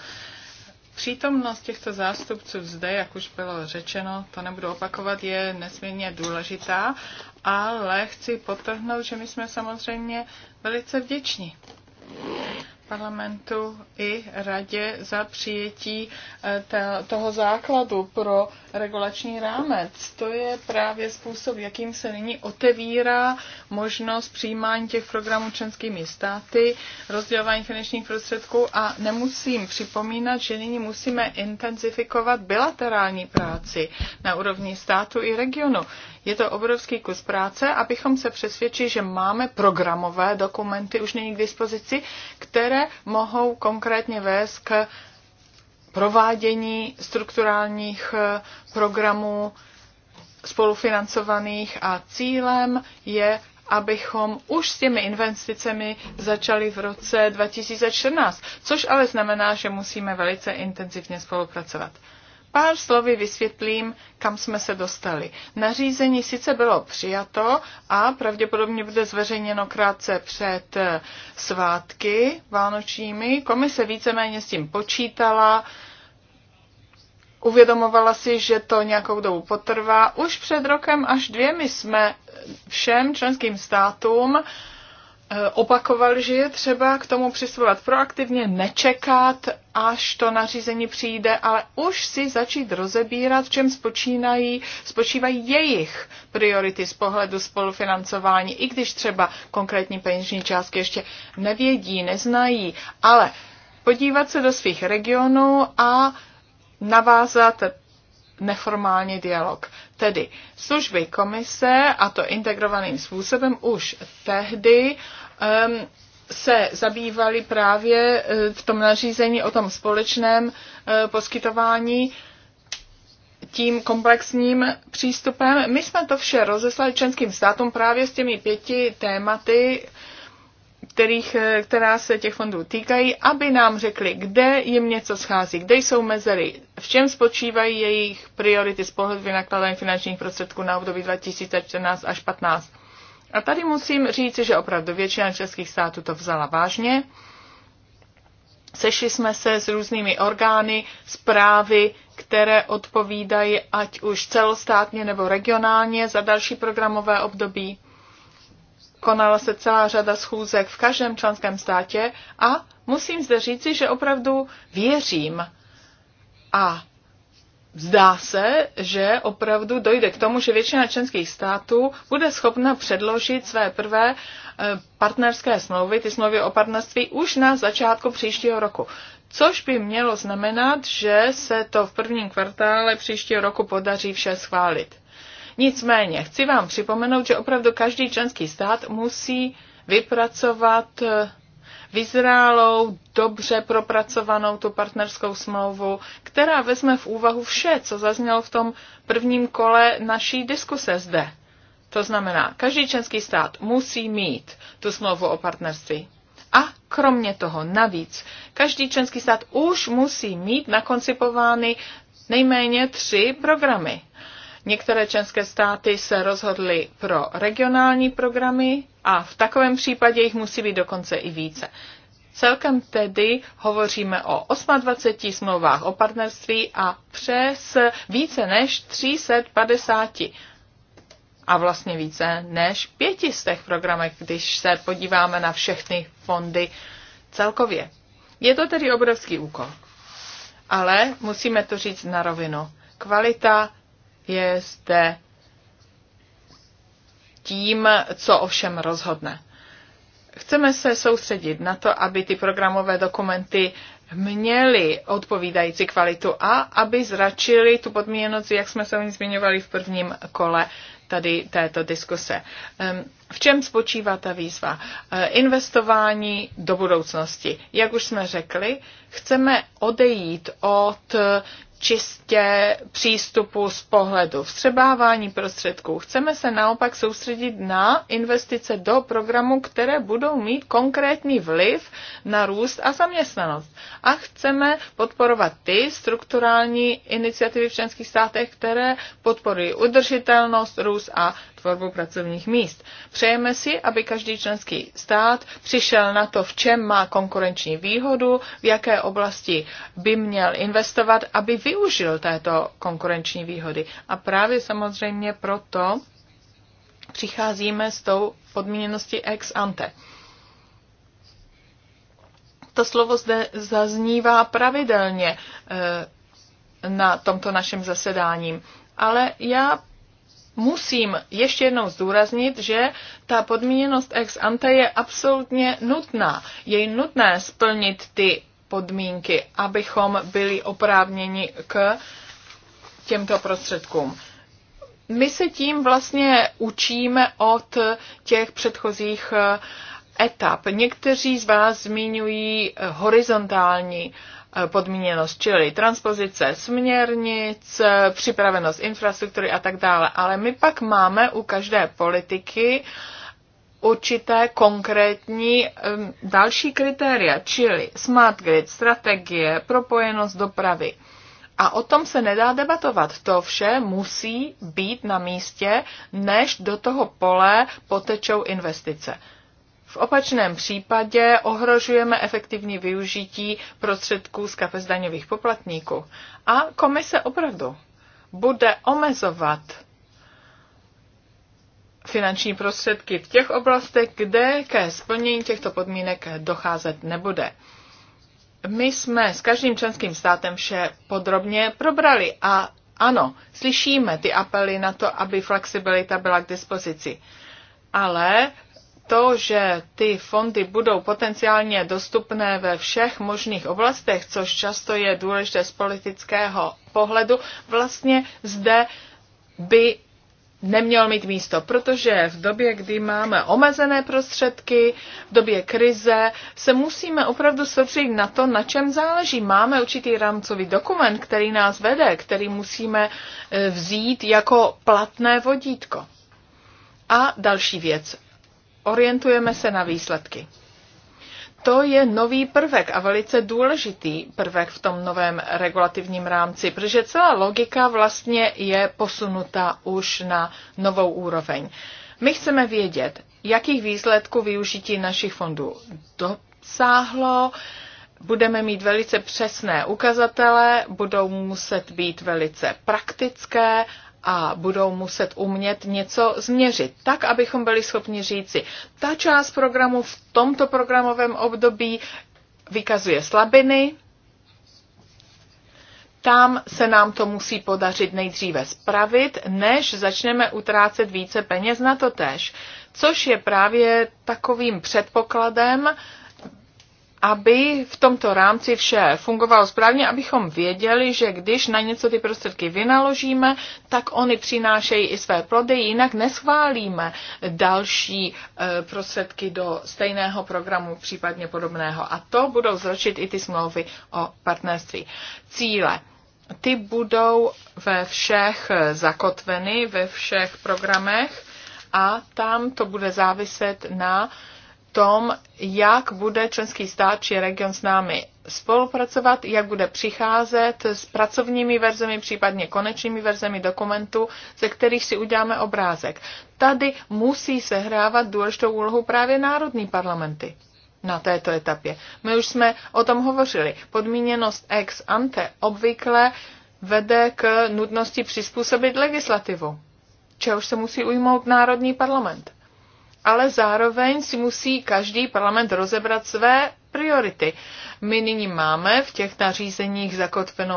Přítomnost těchto zástupců zde, jak už bylo řečeno, to nebudu opakovat, je nesmírně důležitá, ale chci potrhnout, že my jsme samozřejmě velice vděční parlamentu i radě za přijetí eh, toho základu pro regulační rámec. To je právě způsob, jakým se nyní otevírá možnost přijímání těch programů členskými státy, rozdělování finančních prostředků a nemusím připomínat, že nyní musíme intenzifikovat bilaterální práci na úrovni státu i regionu. Je to obrovský kus práce, abychom se přesvědčili, že máme programové dokumenty už nyní k dispozici, které mohou konkrétně vést k provádění strukturálních eh, programů spolufinancovaných a cílem je abychom už s těmi investicemi začali v roce 2014, což ale znamená, že musíme velice intenzivně spolupracovat. Pár slovy vysvětlím, kam jsme se dostali. Nařízení sice bylo přijato a pravděpodobně bude zveřejněno krátce před eh, svátky vánočními. Komise víceméně s tím počítala, uvědomovala si, že to nějakou dobu potrvá. Už před rokem až dvěmi jsme všem členským státům uh, Eh, opakoval, že je třeba k tomu přistupovat proaktivně, nečekat, až to nařízení přijde, ale už si začít rozebírat, v čem spočínají, spočívají jejich priority z pohledu spolufinancování, i když třeba konkrétní peněžní částky ještě nevědí, neznají, ale podívat se do svých regionů a navázat neformální dialog. Tedy služby komise, a to integrovaným způsobem, už tehdy um, se zabývali právě eh, v tom nařízení o tom společném eh, poskytování tím komplexním přístupem. My jsme to vše rozeslali členským státům právě s těmi pěti tématy, kterých, eh, která se těch fondů týkají, aby nám řekli, kde jim něco schází, kde jsou mezery, v čem spočívají jejich priority z pohledu vynakladání finančních prostředků na období 2014 až 2015. A tady musím říct, že opravdu většina českých států to vzala vážně. Sešli jsme se s různými orgány, zprávy, které odpovídají ať už celostátně nebo regionálně za další programové období konala se celá řada schůzek v každém členském státě a musím zde říci, že opravdu věřím a Zdá se, že opravdu dojde k tomu, že většina členských států bude schopna předložit své prvé eh, partnerské smlouvy, ty smlouvy o partnerství, už na začátku příštího roku. Což by mělo znamenat, že se to v prvním kvartále příštího roku podaří vše schválit. Nicméně chci vám připomenout, že opravdu každý členský stát musí vypracovat eh, vyzrálou, dobře propracovanou tu partnerskou smlouvu, která vezme v úvahu vše, co zaznělo v tom prvním kole naší diskuse zde. To znamená, každý členský stát musí mít tu smlouvu o partnerství. A kromě toho navíc, každý členský stát už musí mít nakoncipovány nejméně tři programy. Některé členské státy se rozhodly pro regionální programy a v takovém případě jich musí být dokonce i více. Celkem tedy hovoříme o 28 smlouvách o partnerství a přes více než 350 a vlastně více než pěti z těch programech, když se podíváme na všechny fondy celkově. Je to tedy obrovský úkol. Ale musíme to říct na rovinu. Kvalita je zde tím, co ovšem rozhodne. Chceme se soustředit na to, aby ty programové dokumenty měly odpovídající kvalitu a aby zračili tu podmíněnost, jak jsme se o ní zmiňovali v prvním kole tady této diskuse. Ehm, v čem spočívá ta výzva? Ehm, investování do budoucnosti. Jak už jsme řekli, chceme odejít od čistě přístupu z pohledu vstřebávání prostředků. Chceme se naopak soustředit na investice do programů, které budou mít konkrétní vliv na růst a zaměstnanost. A chceme podporovat ty strukturální iniciativy v členských státech, které podporují udržitelnost, růst a tvorbu pracovních míst. Přejeme si, aby každý členský stát přišel na to, v čem má konkurenční výhodu, v jaké oblasti by měl investovat, aby využil této konkurenční výhody. A právě samozřejmě proto přicházíme s tou podmíněností ex ante. To slovo zde zaznívá pravidelně eh, na tomto našem zasedáním. Ale já musím ještě jednou zdůraznit, že ta podmíněnost ex ante je absolutně nutná. Je nutné splnit ty podmínky, abychom byli oprávněni k těmto prostředkům. My se tím vlastně učíme od těch předchozích eh, etap. Někteří z vás zmiňují eh, horizontální uh, Eh, podmíněnost, čili transpozice směrnic, eh, připravenost infrastruktury a tak dále. Ale my pak máme u každé politiky určité konkrétní um, další kritéria, čili smart grid, strategie, propojenost dopravy. A o tom se nedá debatovat. To vše musí být na místě, než do toho pole potečou investice. V opačném případě ohrožujeme efektivní využití prostředků z kapes daňových poplatníků. A komise opravdu bude omezovat finanční prostředky v těch oblastech, kde ke splnění těchto podmínek docházet nebude. My jsme s každým členským státem vše podrobně probrali a ano, slyšíme ty apely na to, aby flexibilita byla k dispozici. Ale to, že ty fondy budou potenciálně dostupné ve všech možných oblastech, což často je důležité z politického pohledu, vlastně zde by neměl mít místo, protože v době, kdy máme omezené prostředky, v době krize, se musíme opravdu soustředit na to, na čem záleží. Máme určitý rámcový dokument, který nás vede, který musíme eh, vzít jako platné vodítko. A další věc orientujeme se na výsledky. To je nový prvek a velice důležitý prvek v tom novém regulativním rámci, protože celá logika vlastně je posunuta už na novou úroveň. My chceme vědět, jakých výsledků využití našich fondů dosáhlo, budeme mít velice přesné ukazatele, budou muset být velice praktické a budou muset umět něco změřit, tak, abychom byli schopni říci, ta část programu v tomto programovém období vykazuje slabiny, tam se nám to musí podařit nejdříve spravit, než začneme utrácet více peněz na to tež. Což je právě takovým předpokladem aby v tomto rámci vše fungovalo správně, abychom věděli, že když na něco ty prostředky vynaložíme, tak oni přinášejí i své plody, jinak neschválíme další e, prostředky do stejného programu, případně podobného. A to budou zročit i ty smlouvy o partnerství. Cíle ty budou ve všech e, zakotveny, ve všech programech a tam to bude záviset na tom, jak bude členský stát či region s námi spolupracovat, jak bude přicházet s pracovními verzemi, případně konečnými verzemi dokumentů, ze kterých si uděláme obrázek. Tady musí sehrávat důležitou úlohu právě národní parlamenty na této etapě. My už jsme o tom hovořili. Podmíněnost ex ante obvykle vede k nutnosti přizpůsobit legislativu, čehož se musí ujmout národní parlament ale zároveň si musí každý parlament rozebrat své priority. My nyní máme v těch nařízeních zakotvenou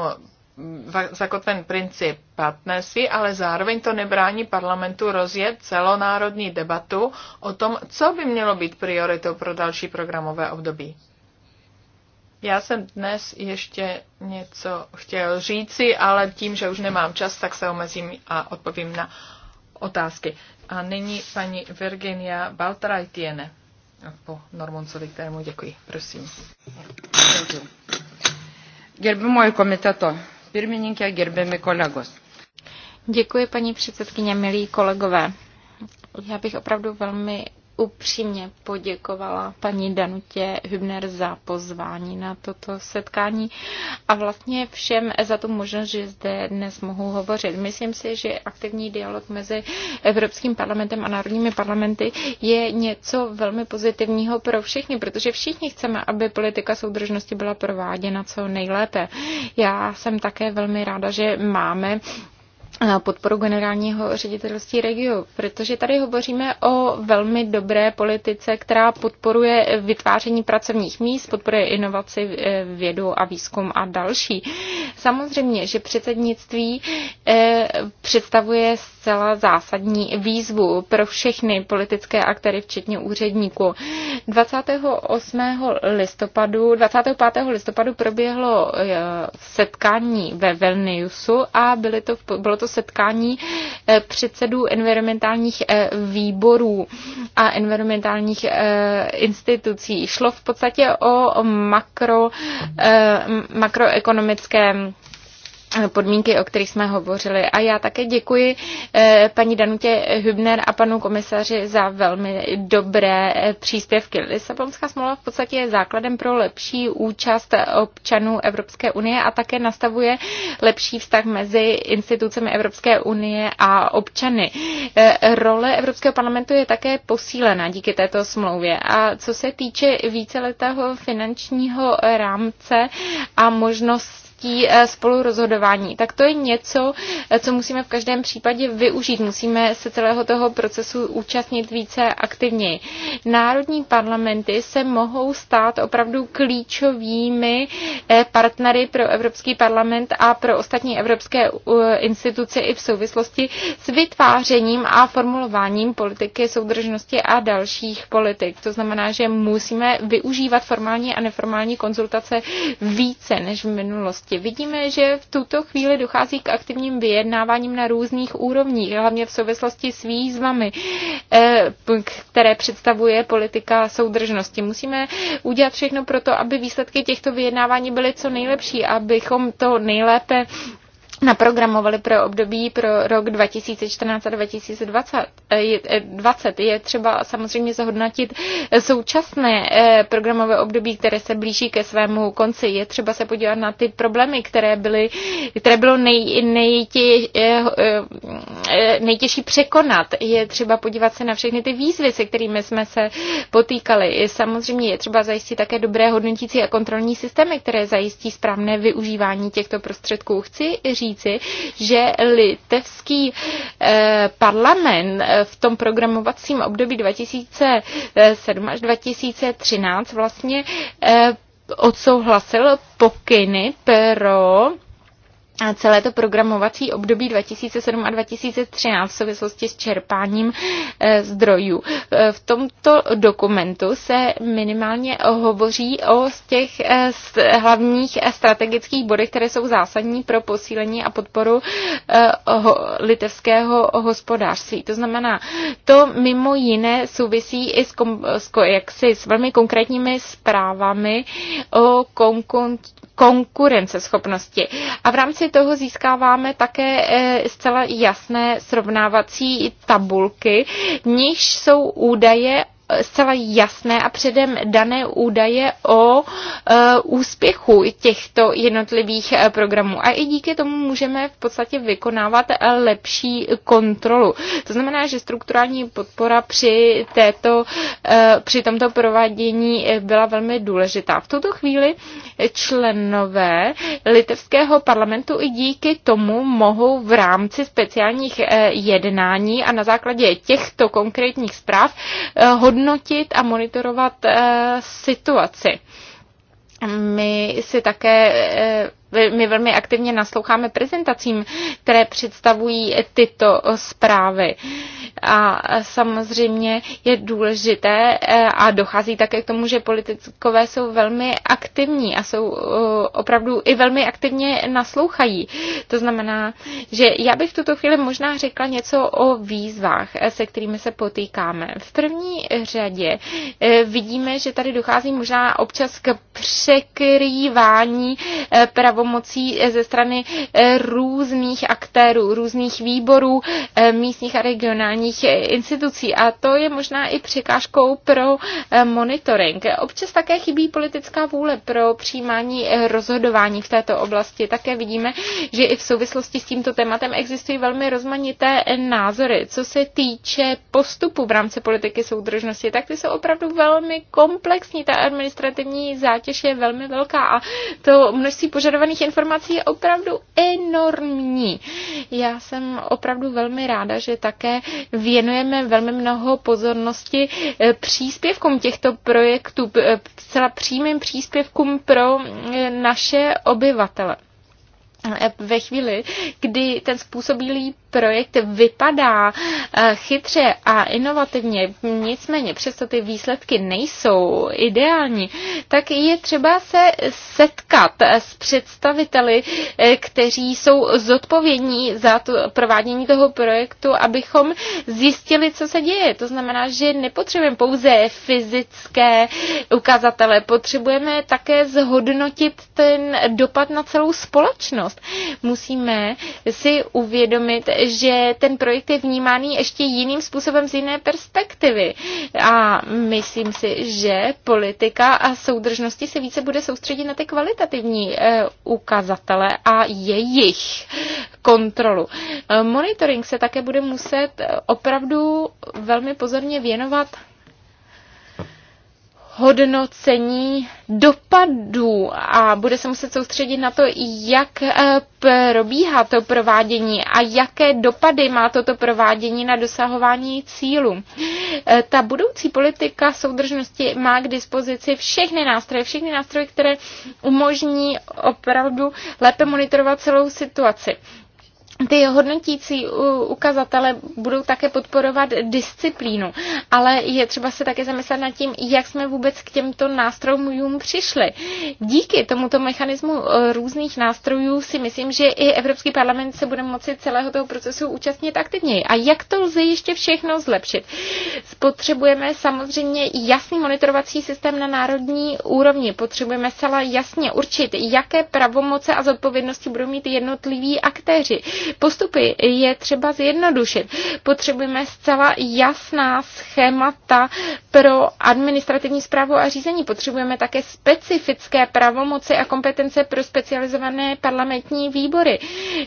zakotven princip partnerství, ale zároveň to nebrání parlamentu rozjet celonárodní debatu o tom, co by mělo být prioritou pro další programové období. Já jsem dnes ještě něco chtěl říci, ale tím, že už nemám čas, tak se omezím a odpovím na otázky. A nyní paní Virginia Baltrajtiene po Normoncovi, kterému děkuji. Prosím. Gerbimoji komiteto, pirmininkė, gerbimi kolegos. Děkuji, paní předsedkyně, milí kolegové. Já bych opravdu velmi upřímně poděkovala paní Danutě Hübner za pozvání na toto setkání a vlastně všem za tu možnost, že zde dnes mohu hovořit. Myslím si, že aktivní dialog mezi Evropským parlamentem a národními parlamenty je něco velmi pozitivního pro všechny, protože všichni chceme, aby politika soudržnosti byla prováděna co nejlépe. Já jsem také velmi ráda, že máme podporu generálního ředitelství regionu, protože tady hovoříme o velmi dobré politice, která podporuje vytváření pracovních míst, podporuje inovaci, eh, vědu a výzkum a další. Samozřejmě, že předsednictví eh, představuje zcela zásadní výzvu pro všechny politické aktéry, včetně úředníků. 28. listopadu, 25. listopadu proběhlo eh, setkání ve Vilniusu a byly to, bylo to setkání eh, předsedů environmentálních eh, výborů a environmentálních eh, institucí. Šlo v podstatě o makro, makroekonomické podmínky, o kterých jsme hovořili. A já také děkuji eh, paní Danutě Hübner a panu komisaři za velmi dobré eh, příspěvky. Lisabonská smlouva v podstatě je základem pro lepší účast občanů Evropské unie a také nastavuje lepší vztah mezi institucemi Evropské unie a občany. Eh, role Evropského parlamentu je také posílena díky této smlouvě. A co se týče víceletého finančního rámce a možnost součástí eh, spolurozhodování. Tak to je něco, eh, co musíme v každém případě využít. Musíme se celého toho procesu účastnit více aktivněji. Národní parlamenty se mohou stát opravdu klíčovými eh, partnery pro Evropský parlament a pro ostatní evropské instituce i v souvislosti s vytvářením a formulováním politiky soudržnosti a dalších politik. To znamená, že musíme využívat formální a neformální konzultace více než v minulosti oblasti. Vidíme, že v tuto chvíli dochází k aktivním vyjednáváním na různých úrovních, hlavně v souvislosti s výzvami, eh, které představuje politika soudržnosti. Musíme udělat všechno pro to, aby výsledky těchto vyjednávání byly co nejlepší, abychom to nejlépe naprogramovali pro období pro rok 2014 a 2020. Je třeba samozřejmě zahodnotit současné eh, programové období, které se blíží ke svému konci. Je třeba se podívat na ty problémy, které, byly, které bylo nej, nejtě, eh, eh, nejtěžší překonat. Je třeba podívat se na všechny ty výzvy, se kterými jsme se potýkali. Samozřejmě je třeba zajistit také dobré hodnotící a kontrolní systémy, které zajistí správné využívání těchto prostředků. Chci říct, říci, že litevský eh, parlament eh, v tom programovacím období 2007 až 2013 vlastně eh, odsouhlasil pokyny pro a celé to programovací období 2007 a 2013 v souvislosti s čerpáním eh, zdrojů. Eh, v tomto dokumentu se minimálně hovoří o těch eh, hlavních strategických bodech, které jsou zásadní pro posílení a podporu litevského hospodářství. To znamená, to mimo jiné souvisí i s, kom, s, jaksi, s velmi konkrétními zprávami o konkurenceschopnosti. A v rámci rámci toho získáváme také eh, zcela jasné srovnávací tabulky, níž jsou údaje zcela jasné a předem dané údaje o e, úspěchu těchto jednotlivých e, programů. A i díky tomu můžeme v podstatě vykonávat e, lepší kontrolu. To znamená, že strukturální podpora při, této, při tomto provádění byla velmi důležitá. V tuto chvíli členové litevského parlamentu i díky tomu mohou v rámci speciálních jednání a na základě těchto konkrétních zpráv hodnotit hodnotit a monitorovat eh, situaci. My si také eh, my velmi aktivně nasloucháme prezentacím, které představují tyto zprávy. A samozřejmě je důležité eh, a dochází také k tomu, že politikové jsou velmi aktivní a jsou eh, opravdu i velmi aktivně naslouchají. To znamená, že já bych v tuto chvíli možná řekla něco o výzvách, eh, se kterými se potýkáme. V první řadě vidíme, že tady dochází možná občas k překrývání pravo pravomocí eh, ze strany eh, různých aktérů, různých výborů eh, místních a regionálních institucí. A to je možná i překážkou pro monitoring. Občas také chybí politická vůle pro přijímání rozhodování v této oblasti. Také vidíme, že i v souvislosti s tímto tématem existují velmi rozmanité názory. Co se týče postupu v rámci politiky soudržnosti, tak ty jsou opravdu velmi komplexní. Ta administrativní zátěž je velmi velká a to množství požadovaných dostupných informací je opravdu enormní. Já jsem opravdu velmi ráda, že také věnujeme velmi mnoho pozornosti eh, příspěvkům těchto projektů, eh, zcela přímým příspěvkům pro eh, naše obyvatele ve chvíli, kdy ten způsobilý projekt vypadá eh, chytře a inovativně, nicméně přesto ty výsledky nejsou ideální, tak je třeba se setkat s představiteli, eh, kteří jsou zodpovědní za to provádění toho projektu, abychom zjistili, co se děje. To znamená, že nepotřebujeme pouze fyzické ukazatele, potřebujeme také zhodnotit ten dopad na celou společnost. Musíme si uvědomit, že ten projekt je vnímaný ještě jiným způsobem z jiné perspektivy. A myslím si, že politika a soudržnosti se více bude soustředit na ty kvalitativní eh, ukazatele a jejich kontrolu. Eh, monitoring se také bude muset eh, opravdu velmi pozorně věnovat hodnocení dopadů a bude se muset soustředit na to, jak eh, probíhá to provádění a jaké dopady má toto provádění na dosahování cílů. Eh, ta budoucí politika soudržnosti má k dispozici všechny nástroje, všechny nástroje, které umožní opravdu lépe monitorovat celou situaci ty hodnotící ukazatele budou také podporovat disciplínu, ale je třeba se také zamyslet nad tím, jak jsme vůbec k těmto nástrojům přišli. Díky tomuto mechanismu eh, různých nástrojů si myslím, že i Evropský parlament se bude moci celého toho procesu účastnit aktivněji. A jak to lze ještě všechno zlepšit? Potřebujeme samozřejmě jasný monitorovací systém na národní úrovni. Potřebujeme zcela jasně určit, jaké pravomoce a zodpovědnosti budou mít jednotliví aktéři postupy je třeba zjednodušit. Potřebujeme zcela jasná schémata pro administrativní zprávu a řízení. Potřebujeme také specifické pravomoci a kompetence pro specializované parlamentní výbory.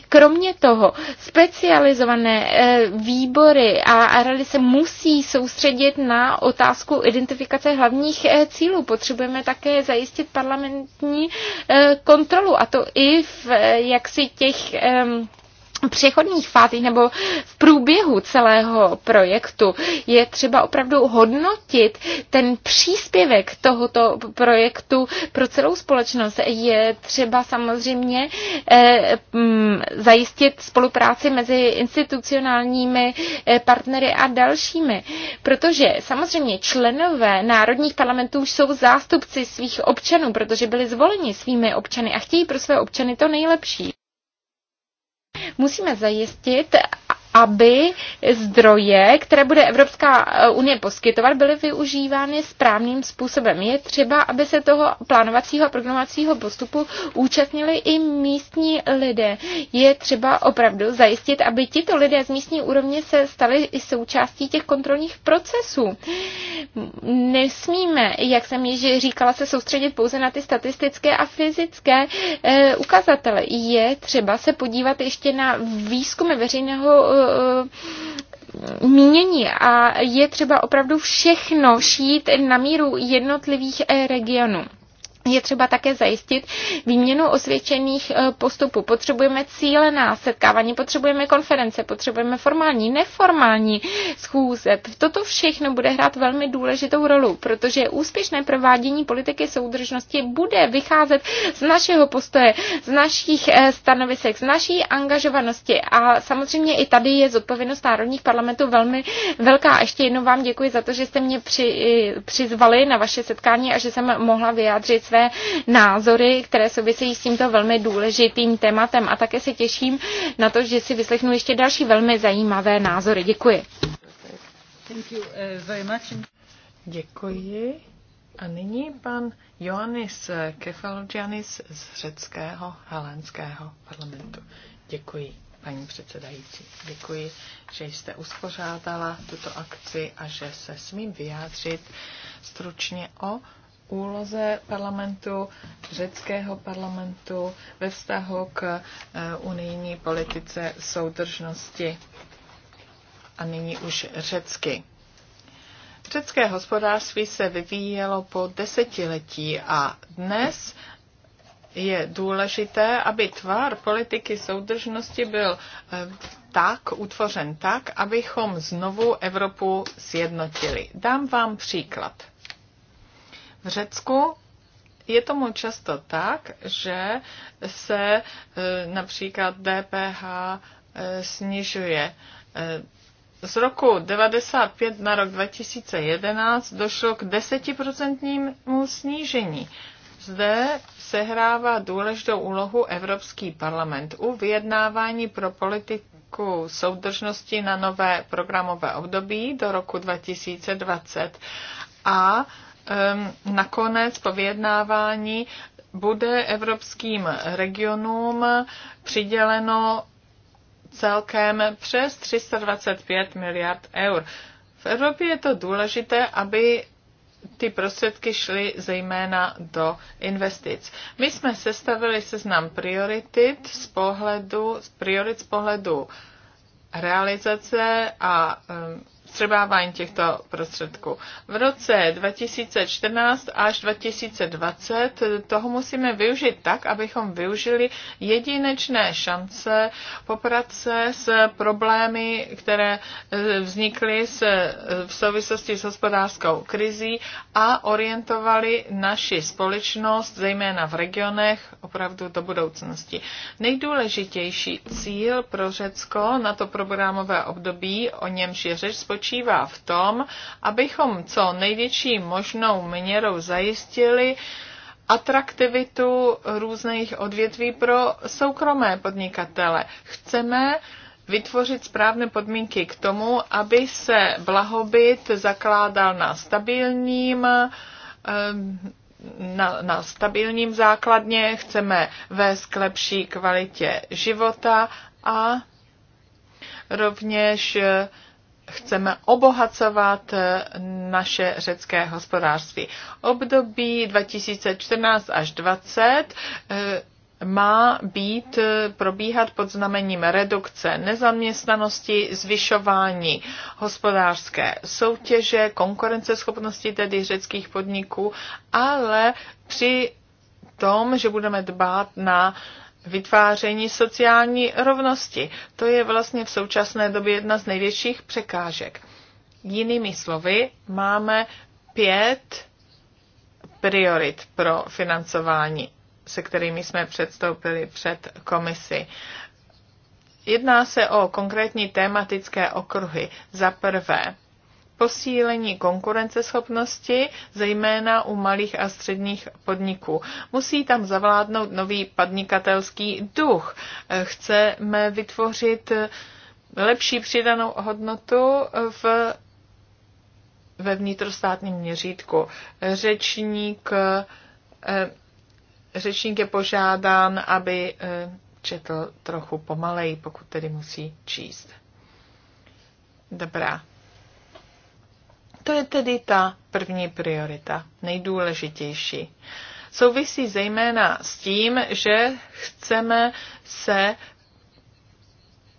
Kromě toho, specializované eh, výbory a rady se musí soustředit na otázku identifikace hlavních eh, cílů. Potřebujeme také zajistit parlamentní eh, kontrolu a to i v jaksi těch přechodných fázích nebo v průběhu celého projektu je třeba opravdu hodnotit ten příspěvek tohoto projektu pro celou společnost. Je třeba samozřejmě eh, mm, zajistit spolupráci mezi institucionálními eh, partnery a dalšími, protože samozřejmě členové národních parlamentů jsou zástupci svých občanů, protože byli zvoleni svými občany a chtějí pro své občany to nejlepší. Musíme zajistit, aby zdroje, které bude Evropská eh, unie poskytovat, byly využívány správným způsobem. Je třeba, aby se toho plánovacího a programovacího postupu účastnili i místní lidé. Je třeba opravdu zajistit, aby tito lidé z místní úrovně se stali i součástí těch kontrolních procesů. Nesmíme, jak jsem již říkala, se soustředit pouze na ty statistické a fyzické eh, ukazatele. Je třeba se podívat ještě na výzkumy veřejného eh, Eh, mínění a je třeba opravdu všechno šít na míru jednotlivých eh, regionů je třeba také zajistit výměnu osvědčených eh, postupů. Potřebujeme cílená setkávání, potřebujeme konference, potřebujeme formální, neformální schůze. Toto všechno bude hrát velmi důležitou rolu, protože úspěšné provádění politiky soudržnosti bude vycházet z našeho postoje, z našich eh, stanovisek, z naší angažovanosti. A samozřejmě i tady je zodpovědnost národních parlamentů velmi velká. A ještě jednou vám děkuji za to, že jste mě při, eh, přizvali na vaše setkání a že jsem mohla vyjádřit své své názory, které souvisejí s tímto velmi důležitým tématem. A také se těším na to, že si vyslechnu ještě další velmi zajímavé názory. Děkuji. Eh, Děkuji. A nyní pan Ioannis eh, Kefalogianis z řeckého helenského parlamentu. Děkuji, paní předsedající. Děkuji, že jste uspořádala tuto akci a že se smím vyjádřit stručně o úloze parlamentu, řeckého parlamentu ve vztahu k eh, unijní politice soudržnosti a nyní už řecky. Řecké hospodářství se vyvíjelo po desetiletí a dnes je důležité, aby tvar politiky soudržnosti byl eh, tak utvořen tak, abychom znovu Evropu sjednotili. Dám vám příklad. V Řecku je tomu často tak, že se e, například DPH e, snižuje. E, z roku 95 na rok 2011 došlo k desetiprocentnímu snížení. Zde sehrává důležitou úlohu Evropský parlament u vyjednávání pro politiku soudržnosti na nové programové období do roku 2020 a Ehm, nakonec po vyjednávání bude evropským regionům přiděleno celkem přes 325 miliard eur. V Evropě je to důležité, aby ty prostředky šly zejména do investic. My jsme sestavili seznam priorit z pohledu, priorit z pohledu realizace a um, vstřebávání těchto prostředků. V roce 2014 až 2020 toho musíme využít tak, abychom využili jedinečné šance poprat se s problémy, které eh, vznikly eh, v souvislosti s hospodářskou krizí a orientovali naši společnost, zejména v regionech, opravdu do budoucnosti. Nejdůležitější cíl pro Řecko na to programové období, o němž je řeč, spočí spočívá v tom, abychom co největší možnou měrou zajistili atraktivitu různých odvětví pro soukromé podnikatele. Chceme vytvořit správné podmínky k tomu, aby se blahobyt zakládal na stabilním ehm, na, na stabilním základně, chceme vést k lepší kvalitě života a rovněž chceme obohacovat eh, naše řecké hospodářství. Období 2014 až 2020 eh, má být eh, probíhat pod znamením redukce nezaměstnanosti, zvyšování hospodářské soutěže, konkurenceschopnosti tedy řeckých podniků, ale při tom, že budeme dbát na uh, vytváření sociální rovnosti. To je vlastně v současné době jedna z největších překážek. Jinými slovy, máme pět priorit pro financování, se kterými jsme předstoupili před komisi. Jedná se o konkrétní tematické okruhy. Za prvé, posílení konkurenceschopnosti, zejména u malých a středních podniků. Musí tam zavládnout nový podnikatelský duch. Chceme vytvořit lepší přidanou hodnotu v ve vnitrostátním měřítku. Řečník, eh, řečník je požádán, aby eh, četl trochu pomaleji, pokud tedy musí číst. Dobrá. To je tedy ta první priorita, nejdůležitější. Souvisí zejména s tím, že chceme se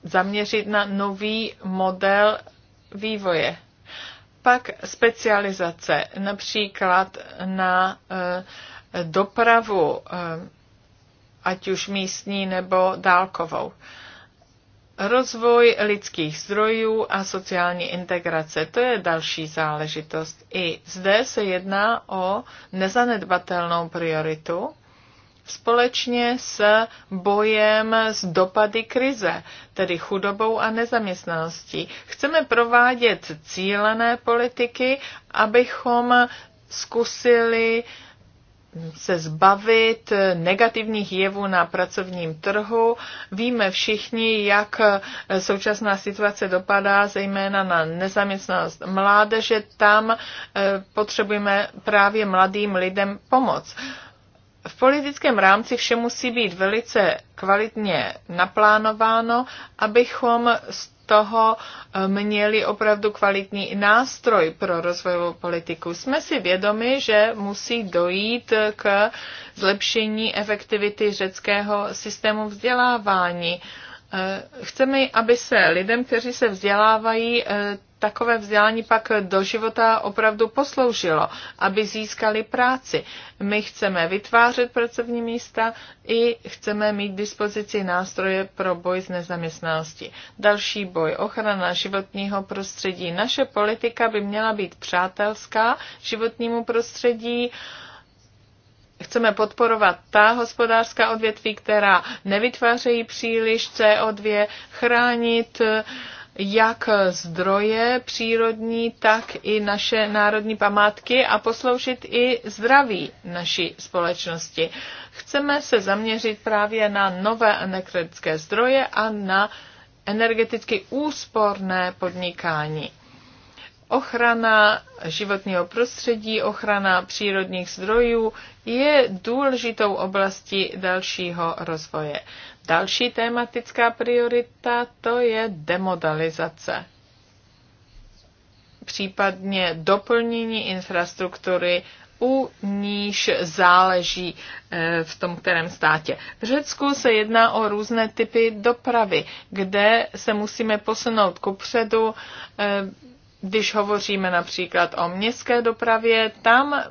zaměřit na nový model vývoje. Pak specializace, například na eh, dopravu, eh, ať už místní nebo dálkovou. Rozvoj lidských zdrojů a sociální integrace, to je další záležitost. I zde se jedná o nezanedbatelnou prioritu společně s bojem s dopady krize, tedy chudobou a nezaměstnaností. Chceme provádět cílené politiky, abychom zkusili uh, se zbavit negativních jevů na pracovním trhu. Víme všichni, jak současná situace dopadá, zejména na nezaměstnanost mládeže. Tam eh, potřebujeme právě mladým lidem pomoc. V politickém rámci vše musí být velice kvalitně naplánováno, abychom z toho eh, měli opravdu kvalitní nástroj pro rozvojovou politiku. Jsme si vědomi, že musí dojít k zlepšení efektivity řeckého systému vzdělávání. Eh, chceme, aby se lidem, kteří se vzdělávají, eh, takové vzdělání pak do života opravdu posloužilo, aby získali práci. My chceme vytvářet pracovní místa i chceme mít dispozici nástroje pro boj s nezaměstnaností. Další boj, ochrana životního prostředí. Naše politika by měla být přátelská životnímu prostředí. Uh, chceme podporovat ta hospodářská odvětví, která nevytvářejí příliš CO2, chránit eh, jak zdroje přírodní, tak i naše národní památky a posloužit i zdraví naší společnosti. Chceme se zaměřit právě na nové energetické zdroje a na energeticky úsporné podnikání. Ochrana životního prostředí, ochrana přírodních zdrojů je důležitou oblastí dalšího rozvoje. Další tematická priorita to je demodalizace případně doplnění infrastruktury, u níž záleží eh, v tom kterém státě. V Řecku se jedná o různé typy dopravy, kde se musíme posunout kupředu eh, když hovoříme například o městské dopravě, tam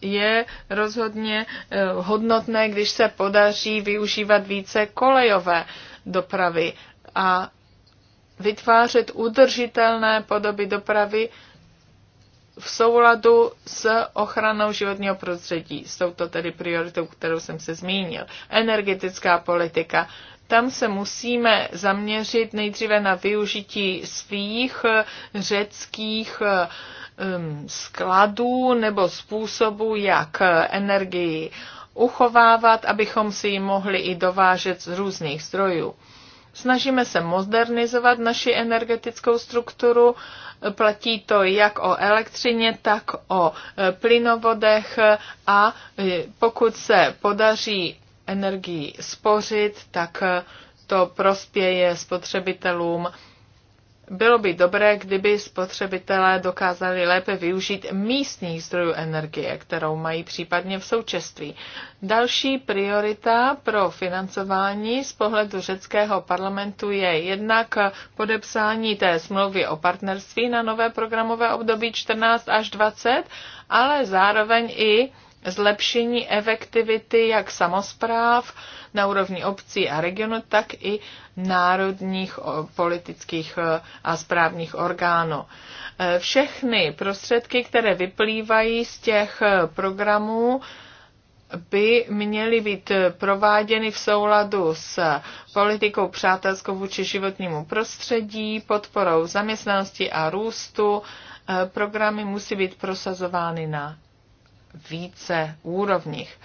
je rozhodně eh, hodnotné, když se podaří využívat více kolejové dopravy a vytvářet udržitelné podoby dopravy v souladu s ochranou životního prostředí. S touto tedy prioritou, kterou jsem se zmínil. Energetická politika tam se musíme zaměřit nejdříve na využití svých eh, řeckých eh, skladů nebo způsobu, jak eh, energii uchovávat, abychom si ji mohli i dovážet z různých zdrojů. Snažíme se modernizovat naši energetickou strukturu. Platí to jak o elektřině, tak o plynovodech a pokud se podaří energii spořit, tak to prospěje spotřebitelům. Bylo by dobré, kdyby spotřebitelé dokázali lépe využít místních zdrojů energie, kterou mají případně v současství. Další priorita pro financování z pohledu řeckého parlamentu je jednak podepsání té smlouvy o partnerství na nové programové období 14 až 20, ale zároveň i zlepšení efektivity jak samozpráv na úrovni obcí a regionu, tak i národních politických e, a správních orgánů. E, všechny prostředky, které vyplývají z těch e, programů, by měly být prováděny v souladu s politikou přátelskou vůči životnímu prostředí, podporou zaměstnanosti a růstu. Programy musí být prosazovány na více úrovních.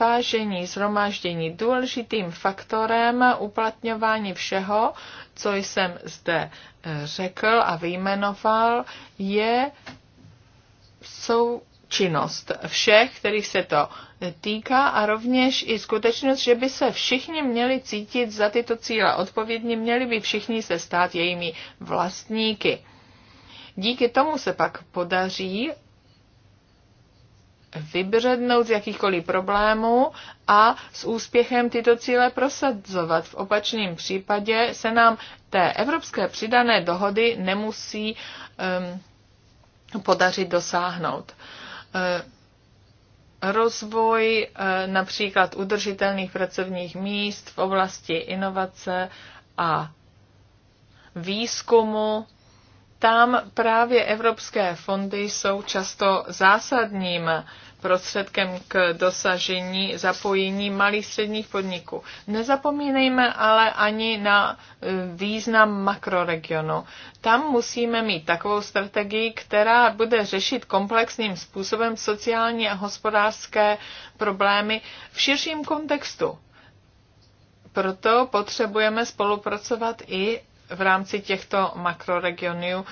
Vážení zhromáždění důležitým faktorem uplatňování všeho, co jsem zde eh, řekl a vyjmenoval, je součinnost všech, kterých se to týká a rovněž i skutečnost, že by se všichni měli cítit za tyto cíle odpovědní, měli by všichni se stát jejími vlastníky. Díky tomu se pak podaří vybřednout z jakýchkoliv problémů a s úspěchem tyto cíle prosadzovat. V opačném případě se nám té evropské přidané dohody nemusí um, podařit dosáhnout. Uh, rozvoj eh, například udržitelných pracovních míst v oblasti inovace a výzkumu. Tam právě evropské fondy jsou často zásadním prostředkem k dosažení zapojení malých středních podniků. Nezapomínejme ale ani na e, význam makroregionu. Tam musíme mít takovou strategii, která bude řešit komplexním způsobem sociální a hospodářské problémy v širším kontextu. Proto potřebujeme spolupracovat i v rámci těchto makroregionů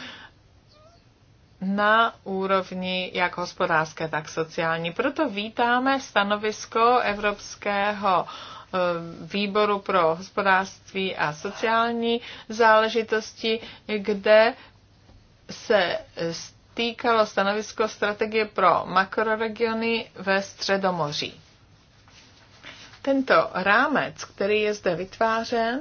na úrovni jak hospodářské, tak sociální. Proto vítáme stanovisko Evropského eh, výboru pro hospodářství a sociální záležitosti, kde se eh, týkalo stanovisko strategie pro makroregiony ve Středomoří. Tento rámec, který je zde vytvářen,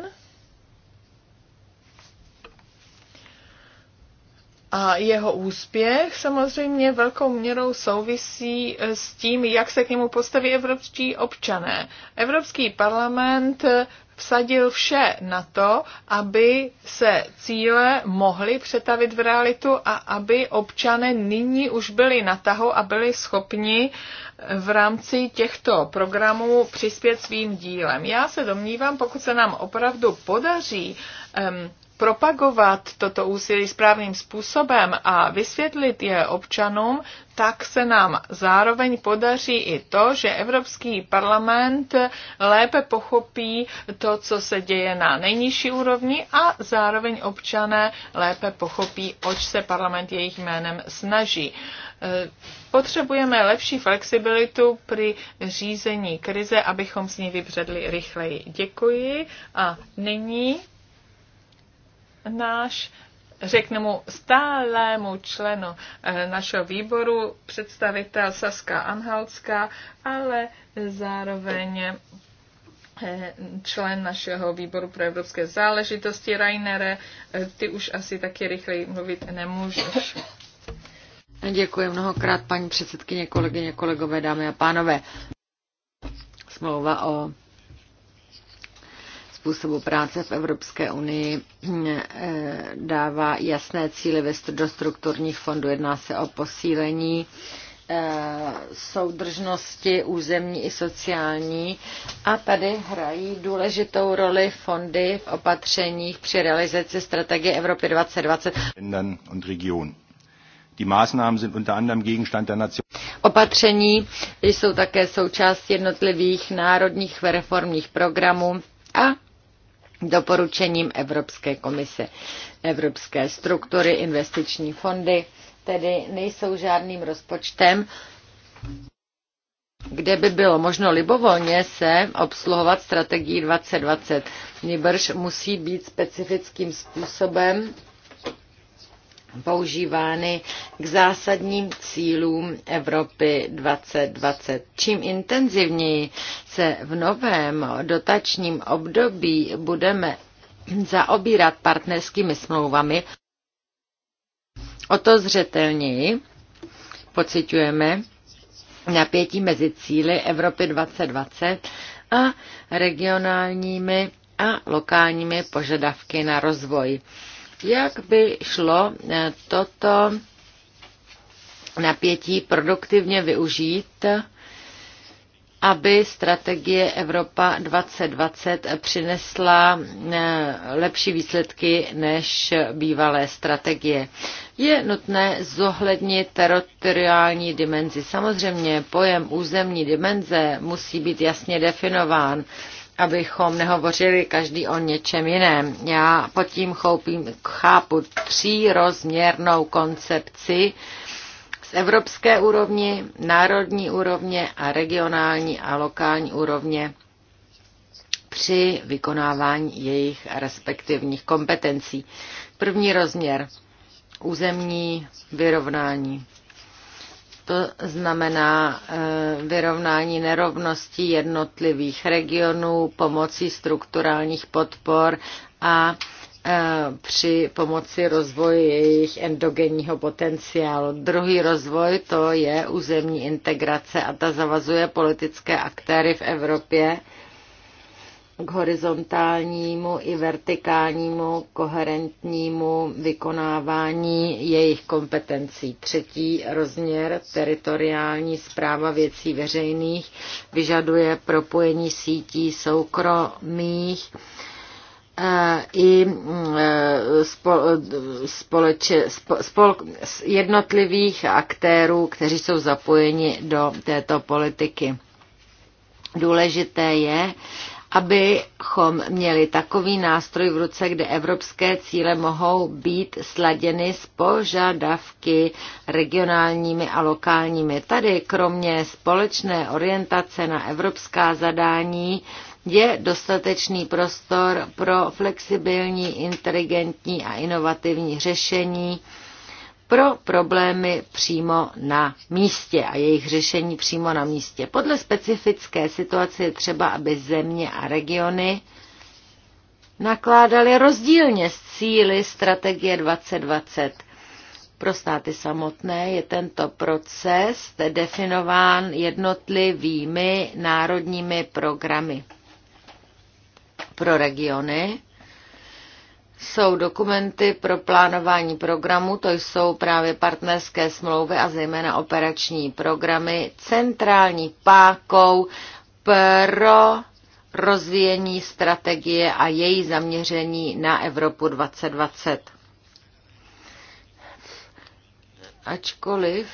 A jeho úspěch samozřejmě velkou měrou souvisí eh, s tím, jak se k němu postaví evropští občané. Evropský parlament eh, vsadil vše na to, aby se cíle mohly přetavit v realitu a aby občané nyní už byli na tahu a byli schopni eh, v rámci těchto programů přispět svým dílem. Já se domnívám, pokud se nám opravdu podaří um, propagovat toto úsilí správným způsobem a vysvětlit je občanům, tak se nám zároveň podaří i to, že Evropský parlament lépe pochopí to, co se děje na nejnižší úrovni a zároveň občané lépe pochopí, oč se parlament jejich jménem snaží. Potřebujeme lepší flexibilitu při řízení krize, abychom s ní vybředli rychleji. Děkuji a nyní náš mu stálému členu eh, našeho výboru, představitel Saska Anhalská, ale zároveň eh, člen našeho výboru pro evropské záležitosti, Rainere, eh, ty už asi taky rychleji mluvit nemůžeš. Děkuji mnohokrát, paní předsedkyně, kolegyně, kolegové, dámy a pánové. Smlouva o způsobu práce v Evropské unii eh, dává jasné cíly do strukturních fondů. Jedná se o posílení eh, soudržnosti územní i sociální. A tady hrají důležitou roli fondy v opatřeních při realizaci strategie Evropy 2020. Opatření jsou také součást jednotlivých národních reformních programů a doporučením Evropské komise. Evropské struktury, investiční fondy tedy nejsou žádným rozpočtem, kde by bylo možno libovolně se obsluhovat strategii 2020. Nibrž musí být specifickým způsobem používány k zásadním cílům Evropy 2020. Čím intenzivněji se v novém dotačním období budeme zaobírat partnerskými smlouvami, o to zřetelněji pocitujeme napětí mezi cíly Evropy 2020 a regionálními a lokálními požadavky na rozvoj. Jak by šlo eh, toto napětí produktivně využít, aby strategie Evropa 2020 přinesla eh, lepší výsledky než bývalé strategie. Je nutné zohlednit teritoriální dimenzi. Samozřejmě pojem územní dimenze musí být jasně definován abychom nehovořili každý o něčem jiném. Já pod tím choupím, chápu třírozměrnou koncepci z evropské úrovni, národní úrovně a regionální a lokální úrovně při vykonávání jejich respektivních kompetencí. První rozměr územní vyrovnání. To znamená eh, vyrovnání nerovností jednotlivých regionů pomocí strukturálních podpor a eh, při pomoci rozvoji jejich endogenního potenciálu. Druhý rozvoj to je územní integrace a ta zavazuje politické aktéry v Evropě k horizontálnímu i vertikálnímu koherentnímu vykonávání jejich kompetencí. Třetí rozměr, teritoriální zpráva věcí veřejných, vyžaduje propojení sítí soukromých eh, i eh, společe, spol, jednotlivých aktérů, kteří jsou zapojeni do této politiky. Důležité je, abychom měli takový nástroj v ruce, kde evropské cíle mohou být sladěny s požadavky regionálními a lokálními. Tady kromě společné orientace na evropská zadání je dostatečný prostor pro flexibilní, inteligentní a inovativní řešení, pro problémy přímo na místě a jejich řešení přímo na místě. Podle specifické situace je třeba, aby země a regiony nakládaly rozdílně s cíly strategie 2020. Pro státy samotné je tento proces definován jednotlivými národními programy. Pro regiony jsou dokumenty pro plánování programu, to jsou právě partnerské smlouvy a zejména operační programy, centrální pákou pro rozvíjení strategie a její zaměření na Evropu 2020. Ačkoliv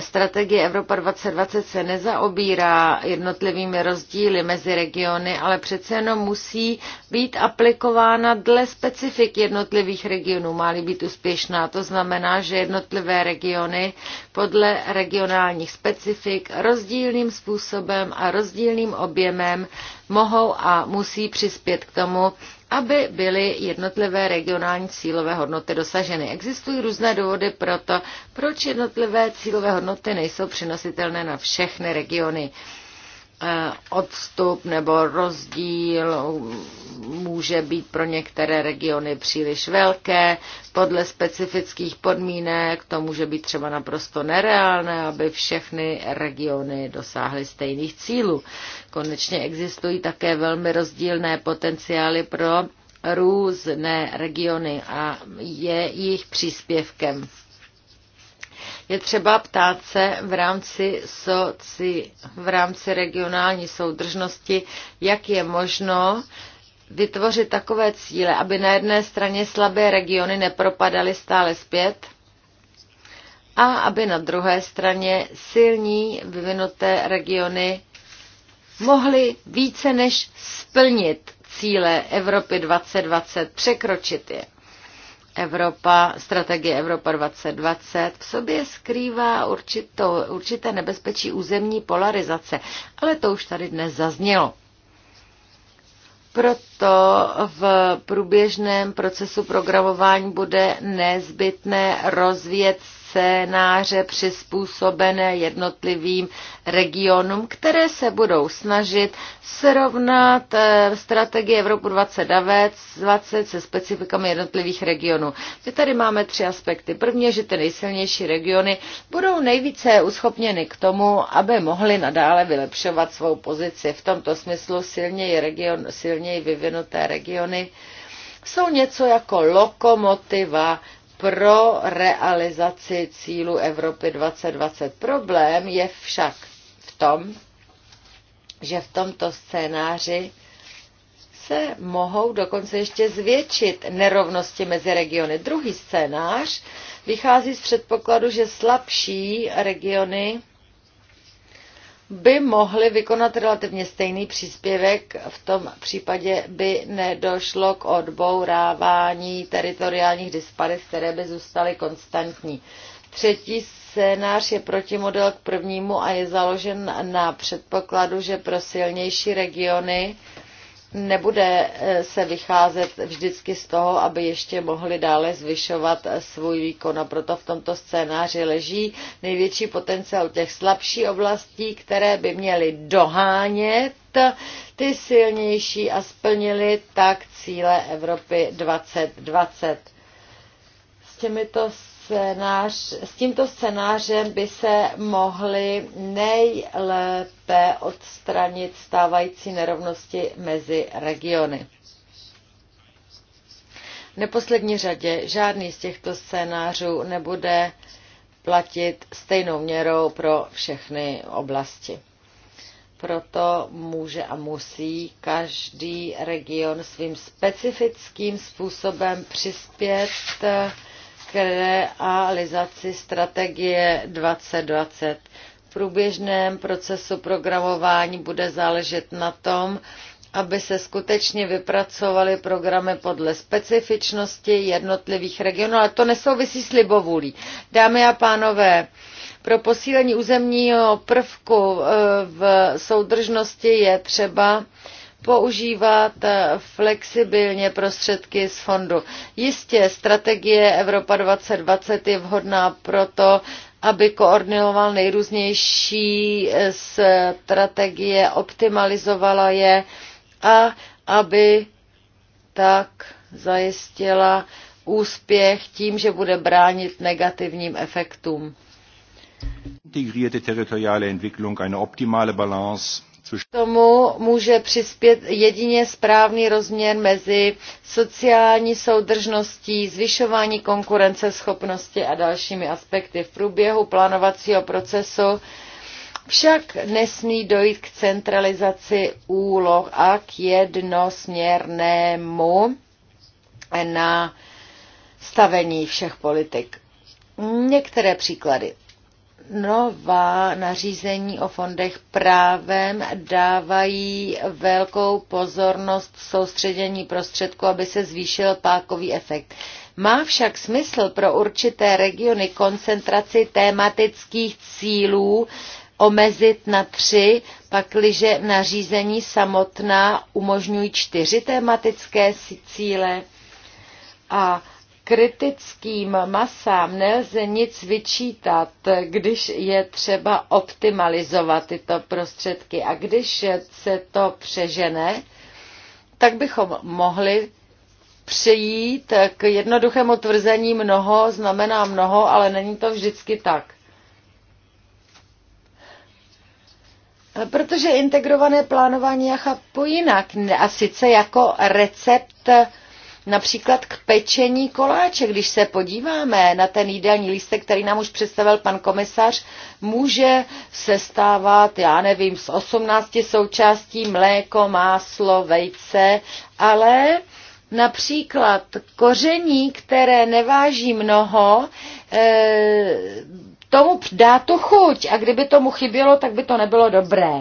Strategie Evropa 2020 se nezaobírá jednotlivými rozdíly mezi regiony, ale přece jenom musí být aplikována dle specifik jednotlivých regionů. má být úspěšná, to znamená, že jednotlivé regiony podle regionálních specifik rozdílným způsobem a rozdílným objemem mohou a musí přispět k tomu, aby byly jednotlivé regionální cílové hodnoty dosaženy. Existují různé důvody pro to, proč jednotlivé cílové hodnoty nejsou přenositelné na všechny regiony. Eh, odstup nebo rozdíl může být pro některé regiony příliš velké, podle specifických podmínek to může být třeba naprosto nereálné, aby všechny regiony dosáhly stejných cílů. Konečně existují také velmi rozdílné potenciály pro různé regiony a je jejich příspěvkem je třeba ptát se v rámci, soci, v rámci regionální soudržnosti, jak je možno vytvořit takové cíle, aby na jedné straně slabé regiony nepropadaly stále zpět a aby na druhé straně silní vyvinuté regiony mohly více než splnit cíle Evropy 2020, překročit je. Evropa, strategie Evropa 2020 v sobě skrývá určito, určité nebezpečí územní polarizace, ale to už tady dnes zaznělo. Proto v průběžném procesu programování bude nezbytné rozvíjet scénáře přizpůsobené jednotlivým regionům, které se budou snažit srovnat eh, strategii Evropu 2020 se specifikami jednotlivých regionů. My tady máme tři aspekty. První je, že ty nejsilnější regiony budou nejvíce uschopněny k tomu, aby mohly nadále vylepšovat svou pozici. V tomto smyslu silněji, region, silněji vyvinuté regiony jsou něco jako lokomotiva pro realizaci cílu Evropy 2020. Problém je však v tom, že v tomto scénáři se mohou dokonce ještě zvětšit nerovnosti mezi regiony. Druhý scénář vychází z předpokladu, že slabší regiony by mohly vykonat relativně stejný příspěvek, v tom případě by nedošlo k odbourávání teritoriálních disparit, které by zůstaly konstantní. Třetí scénář je protimodel k prvnímu a je založen na předpokladu, že pro silnější regiony nebude eh, se vycházet vždycky z toho, aby ještě mohli dále zvyšovat eh, svůj výkon. A proto v tomto scénáři leží největší potenciál těch slabší oblastí, které by měly dohánět ty silnější a splnili tak cíle Evropy 2020. S těmito scénář, s tímto scénářem by se mohly nejlépe odstranit stávající nerovnosti mezi regiony. V neposlední řadě žádný z těchto scénářů nebude platit stejnou měrou pro všechny oblasti. Proto může a musí každý region svým specifickým způsobem přispět realizaci strategie 2020. V průběžném procesu programování bude záležet na tom, aby se skutečně vypracovaly programy podle specifičnosti jednotlivých regionů, ale to nesouvisí s libovůlí. Dámy a pánové, pro posílení územního prvku eh, v soudržnosti je třeba používat eh, flexibilně prostředky z fondu. Jistě strategie Evropa 2020 je vhodná proto, aby koordinoval nejrůznější eh, strategie, optimalizovala je a aby tak zajistila úspěch tím, že bude bránit negativním efektům. Integrierte territoriale Entwicklung, eine optimale Balance k tomu může přispět jedině správný rozměr mezi sociální soudržností, zvyšování konkurenceschopnosti a dalšími aspekty. V průběhu plánovacího procesu však nesmí dojít k centralizaci úloh a k jednosměrnému na stavení všech politik. Některé příklady nová nařízení o fondech právem dávají velkou pozornost soustředění prostředku, aby se zvýšil pákový efekt. Má však smysl pro určité regiony koncentraci tématických cílů omezit na tři, pakliže nařízení samotná umožňují čtyři tématické cíle. A kritickým masám nelze nic vyčítat, když je třeba optimalizovat tyto prostředky. A když se to přežene, tak bychom mohli přejít k jednoduchému tvrzení mnoho znamená mnoho, ale není to vždycky tak. Protože integrované plánování já chápu jinak, a sice jako recept například k pečení koláče. Když se podíváme na ten jídelní lístek, který nám už představil pan komisař, může se stávat, já nevím, z 18 součástí mléko, máslo, vejce, ale například koření, které neváží mnoho, eh, tomu dá tu chuť a kdyby tomu chybělo, tak by to nebylo dobré.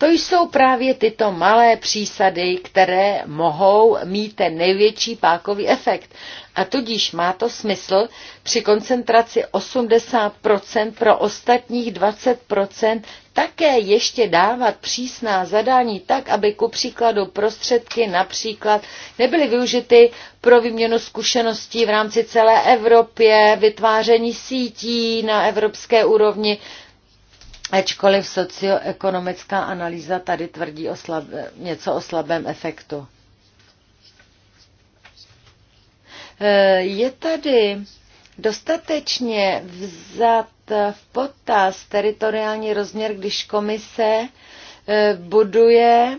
To jsou právě tyto malé přísady, které mohou mít ten největší pákový efekt. A tudíž má to smysl při koncentraci 80% pro ostatních 20% také ještě dávat přísná zadání tak, aby ku příkladu prostředky například nebyly využity pro výměnu zkušeností v rámci celé Evropě, vytváření sítí na evropské úrovni ačkoliv socioekonomická analýza tady tvrdí o slab, něco o slabém efektu. E, je tady dostatečně vzat v potaz teritoriální rozměr, když komise e, buduje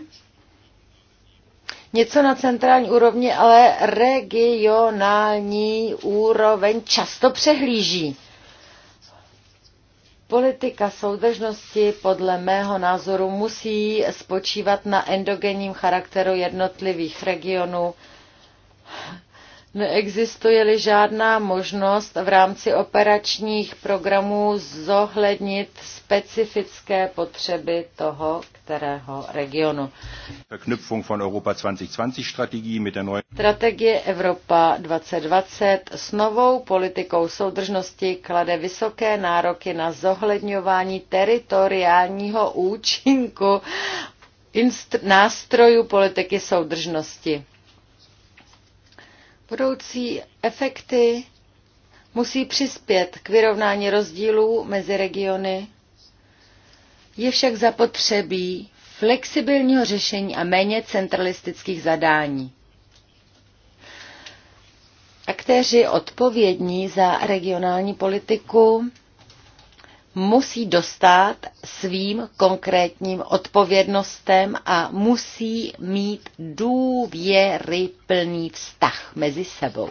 něco na centrální úrovni, ale regionální úroveň často přehlíží. Politika soudržnosti podle mého názoru musí spočívat na endogenním charakteru jednotlivých regionů Neexistuje-li žádná možnost v rámci operačních programů zohlednit specifické potřeby toho, kterého regionu. Strategie Evropa 2020 s novou politikou soudržnosti klade vysoké nároky na zohledňování teritoriálního účinku nástrojů politiky soudržnosti Budoucí efekty musí přispět k vyrovnání rozdílů mezi regiony. Je však zapotřebí flexibilního řešení a méně centralistických zadání. Aktéři odpovědní za regionální politiku musí dostat svým konkrétním odpovědnostem a musí mít důvěryplný vztah mezi sebou.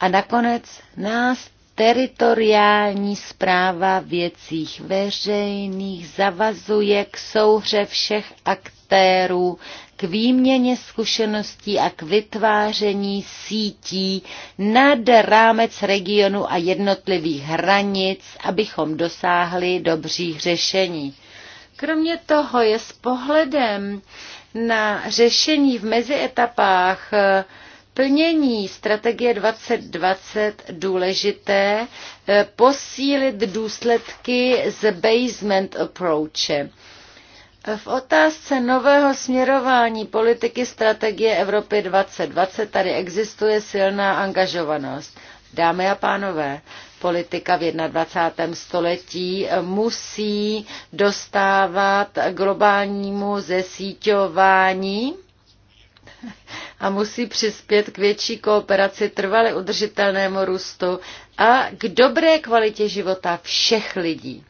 A nakonec nás teritoriální zpráva věcích veřejných zavazuje k souhře všech aktérů k výměně zkušeností a k vytváření sítí nad rámec regionu a jednotlivých hranic, abychom dosáhli dobřích řešení. Kromě toho je s pohledem na řešení v mezietapách eh, plnění strategie 2020 důležité eh, posílit důsledky z basement approache v otázce nového směrování politiky strategie Evropy 2020 tady existuje silná angažovanost. Dámy a pánové, politika v 21. století musí dostávat globálnímu zesíťování a musí přispět k větší kooperaci trvale udržitelnému růstu a k dobré kvalitě života všech lidí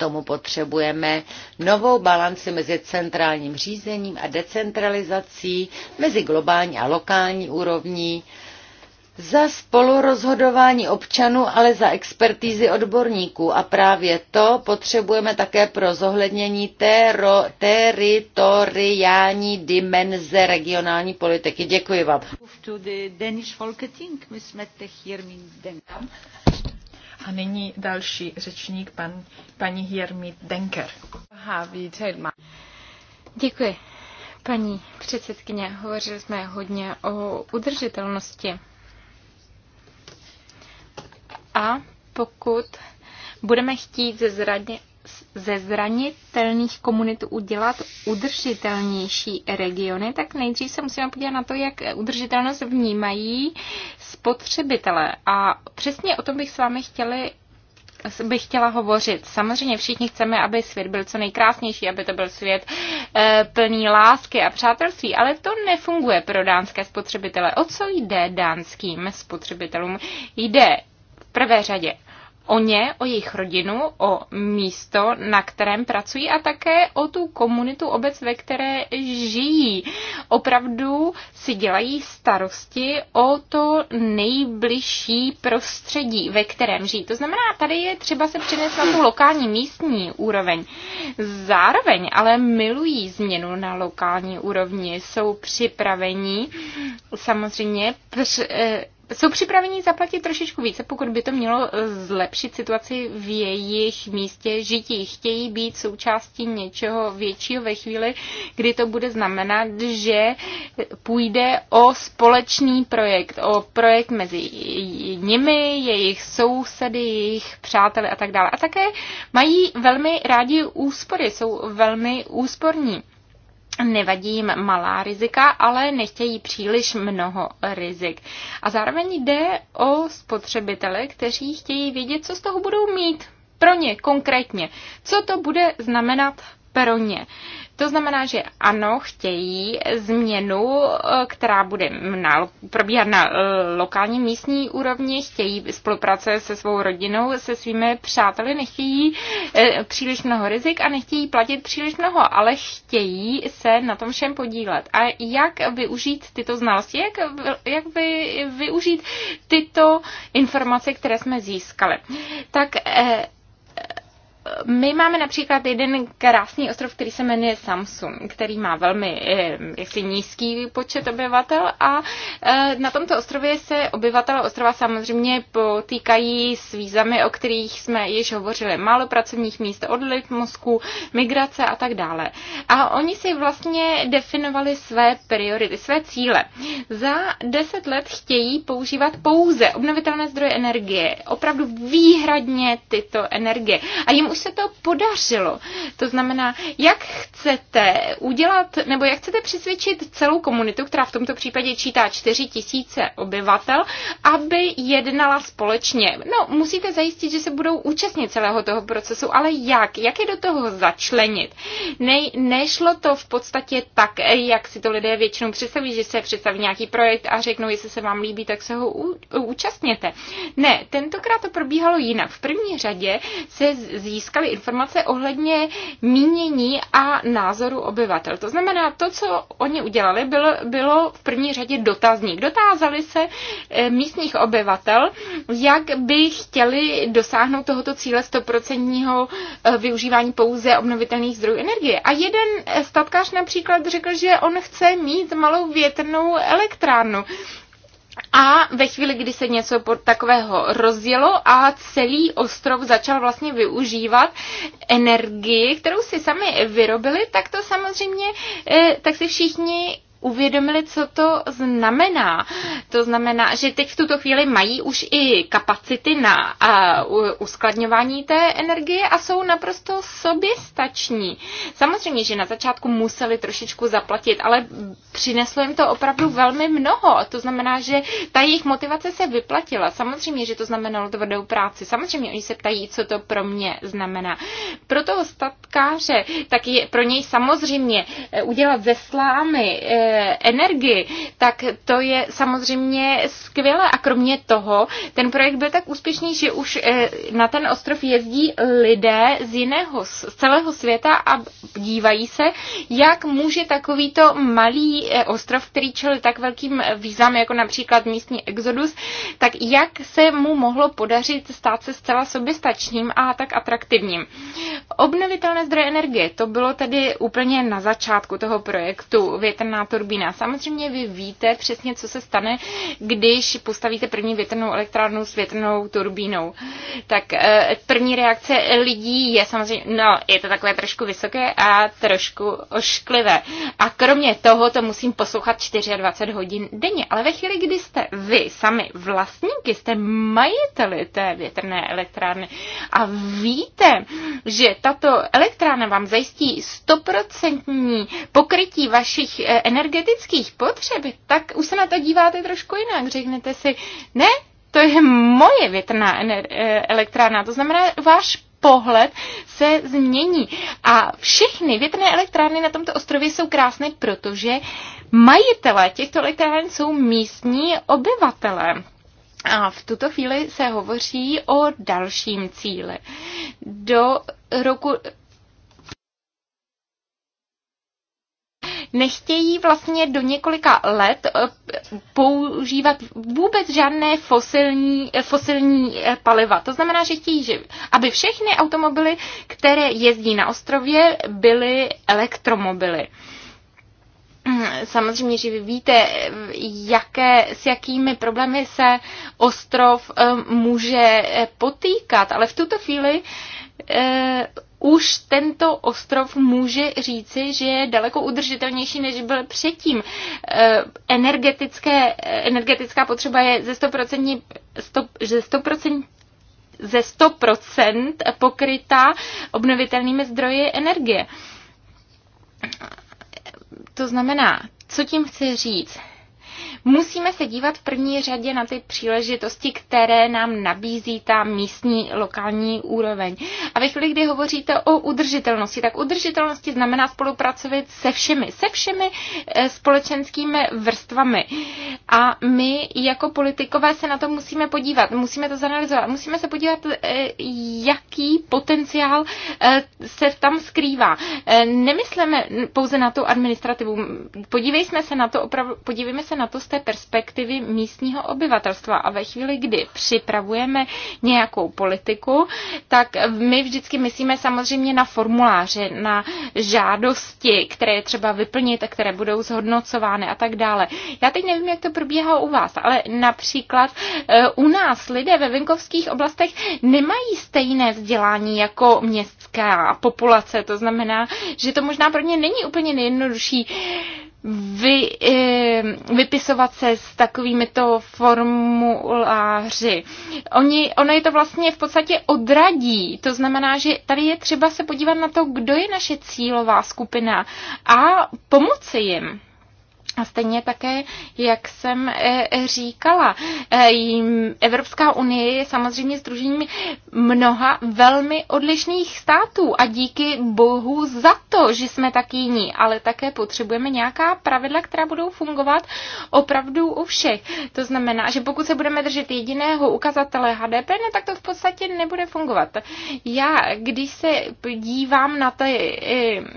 tomu potřebujeme novou balanci mezi centrálním řízením a decentralizací, mezi globální a lokální úrovní, za spolurozhodování občanů, ale za expertízy odborníků. A právě to potřebujeme také pro zohlednění tero, teritoriální dimenze regionální politiky. Děkuji vám. A nyní další řečník, pan, paní Hiermit Denker. Děkuji. Paní předsedkyně, hovořili jsme hodně o udržitelnosti. A pokud budeme chtít ze, zradě, ze zranitelných komunit udělat udržitelnější regiony, tak nejdřív se musíme podívat na to, jak udržitelnost vnímají spotřebitelé. A přesně o tom bych s vámi chtěli bych chtěla hovořit. Samozřejmě všichni chceme, aby svět byl co nejkrásnější, aby to byl svět e, plný lásky a přátelství, ale to nefunguje pro dánské spotřebitele. O co jde dánským spotřebitelům? Jde v prvé řadě o ně, o jejich rodinu, o místo, na kterém pracují a také o tu komunitu obec, ve které žijí. Opravdu si dělají starosti o to nejbližší prostředí, ve kterém žijí. To znamená, tady je třeba se přinést na tu lokální místní úroveň. Zároveň ale milují změnu na lokální úrovni, jsou připraveni samozřejmě eh, jsou připraveni zaplatit trošičku více, pokud by to mělo eh, zlepšit situaci v jejich místě žití. Chtějí být součástí něčeho většího ve chvíli, kdy to bude znamenat, že půjde o společný projekt, o projekt mezi nimi, jejich sousedy, jejich přáteli a tak dále. A také mají velmi rádi úspory, jsou velmi úsporní nevadí jim malá rizika, ale nechtějí příliš mnoho rizik. A zároveň jde o spotřebitele, kteří chtějí vědět, co z toho budou mít pro ně konkrétně. Co to bude znamenat pro ně. To znamená, že ano, chtějí změnu, eh, která bude na, probíhat na eh, lokální místní úrovni, chtějí spolupráce se svou rodinou, se svými přáteli, nechtějí eh, příliš mnoho rizik a nechtějí platit příliš mnoho, ale chtějí se na tom všem podílet. A jak využít tyto znalosti, jak, jak vy, využít tyto informace, které jsme získali? Tak my máme například jeden krásný ostrov, který se jmenuje Samsung, který má velmi eh, jaksi nízký počet obyvatel a eh, na tomto ostrově se obyvatele ostrova samozřejmě potýkají s vízami, o kterých jsme již hovořili. Málo pracovních míst, odliv mozku, migrace a tak dále. A oni si vlastně definovali své priority, své cíle. Za deset let chtějí používat pouze obnovitelné zdroje energie, opravdu výhradně tyto energie. A jim už se to podařilo. To znamená, jak chcete udělat, nebo jak chcete přesvědčit celou komunitu, která v tomto případě čítá 4 tisíce obyvatel, aby jednala společně. No, musíte zajistit, že se budou účastnit celého toho procesu, ale jak? Jak je do toho začlenit? Ne, nešlo to v podstatě tak, jak si to lidé většinou představí, že se představí nějaký projekt a řeknou, jestli se vám líbí, tak se ho účastněte. Ne, tentokrát to probíhalo jinak. V první řadě se získá získali informace ohledně mínění a názoru obyvatel. To znamená, to, co oni udělali, bylo, bylo v první řadě dotazník. Dotázali se eh, místních obyvatel, jak by chtěli dosáhnout tohoto cíle 100% eh, využívání pouze obnovitelných zdrojů energie. A jeden statkář například řekl, že on chce mít malou větrnou elektrárnu. A ve chvíli, kdy se něco takového rozjelo a celý ostrov začal vlastně využívat energii, kterou si sami vyrobili, tak to samozřejmě, eh, tak si všichni uvědomili, co to znamená. To znamená, že teď v tuto chvíli mají už i kapacity na uh, uskladňování té energie a jsou naprosto soběstační. Samozřejmě, že na začátku museli trošičku zaplatit, ale přineslo jim to opravdu velmi mnoho. To znamená, že ta jejich motivace se vyplatila. Samozřejmě, že to znamenalo tvrdou práci. Samozřejmě, oni se ptají, co to pro mě znamená. Pro toho statkáře, tak je pro něj samozřejmě eh, udělat ze slámy eh, energii, tak to je samozřejmě skvělé. A kromě toho, ten projekt byl tak úspěšný, že už eh, na ten ostrov jezdí lidé z jiného, z celého světa a dívají se, jak může takovýto malý eh, ostrov, který čel tak velkým výzvám, jako například místní exodus, tak jak se mu mohlo podařit stát se zcela soběstačným a tak atraktivním. Obnovitelné zdroje energie, to bylo tedy úplně na začátku toho projektu větrná turbína. Samozřejmě vy víte přesně, co se stane, když postavíte první větrnou elektrárnu s větrnou turbínou. Tak eh, první reakce lidí je samozřejmě, no, je to takové trošku vysoké a trošku ošklivé. A kromě toho to musím poslouchat 24 hodin denně. Ale ve chvíli, kdy jste vy sami vlastníky, jste majiteli té větrné elektrárny a víte, že tato elektrárna vám zajistí stoprocentní pokrytí vašich eh, energií energetických potřeb, tak už se na to díváte trošku jinak. Řeknete si, ne, to je moje větrná e, elektrárna, to znamená váš pohled se změní. A všechny větrné elektrárny na tomto ostrově jsou krásné, protože majitelé těchto elektráren jsou místní obyvatelé. A v tuto chvíli se hovoří o dalším cíli. Do roku nechtějí vlastně do několika let eh, používat vůbec žádné fosilní, eh, fosilní eh, paliva. To znamená, že chtějí, že, aby všechny automobily, které jezdí na ostrově, byly elektromobily. Mm, samozřejmě, že vy víte, jaké, s jakými problémy se ostrov může potýkat, ale v tuto chvíli už tento ostrov může říci, že je daleko udržitelnější, než byl předtím. E, energetické, energetická potřeba je ze 100%, 100, ze 100% ze 100% pokrytá obnovitelnými zdroji energie. To znamená, co tím chci říct? Musíme se dívat v první řadě na ty příležitosti, které nám nabízí ta místní lokální úroveň. A ve chvíli, kdy hovoříte o udržitelnosti, tak udržitelnosti znamená spolupracovat se všemi, se všemi eh, společenskými vrstvami. A my jako politikové se na to musíme podívat, musíme to zanalizovat, musíme se podívat, eh, jaký potenciál eh, se tam skrývá. Nemyslíme pouze na tu administrativu. Podívejme se na to opravdu, podívejme se na to z té perspektivy místního obyvatelstva. A ve chvíli, kdy připravujeme nějakou politiku, tak my vždycky myslíme samozřejmě na formuláře, na žádosti, které je třeba vyplnit a které budou zhodnocovány a tak dále. Já teď nevím, jak to probíhá u vás, ale například e, u nás lidé ve venkovských oblastech nemají stejné vzdělání jako městská populace. To znamená, že to možná pro ně není úplně nejjednodušší vy, eh, vypisovat se s takovými to formuláři. Oni, ono je to vlastně v podstatě odradí. To znamená, že tady je třeba se podívat na to, kdo je naše cílová skupina a pomoci jim. A stejně také, jak jsem e, e, říkala, e, Evropská unie je samozřejmě združením mnoha velmi odlišných států a díky bohu za to, že jsme tak jiní, ale také potřebujeme nějaká pravidla, která budou fungovat opravdu u všech. To znamená, že pokud se budeme držet jediného ukazatele HDP, no tak to v podstatě nebude fungovat. Já, když se dívám na ty,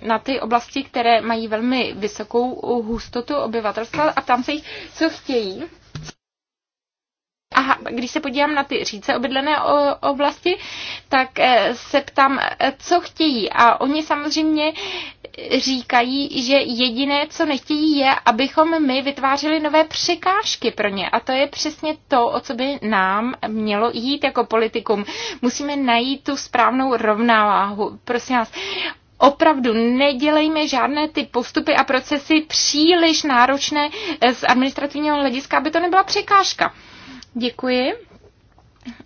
na ty oblasti, které mají velmi vysokou hustotu obyvatelstva a ptám se jich, co chtějí. A když se podívám na ty říce obydlené oblasti, tak eh, se ptám, eh, co chtějí. A oni samozřejmě říkají, že jediné, co nechtějí, je, abychom my vytvářeli nové překážky pro ně. A to je přesně to, o co by nám mělo jít jako politikum. Musíme najít tu správnou rovnováhu. Prosím vás, opravdu nedělejme žádné ty postupy a procesy příliš náročné eh, z administrativního hlediska, aby to nebyla překážka. Děkuji.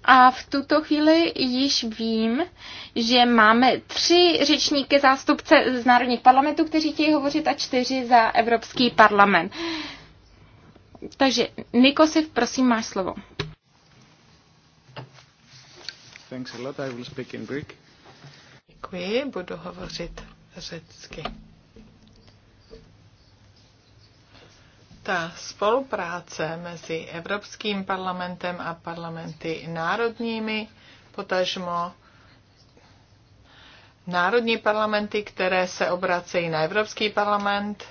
A v tuto chvíli již vím, že máme tři řečníky zástupce z národních parlamentů, kteří chtějí hovořit a čtyři za Evropský parlament. Takže Nikosiv, prosím, máš slovo. Thanks a lot. I will speak in Greek. Děkuji, budu hovořit řecky. Ta spolupráce mezi Evropským parlamentem a parlamenty národními, potažmo národní parlamenty, které se obracejí na Evropský parlament,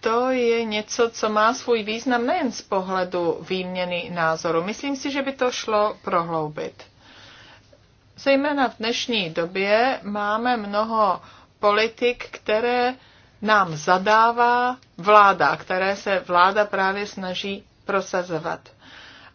to je něco, co má svůj význam nejen z pohledu výměny názoru. Myslím si, že by to šlo prohloubit. Zejména v dnešní době máme mnoho politik, které nám zadává vláda, které se vláda právě snaží prosazovat.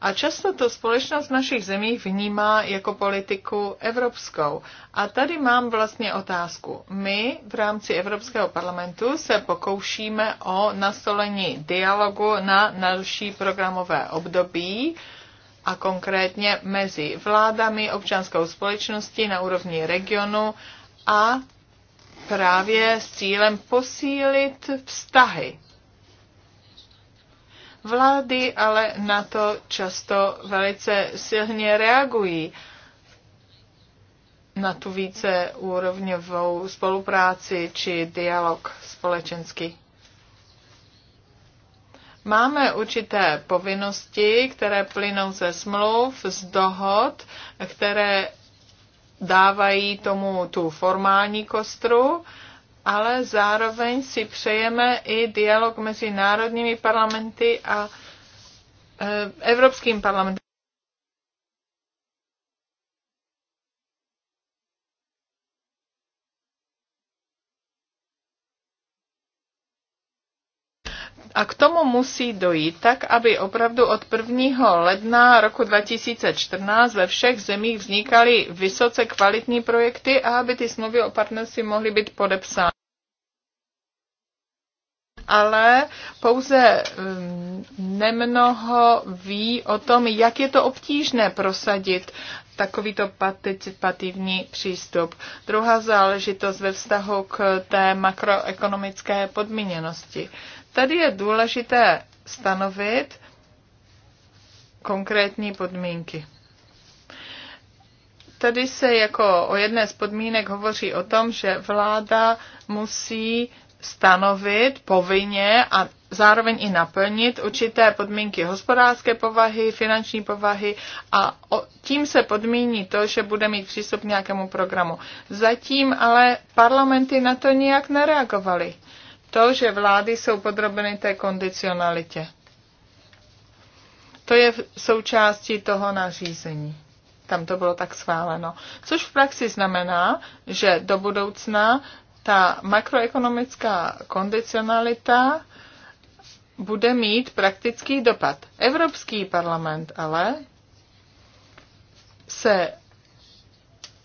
A často to společnost v našich zemích vnímá jako politiku evropskou. A tady mám vlastně otázku. My v rámci Evropského parlamentu se pokoušíme o nastolení dialogu na další programové období a konkrétně mezi vládami, občanskou společností na úrovni regionu a právě s cílem posílit vztahy. Vlády ale na to často velice silně reagují na tu více úrovňovou spolupráci či dialog společenský. Máme určité povinnosti, které plynou ze smluv, z dohod, které dávají tomu tu formální kostru, ale zároveň si přejeme i dialog mezi národními parlamenty a eh, Evropským parlamentem. A k tomu musí dojít tak, aby opravdu od 1. ledna roku 2014 ve všech zemích vznikaly vysoce kvalitní projekty a aby ty smlouvy o partnerství mohly být podepsány. Ale pouze mm, nemnoho ví o tom, jak je to obtížné prosadit takovýto participativní přístup. Druhá záležitost ve vztahu k té makroekonomické podmíněnosti Tady je důležité stanovit konkrétní podmínky. Tady se jako o jedné z podmínek hovoří o tom, že vláda musí stanovit povinně a zároveň i naplnit určité podmínky hospodářské povahy, finanční povahy a tím se podmíní to, že bude mít přístup k nějakému programu. Zatím ale parlamenty na to nijak nereagovaly to, že vlády jsou podrobeny té kondicionalitě. To je součástí toho nařízení. Tam to bylo tak schváleno. Což v praxi znamená, že do budoucna ta makroekonomická kondicionalita bude mít praktický dopad. Evropský parlament ale se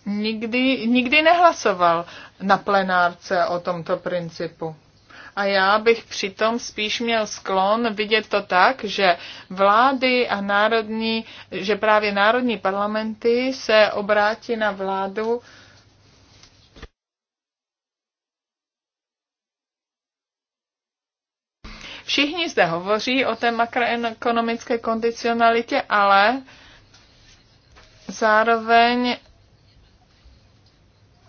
nikdy, nikdy nehlasoval na plenárce o tomto principu. A já bych přitom spíš měl sklon vidět to tak, že vlády a národní, že právě národní parlamenty se obrátí na vládu Všichni zde hovoří o té makroekonomické kondicionalitě, ale zároveň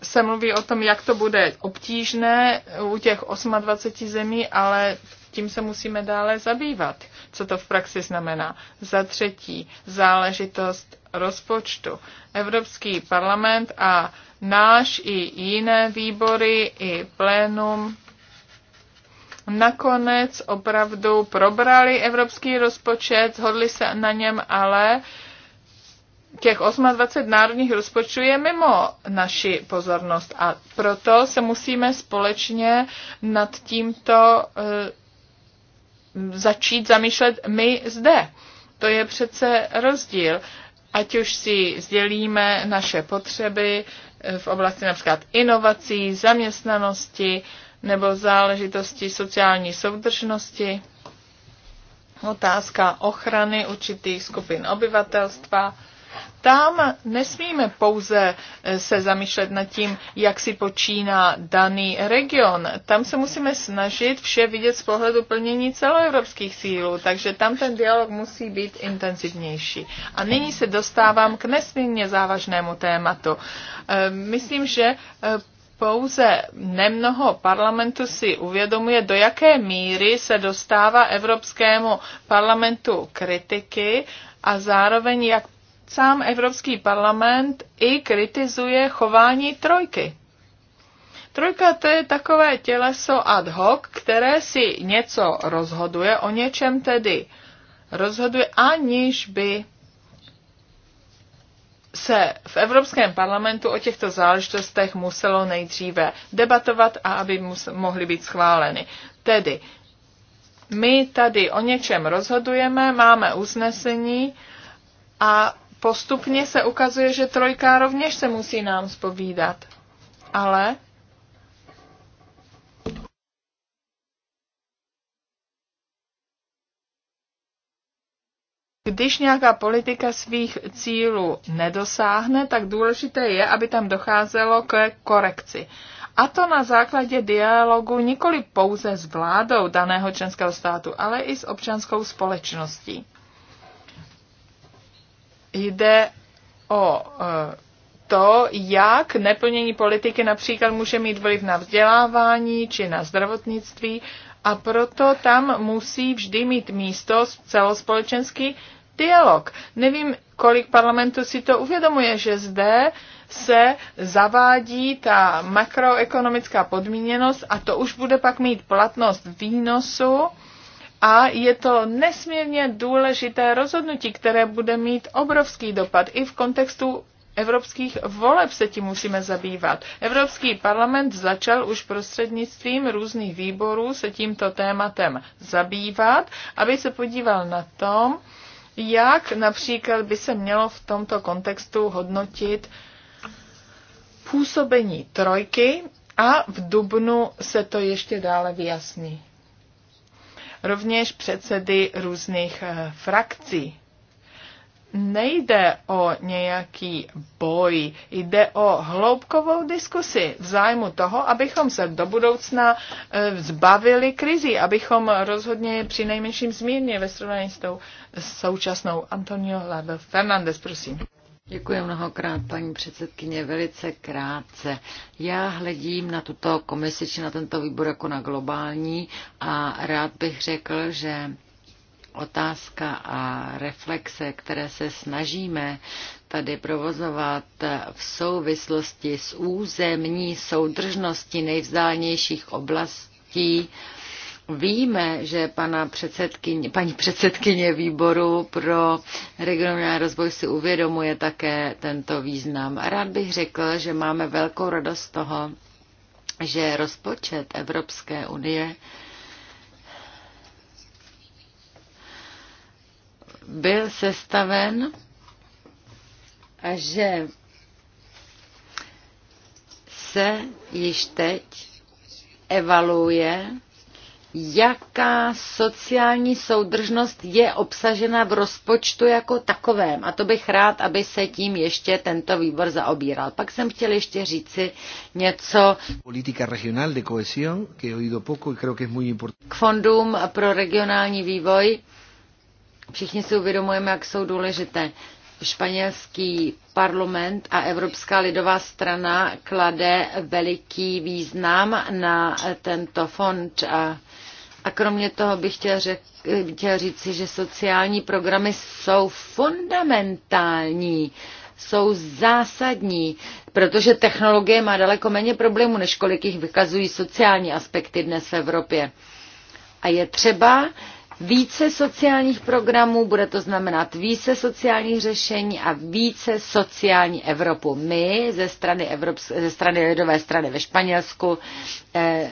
se mluví o tom, jak to bude obtížné u těch 28 zemí, ale tím se musíme dále zabývat, co to v praxi znamená. Za třetí, záležitost rozpočtu. Evropský parlament a náš i jiné výbory i plénum nakonec opravdu probrali evropský rozpočet, zhodli se na něm, ale uh, těch 28 národních rozpočtů je mimo naši pozornost a proto se musíme společně nad tímto eh, začít zamýšlet my zde. To je přece rozdíl. Ať už si sdělíme naše potřeby eh, v oblasti například inovací, zaměstnanosti nebo záležitosti sociální soudržnosti, otázka ochrany určitých skupin obyvatelstva, tam nesmíme pouze eh, se zamýšlet nad tím, jak si počíná daný region. Tam se musíme snažit vše vidět z pohledu plnění celoevropských cílů, takže tam ten dialog musí být intenzivnější. A nyní se dostávám k nesmírně závažnému tématu. Eh, myslím, že eh, pouze nemnoho parlamentu si uvědomuje, do jaké míry se dostává Evropskému parlamentu kritiky a zároveň jak sám Evropský parlament i kritizuje chování trojky. Trojka to je takové těleso ad hoc, které si něco rozhoduje, o něčem tedy rozhoduje, aniž by se v Evropském parlamentu o těchto záležitostech muselo nejdříve debatovat a aby mohly být schváleny. Tedy my tady o něčem rozhodujeme, máme usnesení a postupně se ukazuje, že trojka rovněž se musí nám zpovídat. Ale Když nějaká politika svých cílů nedosáhne, tak důležité je, aby tam docházelo k korekci. A to na základě dialogu nikoli pouze s vládou daného členského státu, ale i s občanskou společností jde o e, to, jak neplnění politiky například může mít vliv na vzdělávání či na zdravotnictví a proto tam musí vždy mít místo celospolečenský dialog. Nevím, kolik parlamentu si to uvědomuje, že zde se zavádí ta makroekonomická podmíněnost a to už bude pak mít platnost výnosu a je to nesmírně důležité rozhodnutí, které bude mít obrovský dopad i v kontextu evropských voleb se tím musíme zabývat. Evropský parlament začal už prostřednictvím různých výborů se tímto tématem zabývat, aby se podíval na tom, jak například by se mělo v tomto kontextu hodnotit působení trojky a v Dubnu se to ještě dále vyjasní rovněž předsedy různých eh, frakcí. Nejde o nějaký boj, jde o hloubkovou diskusi v zájmu toho, abychom se do budoucna eh, zbavili krizi, abychom rozhodně při nejmenším zmírně ve srovnání s tou současnou Antonio Lado Fernandez, prosím. Děkuji mnohokrát, paní předsedkyně, velice krátce. Já hledím na tuto komisi či na tento výbor jako na globální a rád bych řekl, že otázka a reflexe, které se snažíme tady provozovat v souvislosti s územní soudržností nejvzdálnějších oblastí, Víme, že pana předsedkyně, paní předsedkyně výboru pro regionální rozvoj si uvědomuje také tento význam. Rád bych řekl, že máme velkou radost z toho, že rozpočet Evropské unie byl sestaven a že se již teď evaluuje jaká sociální soudržnost je obsažena v rozpočtu jako takovém. A to bych rád, aby se tím ještě tento výbor zaobíral. Pak jsem chtěl ještě říci něco Politika regional de cohesión, que he oído poco y creo que es muy importante. k fondům pro regionální vývoj. Všichni si uvědomujeme, jak jsou důležité. Španělský parlament a Evropská lidová strana klade veliký význam na tento fond. A a kromě toho bych chtěla, řek, chtěla říci, že sociální programy jsou fundamentální, jsou zásadní, protože technologie má daleko méně problémů, než kolik jich vykazují sociální aspekty dnes v Evropě. A je třeba více sociálních programů, bude to znamenat více sociálních řešení a více sociální Evropu. My ze strany, Evropské, ze strany lidové strany ve Španělsku eh,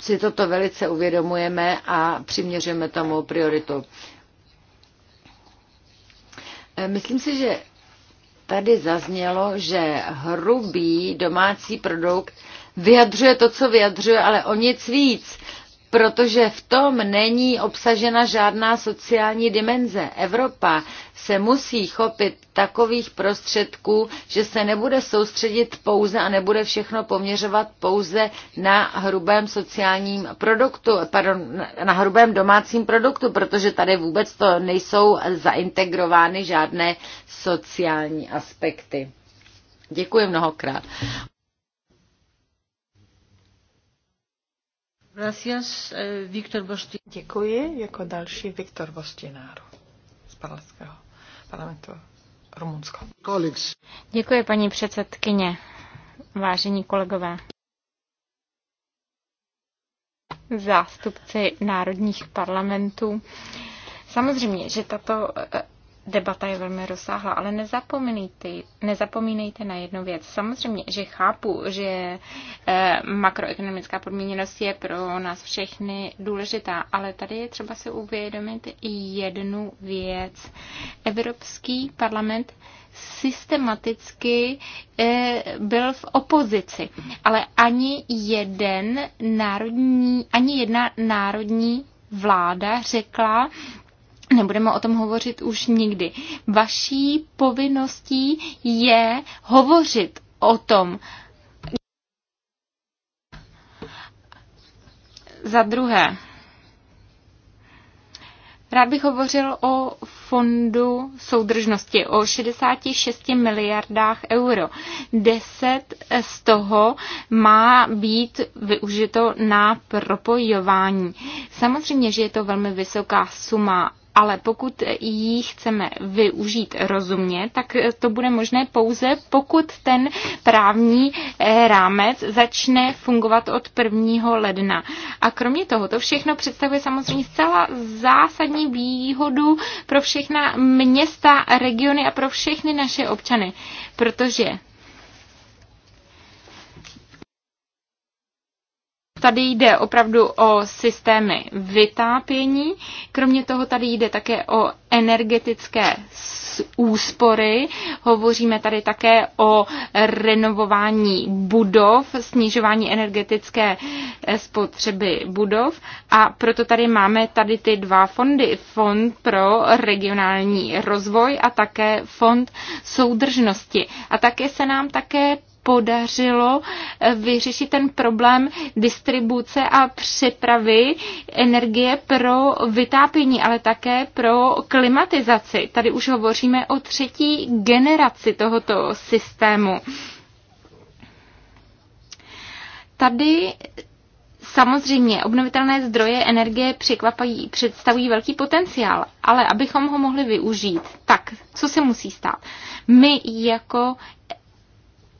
si toto velice uvědomujeme a přiměřujeme tomu prioritu. E, myslím si, že tady zaznělo, že hrubý domácí produkt vyjadřuje to, co vyjadřuje, ale o nic víc protože v tom není obsažena žádná sociální dimenze. Evropa se musí chopit takových prostředků, že se nebude soustředit pouze a nebude všechno poměřovat pouze na hrubém sociálním produktu, pardon, na hrubém domácím produktu, protože tady vůbec to nejsou zaintegrovány žádné sociální aspekty. Děkuji mnohokrát. Gracias, eh, Viktor Děkuji. Jako další Viktor Bostináru z parlamentského parlamentu Rumunsko. Kolegs. Děkuji, paní předsedkyně. Vážení kolegové. Zástupci národních parlamentů. Samozřejmě, že tato eh, debata je velmi rozsáhlá, ale nezapomínejte, nezapomínejte na jednu věc. Samozřejmě, že chápu, že eh, makroekonomická podmíněnost je pro nás všechny důležitá, ale tady je třeba si uvědomit i jednu věc. Evropský parlament systematicky eh, byl v opozici, ale ani jeden národní, ani jedna národní vláda řekla, nebudeme o tom hovořit už nikdy. Vaší povinností je hovořit o tom. Za druhé, rád bych hovořil o fondu soudržnosti, o 66 miliardách euro. 10 z toho má být využito na propojování. Samozřejmě, že je to velmi vysoká suma, ale pokud ji chceme využít rozumně, tak to bude možné pouze, pokud ten právní eh, rámec začne fungovat od 1. ledna. A kromě toho, to všechno představuje samozřejmě zcela zásadní výhodu pro všechna města, regiony a pro všechny naše občany, protože Tady jde opravdu o systémy vytápění, kromě toho tady jde také o energetické úspory, hovoříme tady také o renovování budov, snižování energetické eh, spotřeby budov a proto tady máme tady ty dva fondy, fond pro regionální rozvoj a také fond soudržnosti. A také se nám také podařilo eh, vyřešit ten problém distribuce a přepravy energie pro vytápění, ale také pro klimatizaci. Tady už hovoříme o třetí generaci tohoto systému. Tady Samozřejmě, obnovitelné zdroje energie překvapají, představují velký potenciál, ale abychom ho mohli využít, tak co se musí stát? My jako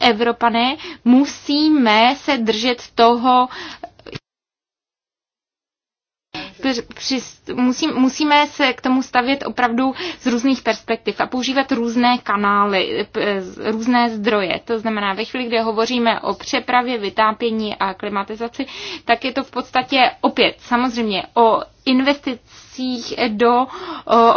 Evropané musíme se držet toho, při, musím, musíme se k tomu stavět opravdu z různých perspektiv a používat různé kanály, různé zdroje. To znamená, ve chvíli, kdy hovoříme o přepravě, vytápění a klimatizaci, tak je to v podstatě opět samozřejmě o investicích do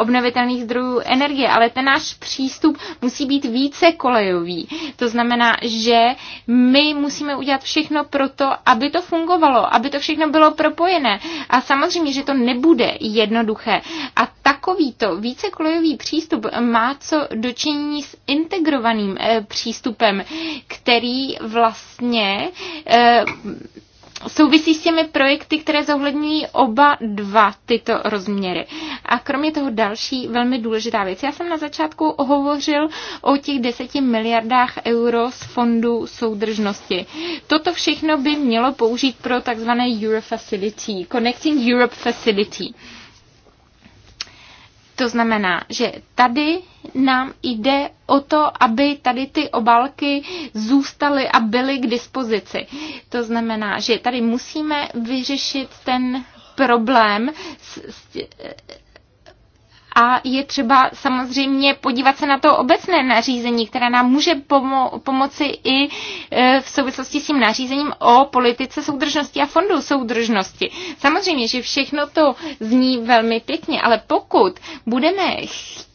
obnovitelných zdrojů energie, ale ten náš přístup musí být více kolejový. To znamená, že my musíme udělat všechno pro to, aby to fungovalo, aby to všechno bylo propojené. A samozřejmě, že to nebude jednoduché. A takovýto kolejový přístup má co dočinění s integrovaným e, přístupem, který vlastně e, souvisí s těmi projekty, které zohledňují oba dva tyto rozměry. A kromě toho další velmi důležitá věc. Já jsem na začátku hovořil o těch deseti miliardách euro z fondu soudržnosti. Toto všechno by mělo použít pro takzvané Euro Facility, Connecting Europe Facility. To znamená, že tady nám jde o to, aby tady ty obalky zůstaly a byly k dispozici. To znamená, že tady musíme vyřešit ten problém s, s, a je třeba samozřejmě podívat se na to obecné nařízení, které nám může pomo- pomoci i e, v souvislosti s tím nařízením o politice soudržnosti a fondu soudržnosti. Samozřejmě, že všechno to zní velmi pěkně, ale pokud budeme, ch-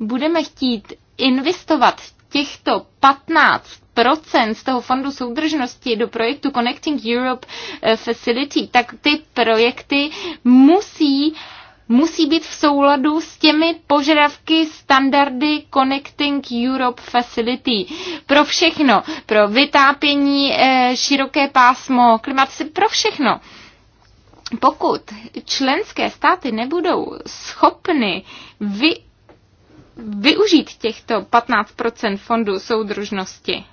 budeme chtít investovat těchto 15 procent z toho fondu soudržnosti do projektu Connecting Europe e, Facility, tak ty projekty musí uh, musí být v souladu s těmi požadavky standardy Connecting Europe Facility. Pro všechno, pro vytápění, eh, široké pásmo, klimatice, pro všechno. Pokud členské státy nebudou schopny vy, využít těchto 15 fondů soudržnosti,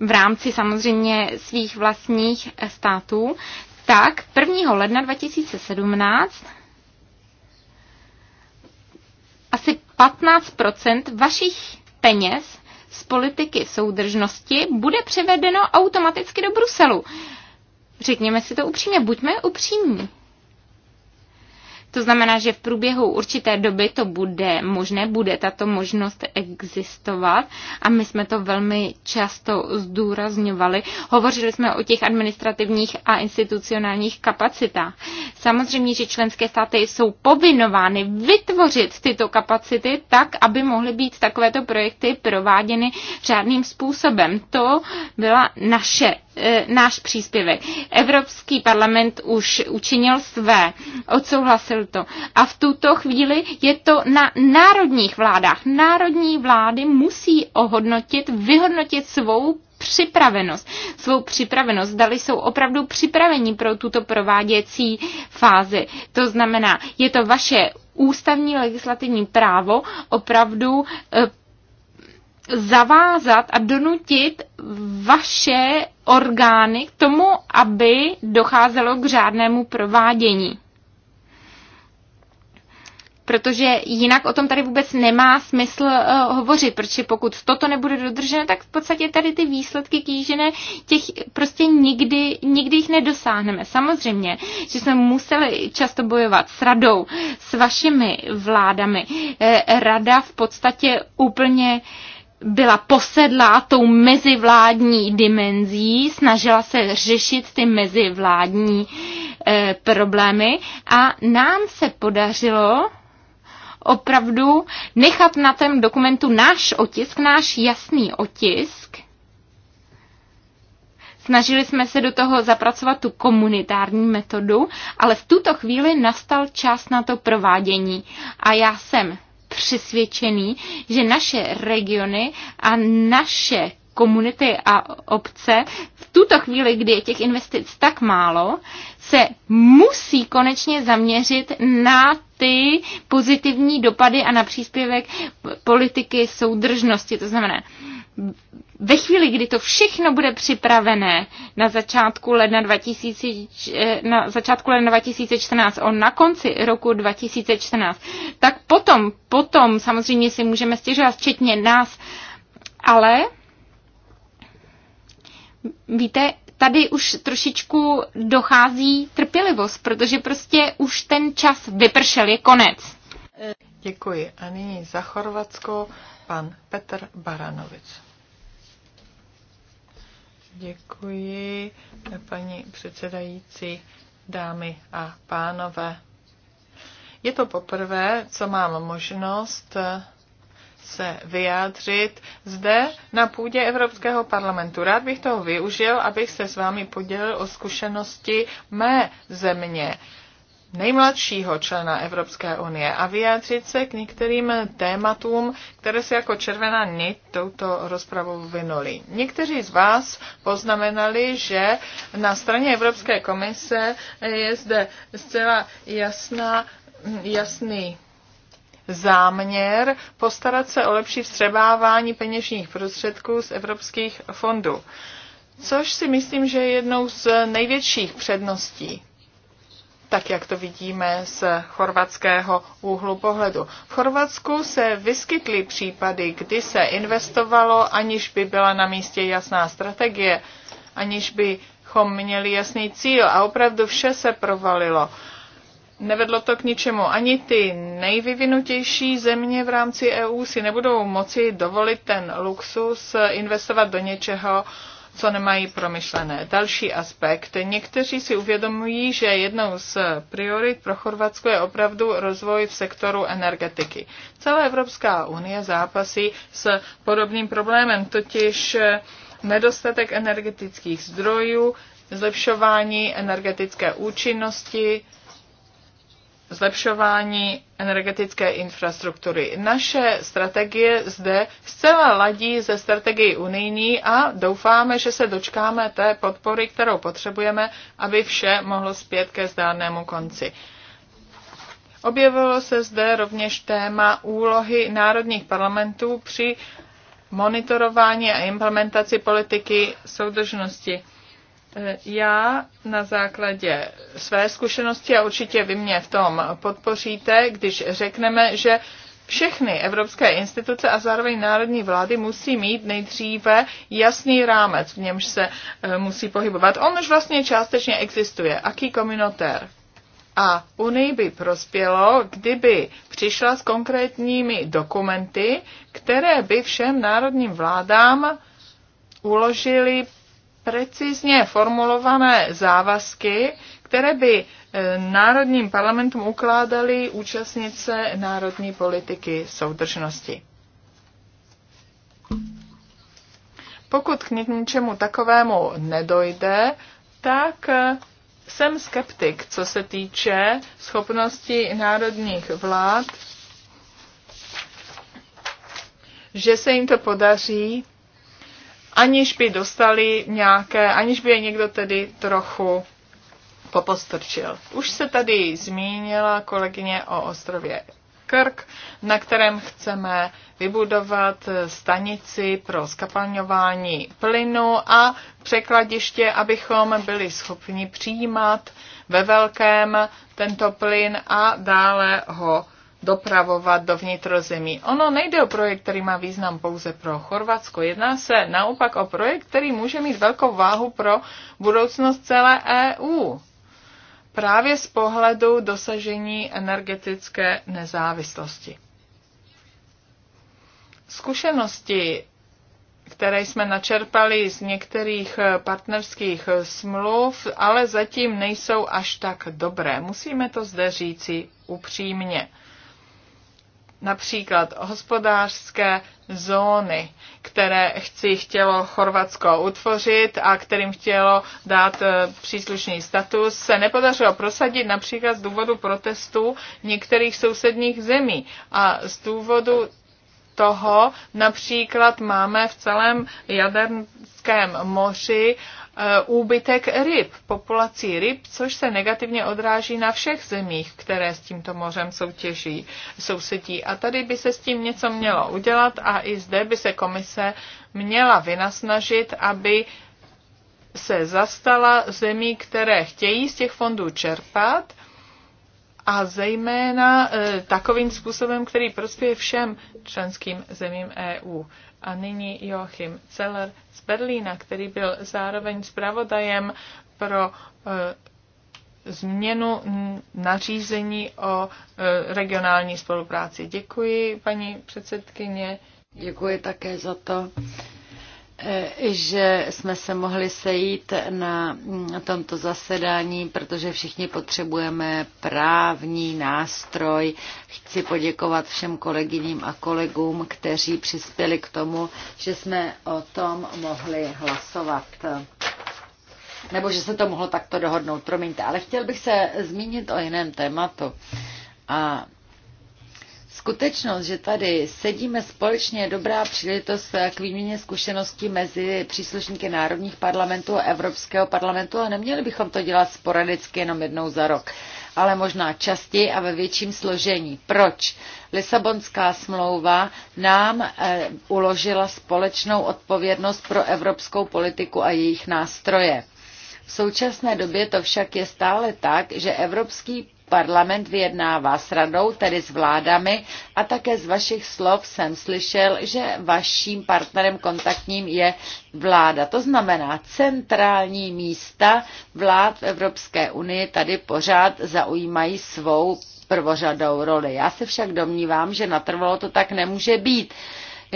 v rámci samozřejmě svých vlastních států, tak 1. ledna 2017 asi 15 vašich peněz z politiky soudržnosti bude převedeno automaticky do Bruselu. Řekněme si to upřímně, buďme upřímní. To znamená, že v průběhu určité doby to bude možné, bude tato možnost existovat a my jsme to velmi často zdůrazňovali. Hovořili jsme o těch administrativních a institucionálních kapacitách. Samozřejmě, že členské státy jsou povinovány vytvořit tyto kapacity tak, aby mohly být takovéto projekty prováděny řádným způsobem. To byla naše E, náš příspěvek. Evropský parlament už učinil své, odsouhlasil to. A v tuto chvíli je to na národních vládách. Národní vlády musí ohodnotit, vyhodnotit svou připravenost. Svou připravenost, dali jsou opravdu připraveni pro tuto prováděcí fázi. To znamená, je to vaše ústavní legislativní právo opravdu e, zavázat a donutit vaše orgány k tomu, aby docházelo k řádnému provádění. Protože jinak o tom tady vůbec nemá smysl uh, hovořit, protože pokud toto nebude dodrženo, tak v podstatě tady ty výsledky kýžené, těch prostě nikdy, nikdy jich nedosáhneme. Samozřejmě, že jsme museli často bojovat s radou, s vašimi vládami. Eh, Rada v podstatě úplně uh, byla posedlá tou mezivládní dimenzí, snažila se řešit ty mezivládní e, problémy a nám se podařilo opravdu nechat na tom dokumentu náš otisk, náš jasný otisk. Snažili jsme se do toho zapracovat tu komunitární metodu, ale v tuto chvíli nastal čas na to provádění. A já jsem přesvědčený, že naše regiony a naše komunity a obce v tuto chvíli, kdy je těch investic tak málo, se musí konečně zaměřit na ty pozitivní dopady a na příspěvek politiky soudržnosti. To znamená, ve chvíli, kdy to všechno bude připravené na začátku ledna, 2000, eh, na začátku ledna 2014, on na konci roku 2014, tak potom, potom samozřejmě si můžeme stěžovat, včetně nás, ale víte, tady už trošičku dochází trpělivost, protože prostě už ten čas vypršel, je konec. Děkuji. A nyní za Chorvatsko pan Petr Baranovic. Děkuji, paní předsedající, dámy a pánové. Je to poprvé, co mám možnost se vyjádřit zde na půdě Evropského parlamentu. Rád bych toho využil, abych se s vámi podělil o zkušenosti mé země nejmladšího člena Evropské unie a vyjádřit se k některým tématům, které se jako červená nit touto rozpravou vynuly. Někteří z vás poznamenali, že na straně Evropské komise je zde zcela jasná, jasný záměr postarat se o lepší vstřebávání peněžních prostředků z evropských fondů. Což si myslím, že je jednou z největších předností tak jak to vidíme z chorvatského úhlu pohledu. V Chorvatsku se vyskytly případy, kdy se investovalo, aniž by byla na místě jasná strategie, aniž bychom měli jasný cíl a opravdu vše se provalilo. Nevedlo to k ničemu. Ani ty nejvyvinutější země v rámci EU si nebudou moci dovolit ten luxus investovat do něčeho, co nemají promyšlené. Další aspekt. Někteří si uvědomují, že jednou z priorit pro Chorvatsko je opravdu rozvoj v sektoru energetiky. Celá Evropská unie zápasí s podobným problémem, totiž eh, nedostatek energetických zdrojů, zlepšování energetické účinnosti, zlepšování energetické infrastruktury. Naše strategie zde zcela ladí ze strategii unijní a doufáme, že se dočkáme té podpory, kterou potřebujeme, aby vše mohlo zpět ke zdárnému konci. Objevilo se zde rovněž téma úlohy národních parlamentů při monitorování a implementaci politiky soudržnosti. Já na základě své zkušenosti, a určitě vy mě v tom podpoříte, když řekneme, že všechny evropské instituce a zároveň národní vlády musí mít nejdříve jasný rámec, v němž se eh, musí pohybovat. On už vlastně částečně existuje. Aký kominotér? A Unii by prospělo, kdyby přišla s konkrétními dokumenty, které by všem národním vládám uložili precizně formulované závazky, které by e, národním parlamentům ukládaly účastnice národní politiky soudržnosti. Pokud k něčemu takovému nedojde, tak e, jsem skeptik, co se týče schopnosti národních vlád, že se jim to podaří aniž by dostali nějaké, aniž by je někdo tedy trochu popostrčil. Už se tady zmínila kolegyně o ostrově Krk, na kterém chceme vybudovat stanici pro skapalňování plynu a překladiště, abychom byli schopni přijímat ve velkém tento plyn a dále ho dopravovat do vnitrozemí. Ono nejde o projekt, který má význam pouze pro Chorvatsko. Jedná se naopak o projekt, který může mít velkou váhu pro budoucnost celé EU. Právě z pohledu dosažení energetické nezávislosti. Zkušenosti, které jsme načerpali z některých partnerských smluv, ale zatím nejsou až tak dobré. Musíme to zde říci upřímně například hospodářské zóny, které chci, chtělo Chorvatsko utvořit a kterým chtělo dát e, příslušný status, se nepodařilo prosadit například z důvodu protestů některých sousedních zemí a z důvodu toho například máme v celém Jadernském moři uh, Uh, úbytek ryb, populací ryb, což se negativně odráží na všech zemích, které s tímto mořem soutěží, sousedí. A tady by se s tím něco mělo udělat a i zde by se komise měla vynasnažit, aby se zastala zemí, které chtějí z těch fondů čerpat a zejména e, takovým způsobem, který prospěje všem členským zemím EU. A nyní Joachim Celler z Berlína, který byl zároveň zpravodajem pro eh, změnu nařízení o eh, regionální spolupráci. Děkuji, paní předsedkyně. Děkuji také za to, že jsme se mohli sejít na tomto zasedání, protože všichni potřebujeme právní nástroj. Chci poděkovat všem kolegyním a kolegům, kteří přispěli k tomu, že jsme o tom mohli hlasovat. Nebo že se to mohlo takto dohodnout, promiňte. Ale chtěl bych se zmínit o jiném tématu. A Skutečnost, že tady sedíme společně, je dobrá příležitost k výměně zkušeností mezi příslušníky národních parlamentů a Evropského parlamentu a neměli bychom to dělat sporadicky jenom jednou za rok, ale možná častěji a ve větším složení. Proč? Lisabonská smlouva nám e, uložila společnou odpovědnost pro evropskou politiku a jejich nástroje. V současné době to však je stále tak, že Evropský parlament vyjednává s radou, tedy s vládami a také z vašich slov jsem slyšel, že vaším partnerem kontaktním je vláda. To znamená, centrální místa vlád v Evropské unii tady pořád zaujímají svou prvořadou roli. Já se však domnívám, že natrvalo to tak nemůže být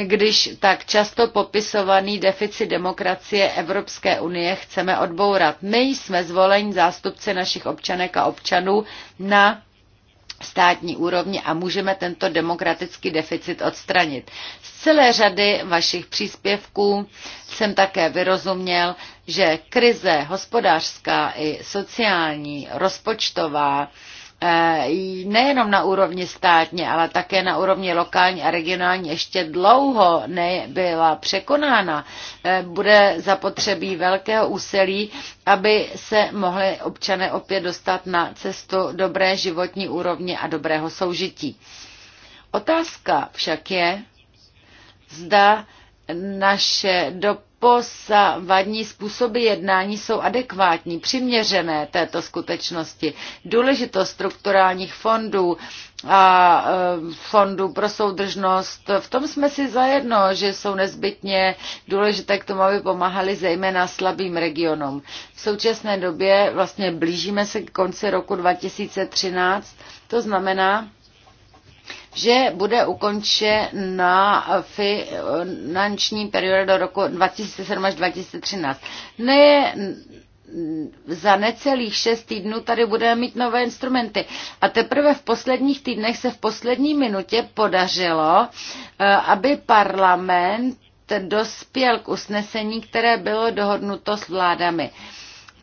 když tak často popisovaný deficit demokracie Evropské unie chceme odbourat. My jsme zvoleni zástupci našich občanek a občanů na státní úrovni a můžeme tento demokratický deficit odstranit. Z celé řady vašich příspěvků jsem také vyrozuměl, že krize hospodářská i sociální, rozpočtová, E, nejenom na úrovni státně, ale také na úrovni lokální a regionální ještě dlouho nebyla překonána. E, bude zapotřebí velkého úsilí, aby se mohli občané opět dostat na cestu dobré životní úrovně a dobrého soužití. Otázka však je, zda naše do dosavadní způsoby jednání jsou adekvátní, přiměřené této skutečnosti. Důležitost strukturálních fondů a e, fondu pro soudržnost. V tom jsme si zajedno, že jsou nezbytně důležité k tomu, aby pomáhali zejména slabým regionům. V současné době vlastně blížíme se k konci roku 2013, to znamená, že bude ukončena finanční perioda do roku 2007 až 2013. Ne, za necelých šest týdnů tady budeme mít nové instrumenty. A teprve v posledních týdnech se v poslední minutě podařilo, eh, aby parlament dospěl k usnesení, které bylo dohodnuto s vládami.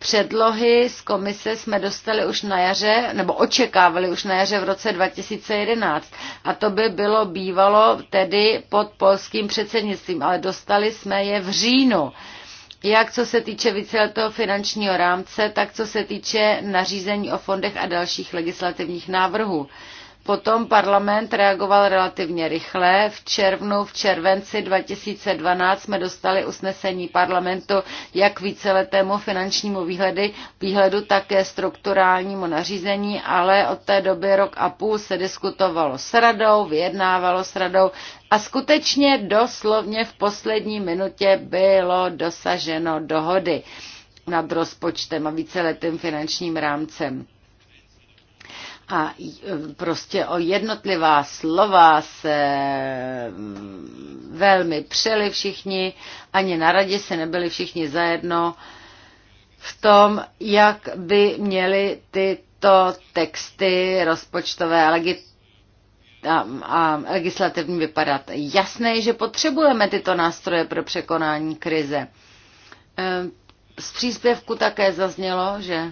Předlohy z komise jsme dostali už na jaře, nebo očekávali už na jaře v roce 2011. A to by bylo bývalo tedy pod polským předsednictvím, ale dostali jsme je v říjnu jak co se týče víceletého finančního rámce, tak co se týče nařízení o fondech a dalších legislativních návrhů. Potom parlament reagoval relativně rychle. V červnu, v červenci 2012 jsme dostali usnesení parlamentu jak víceletému finančnímu výhledy, výhledu také strukturálnímu nařízení, ale od té doby rok a půl se diskutovalo s radou, vyjednávalo s radou a skutečně doslovně v poslední minutě bylo dosaženo dohody nad rozpočtem a víceletým finančním rámcem a e, prostě o jednotlivá slova se mm, velmi přeli všichni, ani na radě se nebyli všichni zajedno v tom, jak by měly tyto texty rozpočtové a, a, a legislativní vypadat. Jasné je, že potřebujeme tyto nástroje pro překonání krize. E, z příspěvku také zaznělo, že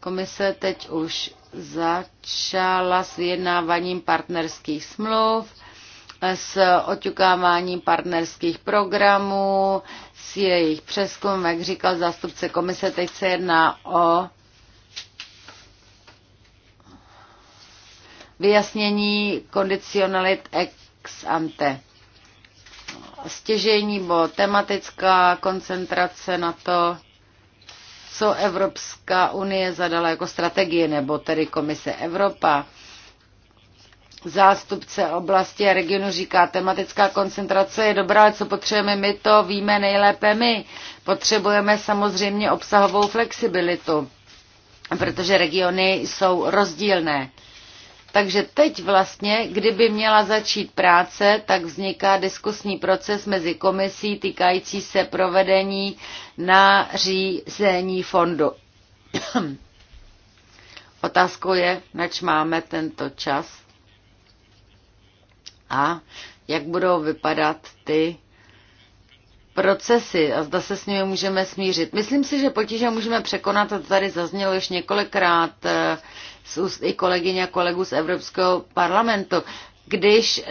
komise teď už začala s vyjednáváním partnerských smluv, s oťukáváním partnerských programů, s jejich přeskum, jak říkal zástupce komise, teď se jedná o vyjasnění kondicionalit ex ante. Stěžení bod, tematická koncentrace na to, co Evropská unie zadala jako strategie, nebo tedy komise Evropa. Zástupce oblasti a regionu říká, tematická koncentrace je dobrá, ale co potřebujeme my, to víme nejlépe my. Potřebujeme samozřejmě obsahovou flexibilitu, protože regiony jsou rozdílné. Takže teď vlastně, kdyby měla začít práce, tak vzniká diskusní proces mezi komisí týkající se provedení na řízení fondu. Otázkou je, nač máme tento čas a jak budou vypadat ty procesy a zda se s nimi můžeme smířit. Myslím si, že potíže můžeme překonat, a to tady zaznělo již několikrát, eh, z úst i kolegyně a kolegů z Evropského parlamentu. Když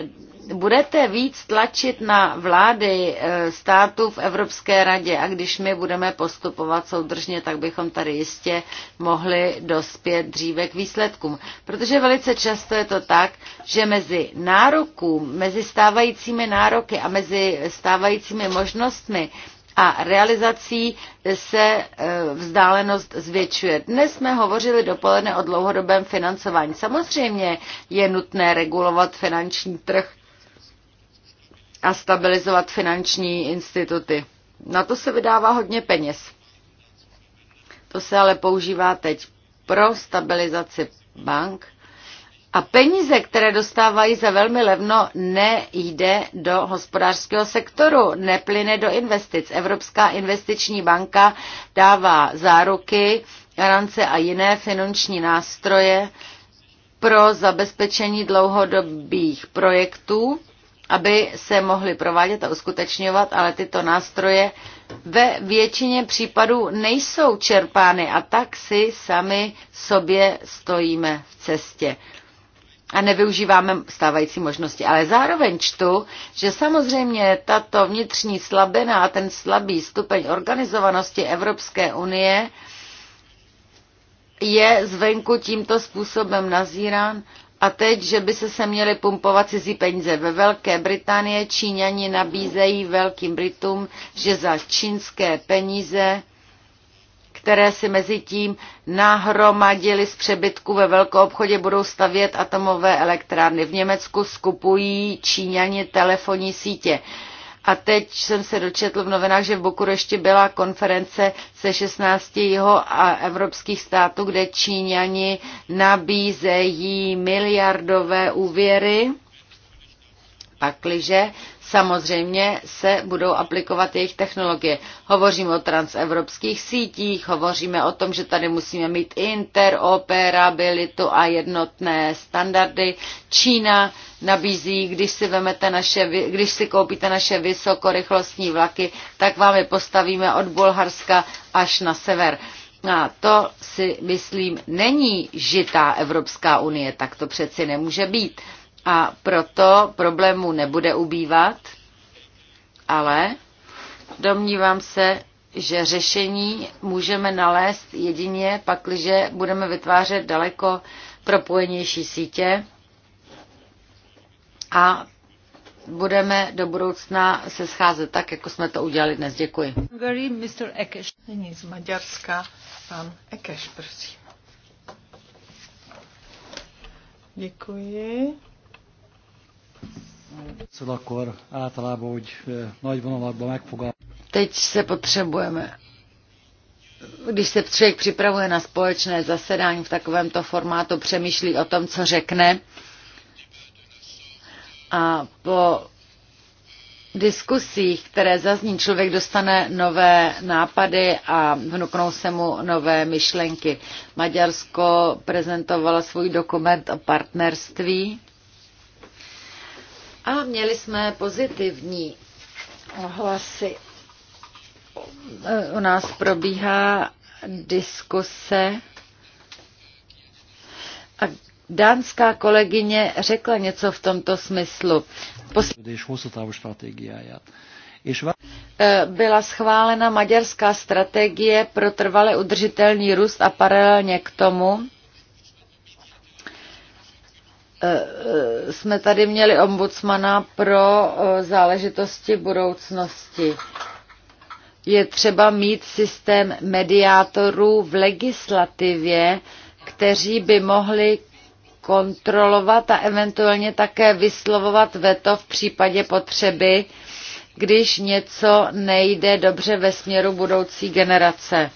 budete víc tlačit na vlády eh, států v Evropské radě a když my budeme postupovat soudržně, tak bychom tady jistě mohli dospět dříve k výsledkům. Protože velice často je to tak, že mezi nárokům, mezi stávajícími nároky a mezi stávajícími možnostmi a realizací se e, vzdálenost zvětšuje. Dnes jsme hovořili dopoledne o dlouhodobém financování. Samozřejmě je nutné regulovat finanční trh a stabilizovat finanční instituty. Na to se vydává hodně peněz. To se ale používá teď pro stabilizaci bank a peníze, které dostávají za velmi levno, nejde do hospodářského sektoru, neplyne do investic. Evropská investiční banka dává záruky, garance a jiné finanční nástroje pro zabezpečení dlouhodobých projektů, aby se mohly provádět a uskutečňovat, ale tyto nástroje ve většině případů nejsou čerpány a tak si sami sobě stojíme v cestě a nevyužíváme stávající možnosti. Ale zároveň čtu, že samozřejmě tato vnitřní slabina a ten slabý stupeň organizovanosti Evropské unie je zvenku tímto způsobem nazírán a teď, že by se se měly pumpovat cizí peníze ve Velké Británie, Číňani nabízejí Velkým Britům, že za čínské peníze které si mezi tím nahromadili z přebytku ve velkou obchodě, budou stavět atomové elektrárny. V Německu skupují Číňani telefonní sítě. A teď jsem se dočetl v novinách, že v Bukurešti byla konference se 16 jeho a evropských států, kde Číňani nabízejí miliardové úvěry, pakliže Samozřejmě se budou aplikovat jejich technologie. Hovoříme o transevropských sítích, hovoříme o tom, že tady musíme mít interoperabilitu a jednotné standardy. Čína nabízí, když si, vemete naše, když si koupíte naše vysokorychlostní vlaky, tak vám je postavíme od Bulharska až na sever. A to si myslím není žitá Evropská unie, tak to přeci nemůže být. A proto problémů nebude ubývat, ale domnívám se, že řešení můžeme nalézt jedině, pakliže budeme vytvářet daleko propojenější sítě a budeme do budoucna se scházet tak, jako jsme to udělali dnes. Děkuji. Nyní z Maďarska pan Ekeš, prosím. Děkuji. Teď se potřebujeme když se člověk připravuje na společné zasedání v takovémto formátu, přemýšlí o tom, co řekne. A po diskusích, které zazní, člověk dostane nové nápady a vnuknou se mu nové myšlenky. Maďarsko prezentovalo svůj dokument o partnerství a měli jsme pozitivní ohlasy. U nás probíhá diskuse a dánská kolegyně řekla něco v tomto smyslu. Pos- eh, byla schválena maďarská strategie pro trvale udržitelný růst a paralelně k tomu Eh, eh, jsme tady měli ombudsmana pro eh, záležitosti budoucnosti. Je třeba mít systém mediátorů v legislativě, kteří by mohli kontrolovat a eventuálně také vyslovovat veto v případě potřeby, když něco nejde dobře ve směru budoucí generace.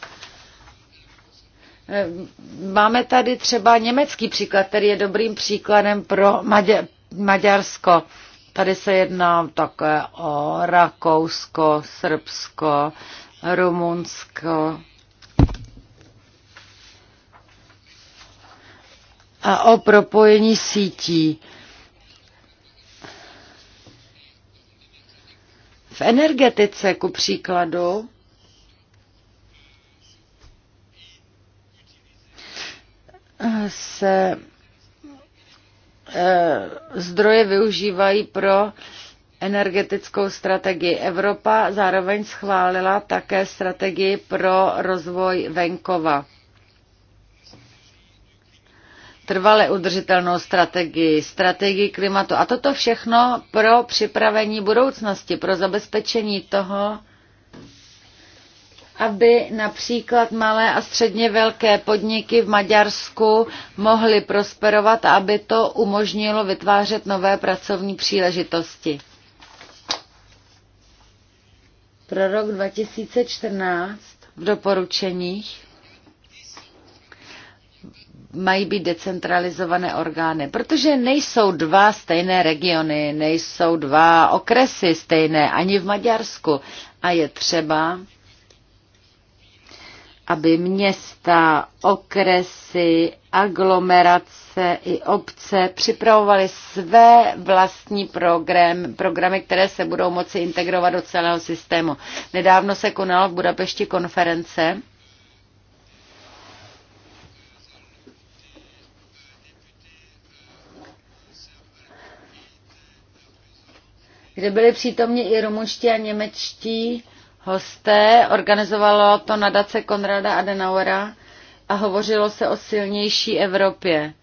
Eh, máme tady třeba německý příklad, který je dobrým příkladem pro Maďa- Maďarsko. Tady se jedná také o Rakousko, Srbsko, Rumunsko. A o propojení sítí. V energetice, ku příkladu, se eh, zdroje využívají pro energetickou strategii. Evropa zároveň schválila také strategii pro rozvoj venkova. Trvale udržitelnou strategii, strategii klimatu a toto všechno pro připravení budoucnosti, pro zabezpečení toho, aby například malé a středně velké podniky v Maďarsku mohly prosperovat a aby to umožnilo vytvářet nové pracovní příležitosti. Pro rok 2014 v doporučeních mají být decentralizované orgány, protože nejsou dva stejné regiony, nejsou dva okresy stejné, ani v Maďarsku. A je třeba aby města, okresy, aglomerace i obce připravovaly své vlastní program, programy, které se budou moci integrovat do celého systému. Nedávno se konala v Budapešti konference kde byli přítomni i rumunští a němečtí hosté. Organizovalo to nadace Konrada Adenauera a hovořilo se o silnější Evropě.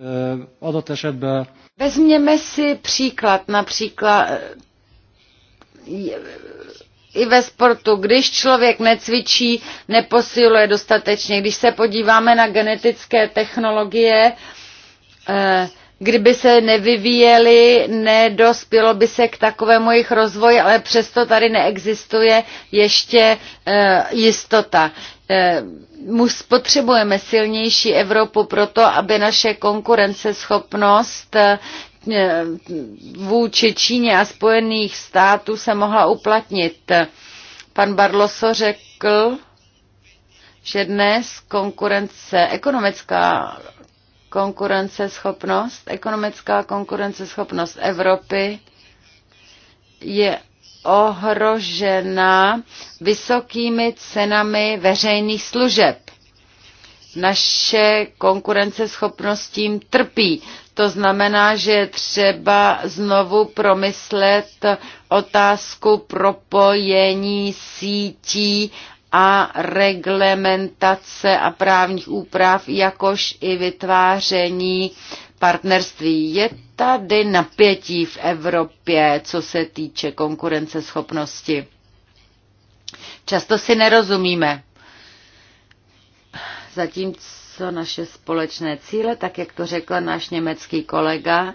Eh, Vezměme si příklad, například eh, i ve sportu, když člověk necvičí, neposiluje dostatečně. Když se podíváme na genetické technologie, eh, kdyby se nevyvíjeli, nedospělo by se k takovému jejich rozvoji, ale přesto tady neexistuje ještě eh, jistota. Eh, Muž potřebujeme silnější Evropu proto, aby naše konkurenceschopnost Vlastně vůči Číně a Spojených států se mohla uplatnit. Pan Barloso řekl, že dnes konkurence, ekonomická konkurenceschopnost, ekonomická konkurenceschopnost Evropy je ohrožena vysokými cenami veřejných služeb. Naše konkurenceschopnost tím trpí. To znamená, že je třeba znovu promyslet otázku propojení sítí a reglementace a právních úprav, jakož i vytváření partnerství. Je tady napětí v Evropě, co se týče konkurenceschopnosti. Často si nerozumíme. Zatímco co naše společné cíle, tak jak to řekl náš německý kolega,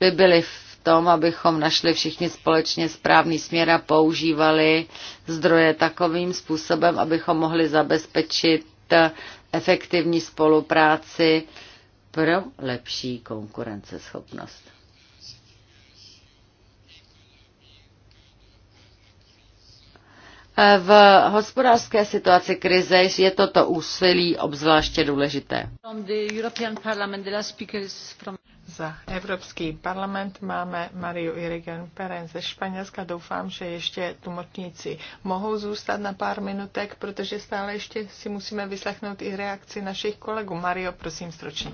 by byly v tom, abychom našli všichni společně správný směr a používali zdroje takovým způsobem, abychom mohli zabezpečit efektivní spolupráci pro lepší konkurenceschopnost. V hospodářské situaci krize je toto úsilí obzvláště důležité. Za Evropský parlament máme Mariu Irigen Peren ze Španělska. Doufám, že ještě tlumočníci mohou zůstat na pár minutek, protože stále ještě si musíme vyslechnout i reakci našich kolegů. Mario, prosím, stručně.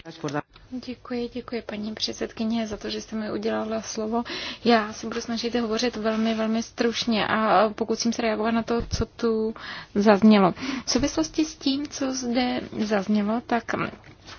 Děkuji, děkuji paní předsedkyně za to, že jste mi udělala slovo. Já se budu snažit hovořit velmi, velmi stručně a pokusím se reagovat na to, co tu zaznělo. V souvislosti s tím, co zde zaznělo, tak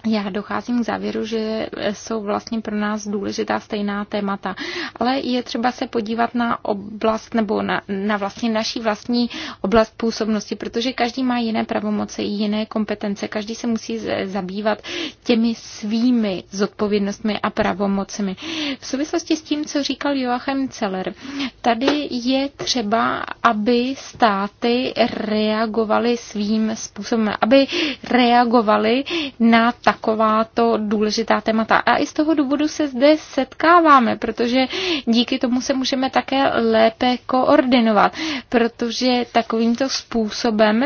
já docházím k závěru, že jsou vlastně pro nás důležitá stejná témata, ale je třeba se podívat na oblast nebo na, na vlastně naší vlastní oblast působnosti, protože každý má jiné pravomoce, jiné kompetence, každý se musí zabývat těmi svými zodpovědnostmi a pravomocemi. V souvislosti s tím, co říkal Joachim Celer, tady je třeba, aby státy reagovaly svým způsobem, aby reagovaly na takováto důležitá témata. A i z toho důvodu se zde setkáváme, protože díky tomu se můžeme také lépe koordinovat, protože takovýmto způsobem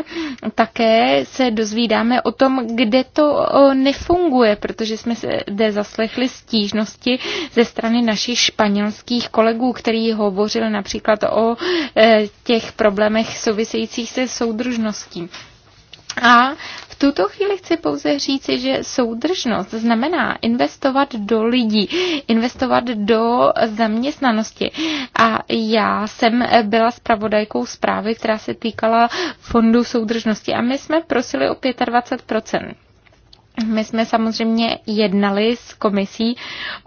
také se dozvídáme o tom, kde to nefunguje, protože jsme se zde zaslechli stížnosti ze strany našich španělských kolegů, který hovořil například o e, těch problémech souvisejících se soudružností. A v tuto chvíli chci pouze říci, že soudržnost znamená investovat do lidí, investovat do zaměstnanosti. A já jsem byla zpravodajkou zprávy, která se týkala fondu soudržnosti a my jsme prosili o 25 my jsme samozřejmě jednali s komisí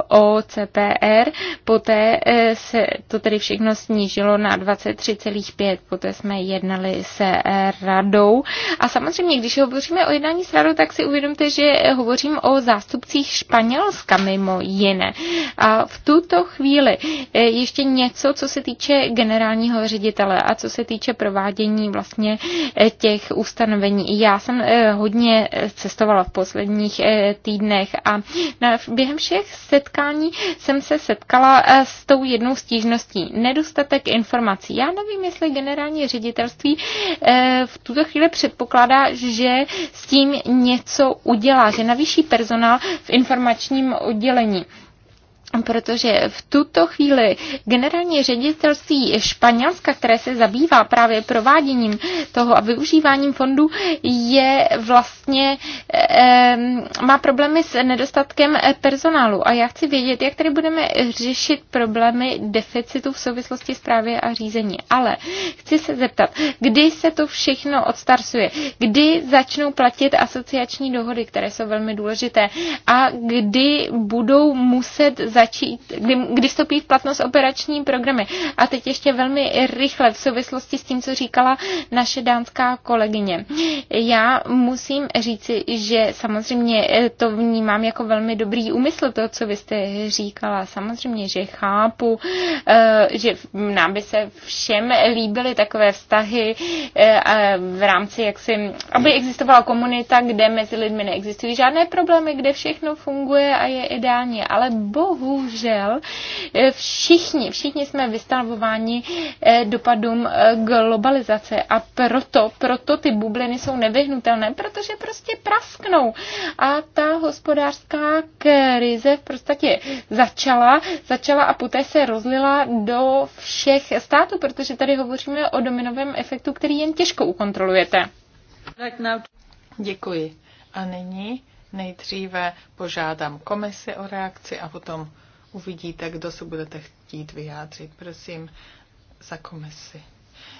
o CPR, poté eh, se to tedy všechno snížilo na 23,5, poté jsme jednali se radou. A samozřejmě, když hovoříme o jednání s radou, tak si uvědomte, že hovořím o zástupcích Španělska mimo jiné. A v tuto chvíli eh, ještě něco, co se týče generálního ředitele a co se týče provádění vlastně eh, těch ustanovení. Já jsem hodně cestovala v poslední posledních eh, týdnech. A během všech setkání jsem se setkala eh, s tou jednou stížností. Nedostatek informací. Já nevím, jestli generální ředitelství eh, v tuto chvíli předpokládá, že s tím něco udělá, že navýší personál v informačním oddělení protože v tuto chvíli generální ředitelství Španělska, které se zabývá právě prováděním toho a využíváním fondů, je vlastně, má problémy s nedostatkem personálu. A já chci vědět, jak tady budeme řešit problémy deficitu v souvislosti s právě a řízení. Ale chci se zeptat, kdy se to všechno odstarsuje? kdy začnou platit asociační dohody, které jsou velmi důležité a kdy budou muset začít, kdy, kdy vstoupí v platnost operační programy. A teď ještě velmi rychle v souvislosti s tím, co říkala naše dánská kolegyně. Já musím říci, že samozřejmě to vnímám jako velmi dobrý úmysl, to, co vy jste říkala. Samozřejmě, že chápu, eh, že nám by se všem líbily takové vztahy eh, v rámci, jak si, aby existovala komunita, kde mezi lidmi neexistují žádné problémy, kde všechno funguje a je ideálně. Ale bohu bohužel eh, všichni, všichni jsme vystavováni eh, dopadům eh, globalizace a proto, proto ty bubliny jsou nevyhnutelné, protože prostě prasknou. A ta hospodářská krize v podstatě začala, začala a poté se rozlila do všech států, protože tady hovoříme o dominovém efektu, který jen těžko ukontrolujete. Děkuji. A nyní Nejdříve požádám komisi o reakci a potom uvidíte, kdo se budete chtít vyjádřit. Prosím, za komisi.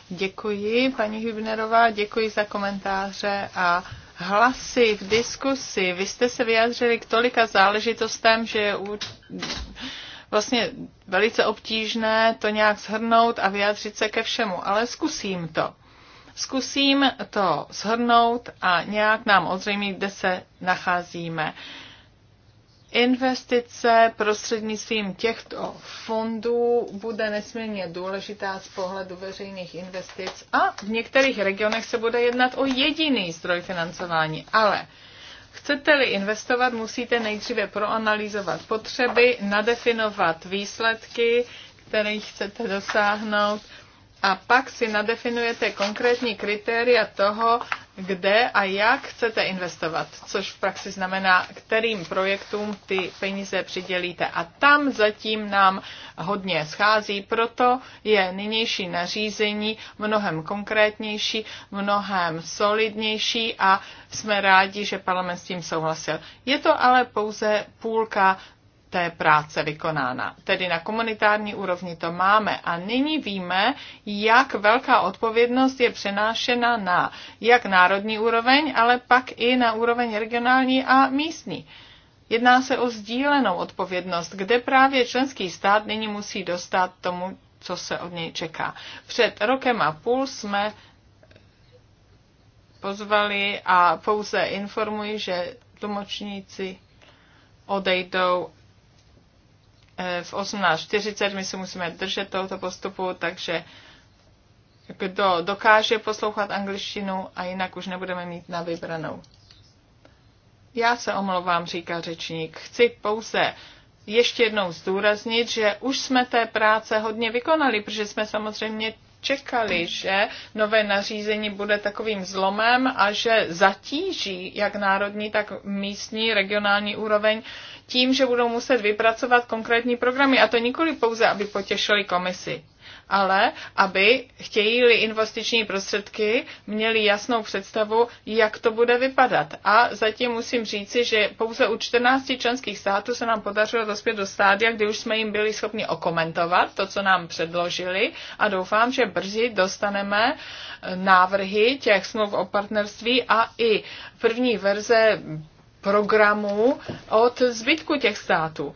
Děkuji, paní Hübnerová, děkuji za komentáře a hlasy v diskusi. Vy jste se vyjádřili k tolika záležitostem, že je vlastně velice obtížné to nějak shrnout a vyjádřit se ke všemu, ale zkusím to. Zkusím to shrnout a nějak nám ozřejmí, kde se nacházíme. Investice prostřednictvím těchto fondů bude nesmírně důležitá z pohledu veřejných investic a v některých regionech se bude jednat o jediný zdroj financování, ale Chcete-li investovat, musíte nejdříve proanalýzovat potřeby, nadefinovat výsledky, které chcete dosáhnout a pak si nadefinujete konkrétní kritéria toho, kde a jak chcete investovat, což v praxi znamená, kterým projektům ty peníze přidělíte. A tam zatím nám hodně schází, proto je nynější nařízení mnohem konkrétnější, mnohem solidnější a jsme rádi, že parlament s tím souhlasil. Je to ale pouze půlka té práce vykonána. Tedy na komunitární úrovni to máme a nyní víme, jak velká odpovědnost je přenášena na jak národní úroveň, ale pak i na úroveň regionální a místní. Jedná se o sdílenou odpovědnost, kde právě členský stát nyní musí dostat tomu, co se od něj čeká. Před rokem a půl jsme pozvali a pouze informuji, že tlumočníci odejdou Eh, v 18.40 my se musíme držet tohoto postupu, takže kdo dokáže poslouchat angličtinu a jinak už nebudeme mít na vybranou. Já se omlouvám, říká řečník. Chci pouze ještě jednou zdůraznit, že už jsme té práce hodně vykonali, protože jsme samozřejmě čekali, že nové nařízení bude takovým zlomem a že zatíží jak národní, tak místní, regionální úroveň tím, že budou muset vypracovat konkrétní programy. A to nikoli pouze, aby potěšili komisi ale aby chtějí investiční prostředky, měli jasnou představu, jak to bude vypadat. A zatím musím říci, že pouze u 14 členských států se nám podařilo dospět do stádia, kdy už jsme jim byli schopni okomentovat to, co nám předložili a doufám, že brzy dostaneme eh, návrhy těch smluv o partnerství a i první verze programů od zbytku těch států.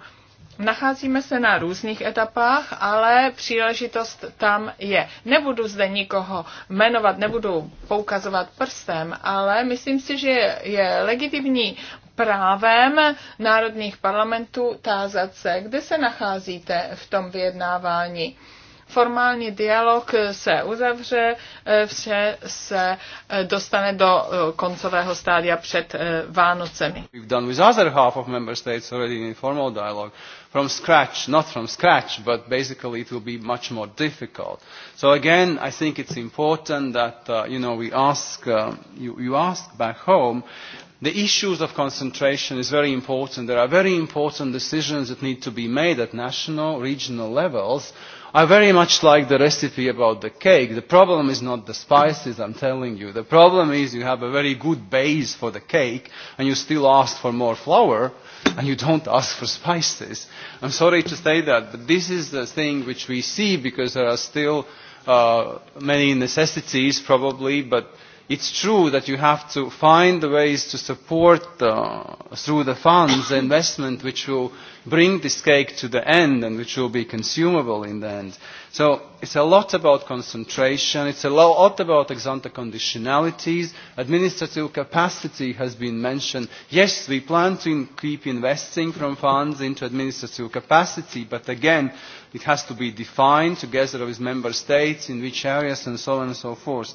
Nacházíme se na různých etapách, ale příležitost tam je. Nebudu zde nikoho jmenovat, nebudu poukazovat prstem, ale myslím si, že je legitimní právem národních parlamentů tázat se, kde se nacházíte v tom vyjednávání. Formální dialog se uzavře, eh, vše se eh, dostane do eh, koncového stádia před Vánocemi. We've done with other half of member states already dialogue from scratch, not from scratch, but basically it will be much more difficult. So again, I think it's important that, uh, you know, we ask, uh, you, you ask back home, the issues of concentration is very important. There are very important decisions that need to be made at national, regional levels. I very much like the recipe about the cake. The problem is not the spices, I'm telling you. The problem is you have a very good base for the cake and you still ask for more flour and you don't ask for spices. I'm sorry to say that, but this is the thing which we see because there are still uh, many necessities probably, but it's true that you have to find the ways to support uh, through the funds the investment which will bring this cake to the end and which will be consumable in the end. So it's a lot about concentration, it's a lot about ex ante conditionalities, administrative capacity has been mentioned. Yes, we plan to in keep investing from funds into administrative capacity, but again, it has to be defined together with member states in which areas and so on and so forth.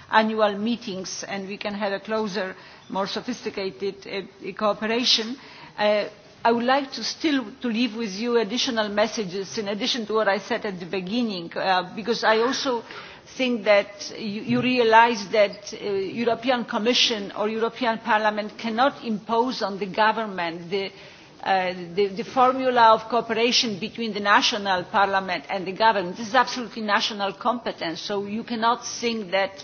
annual meetings and we can have a closer more sophisticated uh, cooperation. Uh, i would like to still to leave with you additional messages in addition to what i said at the beginning uh, because i also think that you, you realise that the uh, european commission or european parliament cannot impose on the government the, uh, the, the formula of cooperation between the national parliament and the government. this is absolutely national competence so you cannot think that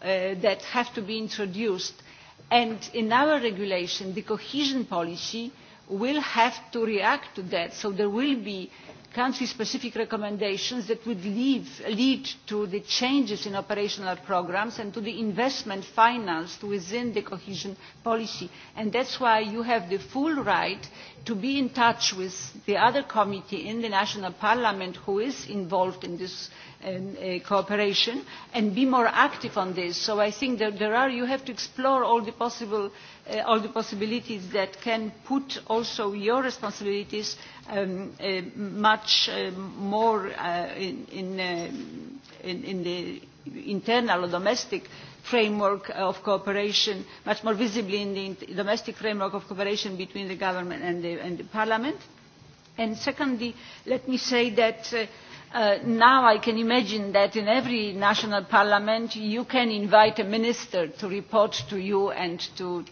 Uh, that have to be introduced and in our regulation the cohesion policy will have to react to that so there will be country specific recommendations that would lead to the changes in operational programmes and to the investment financed within the cohesion policy and that's why you have the full right to be in touch with the other committee in the national parliament who is involved in this um, uh, cooperation and be more active on this. So I think that there are, you have to explore all the, possible, uh, all the possibilities that can put also your responsibilities um, uh, much uh, more uh, in, in, uh, in, in the internal or domestic framework of cooperation, much more visibly in the domestic framework of cooperation between the government and the, and the parliament. And secondly, let me say that uh, Uh, now i can imagine that in every national parliament you can invite a minister to report to you and to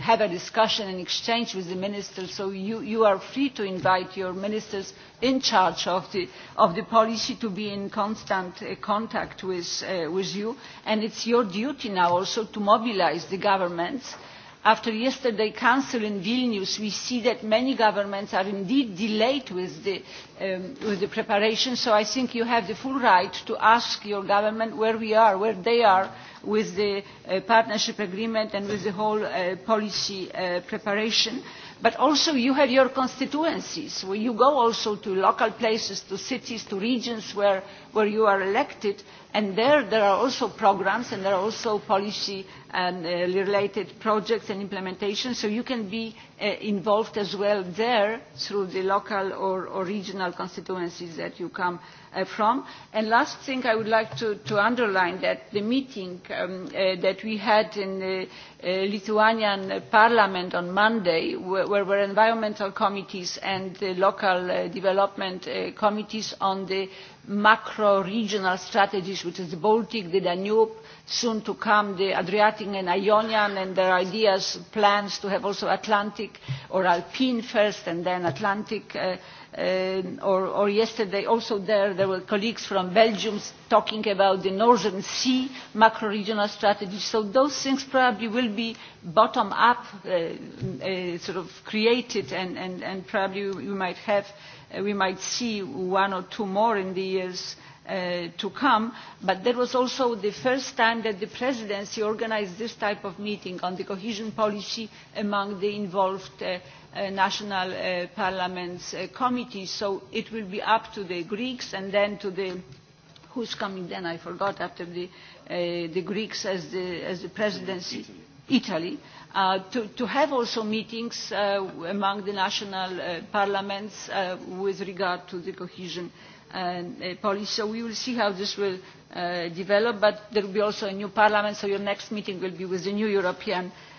have a discussion and exchange with the minister so you, you are free to invite your ministers in charge of the, of the policy to be in constant uh, contact with, uh, with you and it's your duty now also to mobilise the governments after yesterday's council in vilnius we see that many governments are indeed delayed with the, um, with the preparation so i think you have the full right to ask your government where we are where they are with the uh, partnership agreement and with the whole uh, policy uh, preparation but also you have your constituencies where you go also to local places to cities to regions where, where you are elected and there there are also programmes and there are also policy and, uh, related projects and implementation so you can be uh, involved as well there through the local or, or regional constituencies that you come uh, from and last thing i would like to, to underline that the meeting um, uh, that we had in the uh, lithuanian parliament on monday where, where were environmental committees and the local uh, development uh, committees on the macro regional strategies which is the baltic the danube soon to come the adriatic and ionian and there are ideas plans to have also atlantic or alpine first and then atlantic uh, uh, or, or yesterday also there there were colleagues from belgium talking about the northern sea macro regional strategy so those things probably will be bottom up uh, uh, sort of created and, and, and probably you might have uh, Uh, we might see one or two more in the years Uh, to come but that was also the first time that the presidency organised this type of meeting on the cohesion policy among the involved uh, uh, national uh, parliaments uh, committees so it will be up to the greeks and then to the who is coming then i forgot after the, the greeks as the, as the presidency italy, italy Uh, to, to have also meetings uh, among the national uh, parliaments uh, with regard to the cohesion uh, uh, policy. So we will see how this will uh, develop, but there will be also a new parliament, so your next meeting will be with the new European Parliament.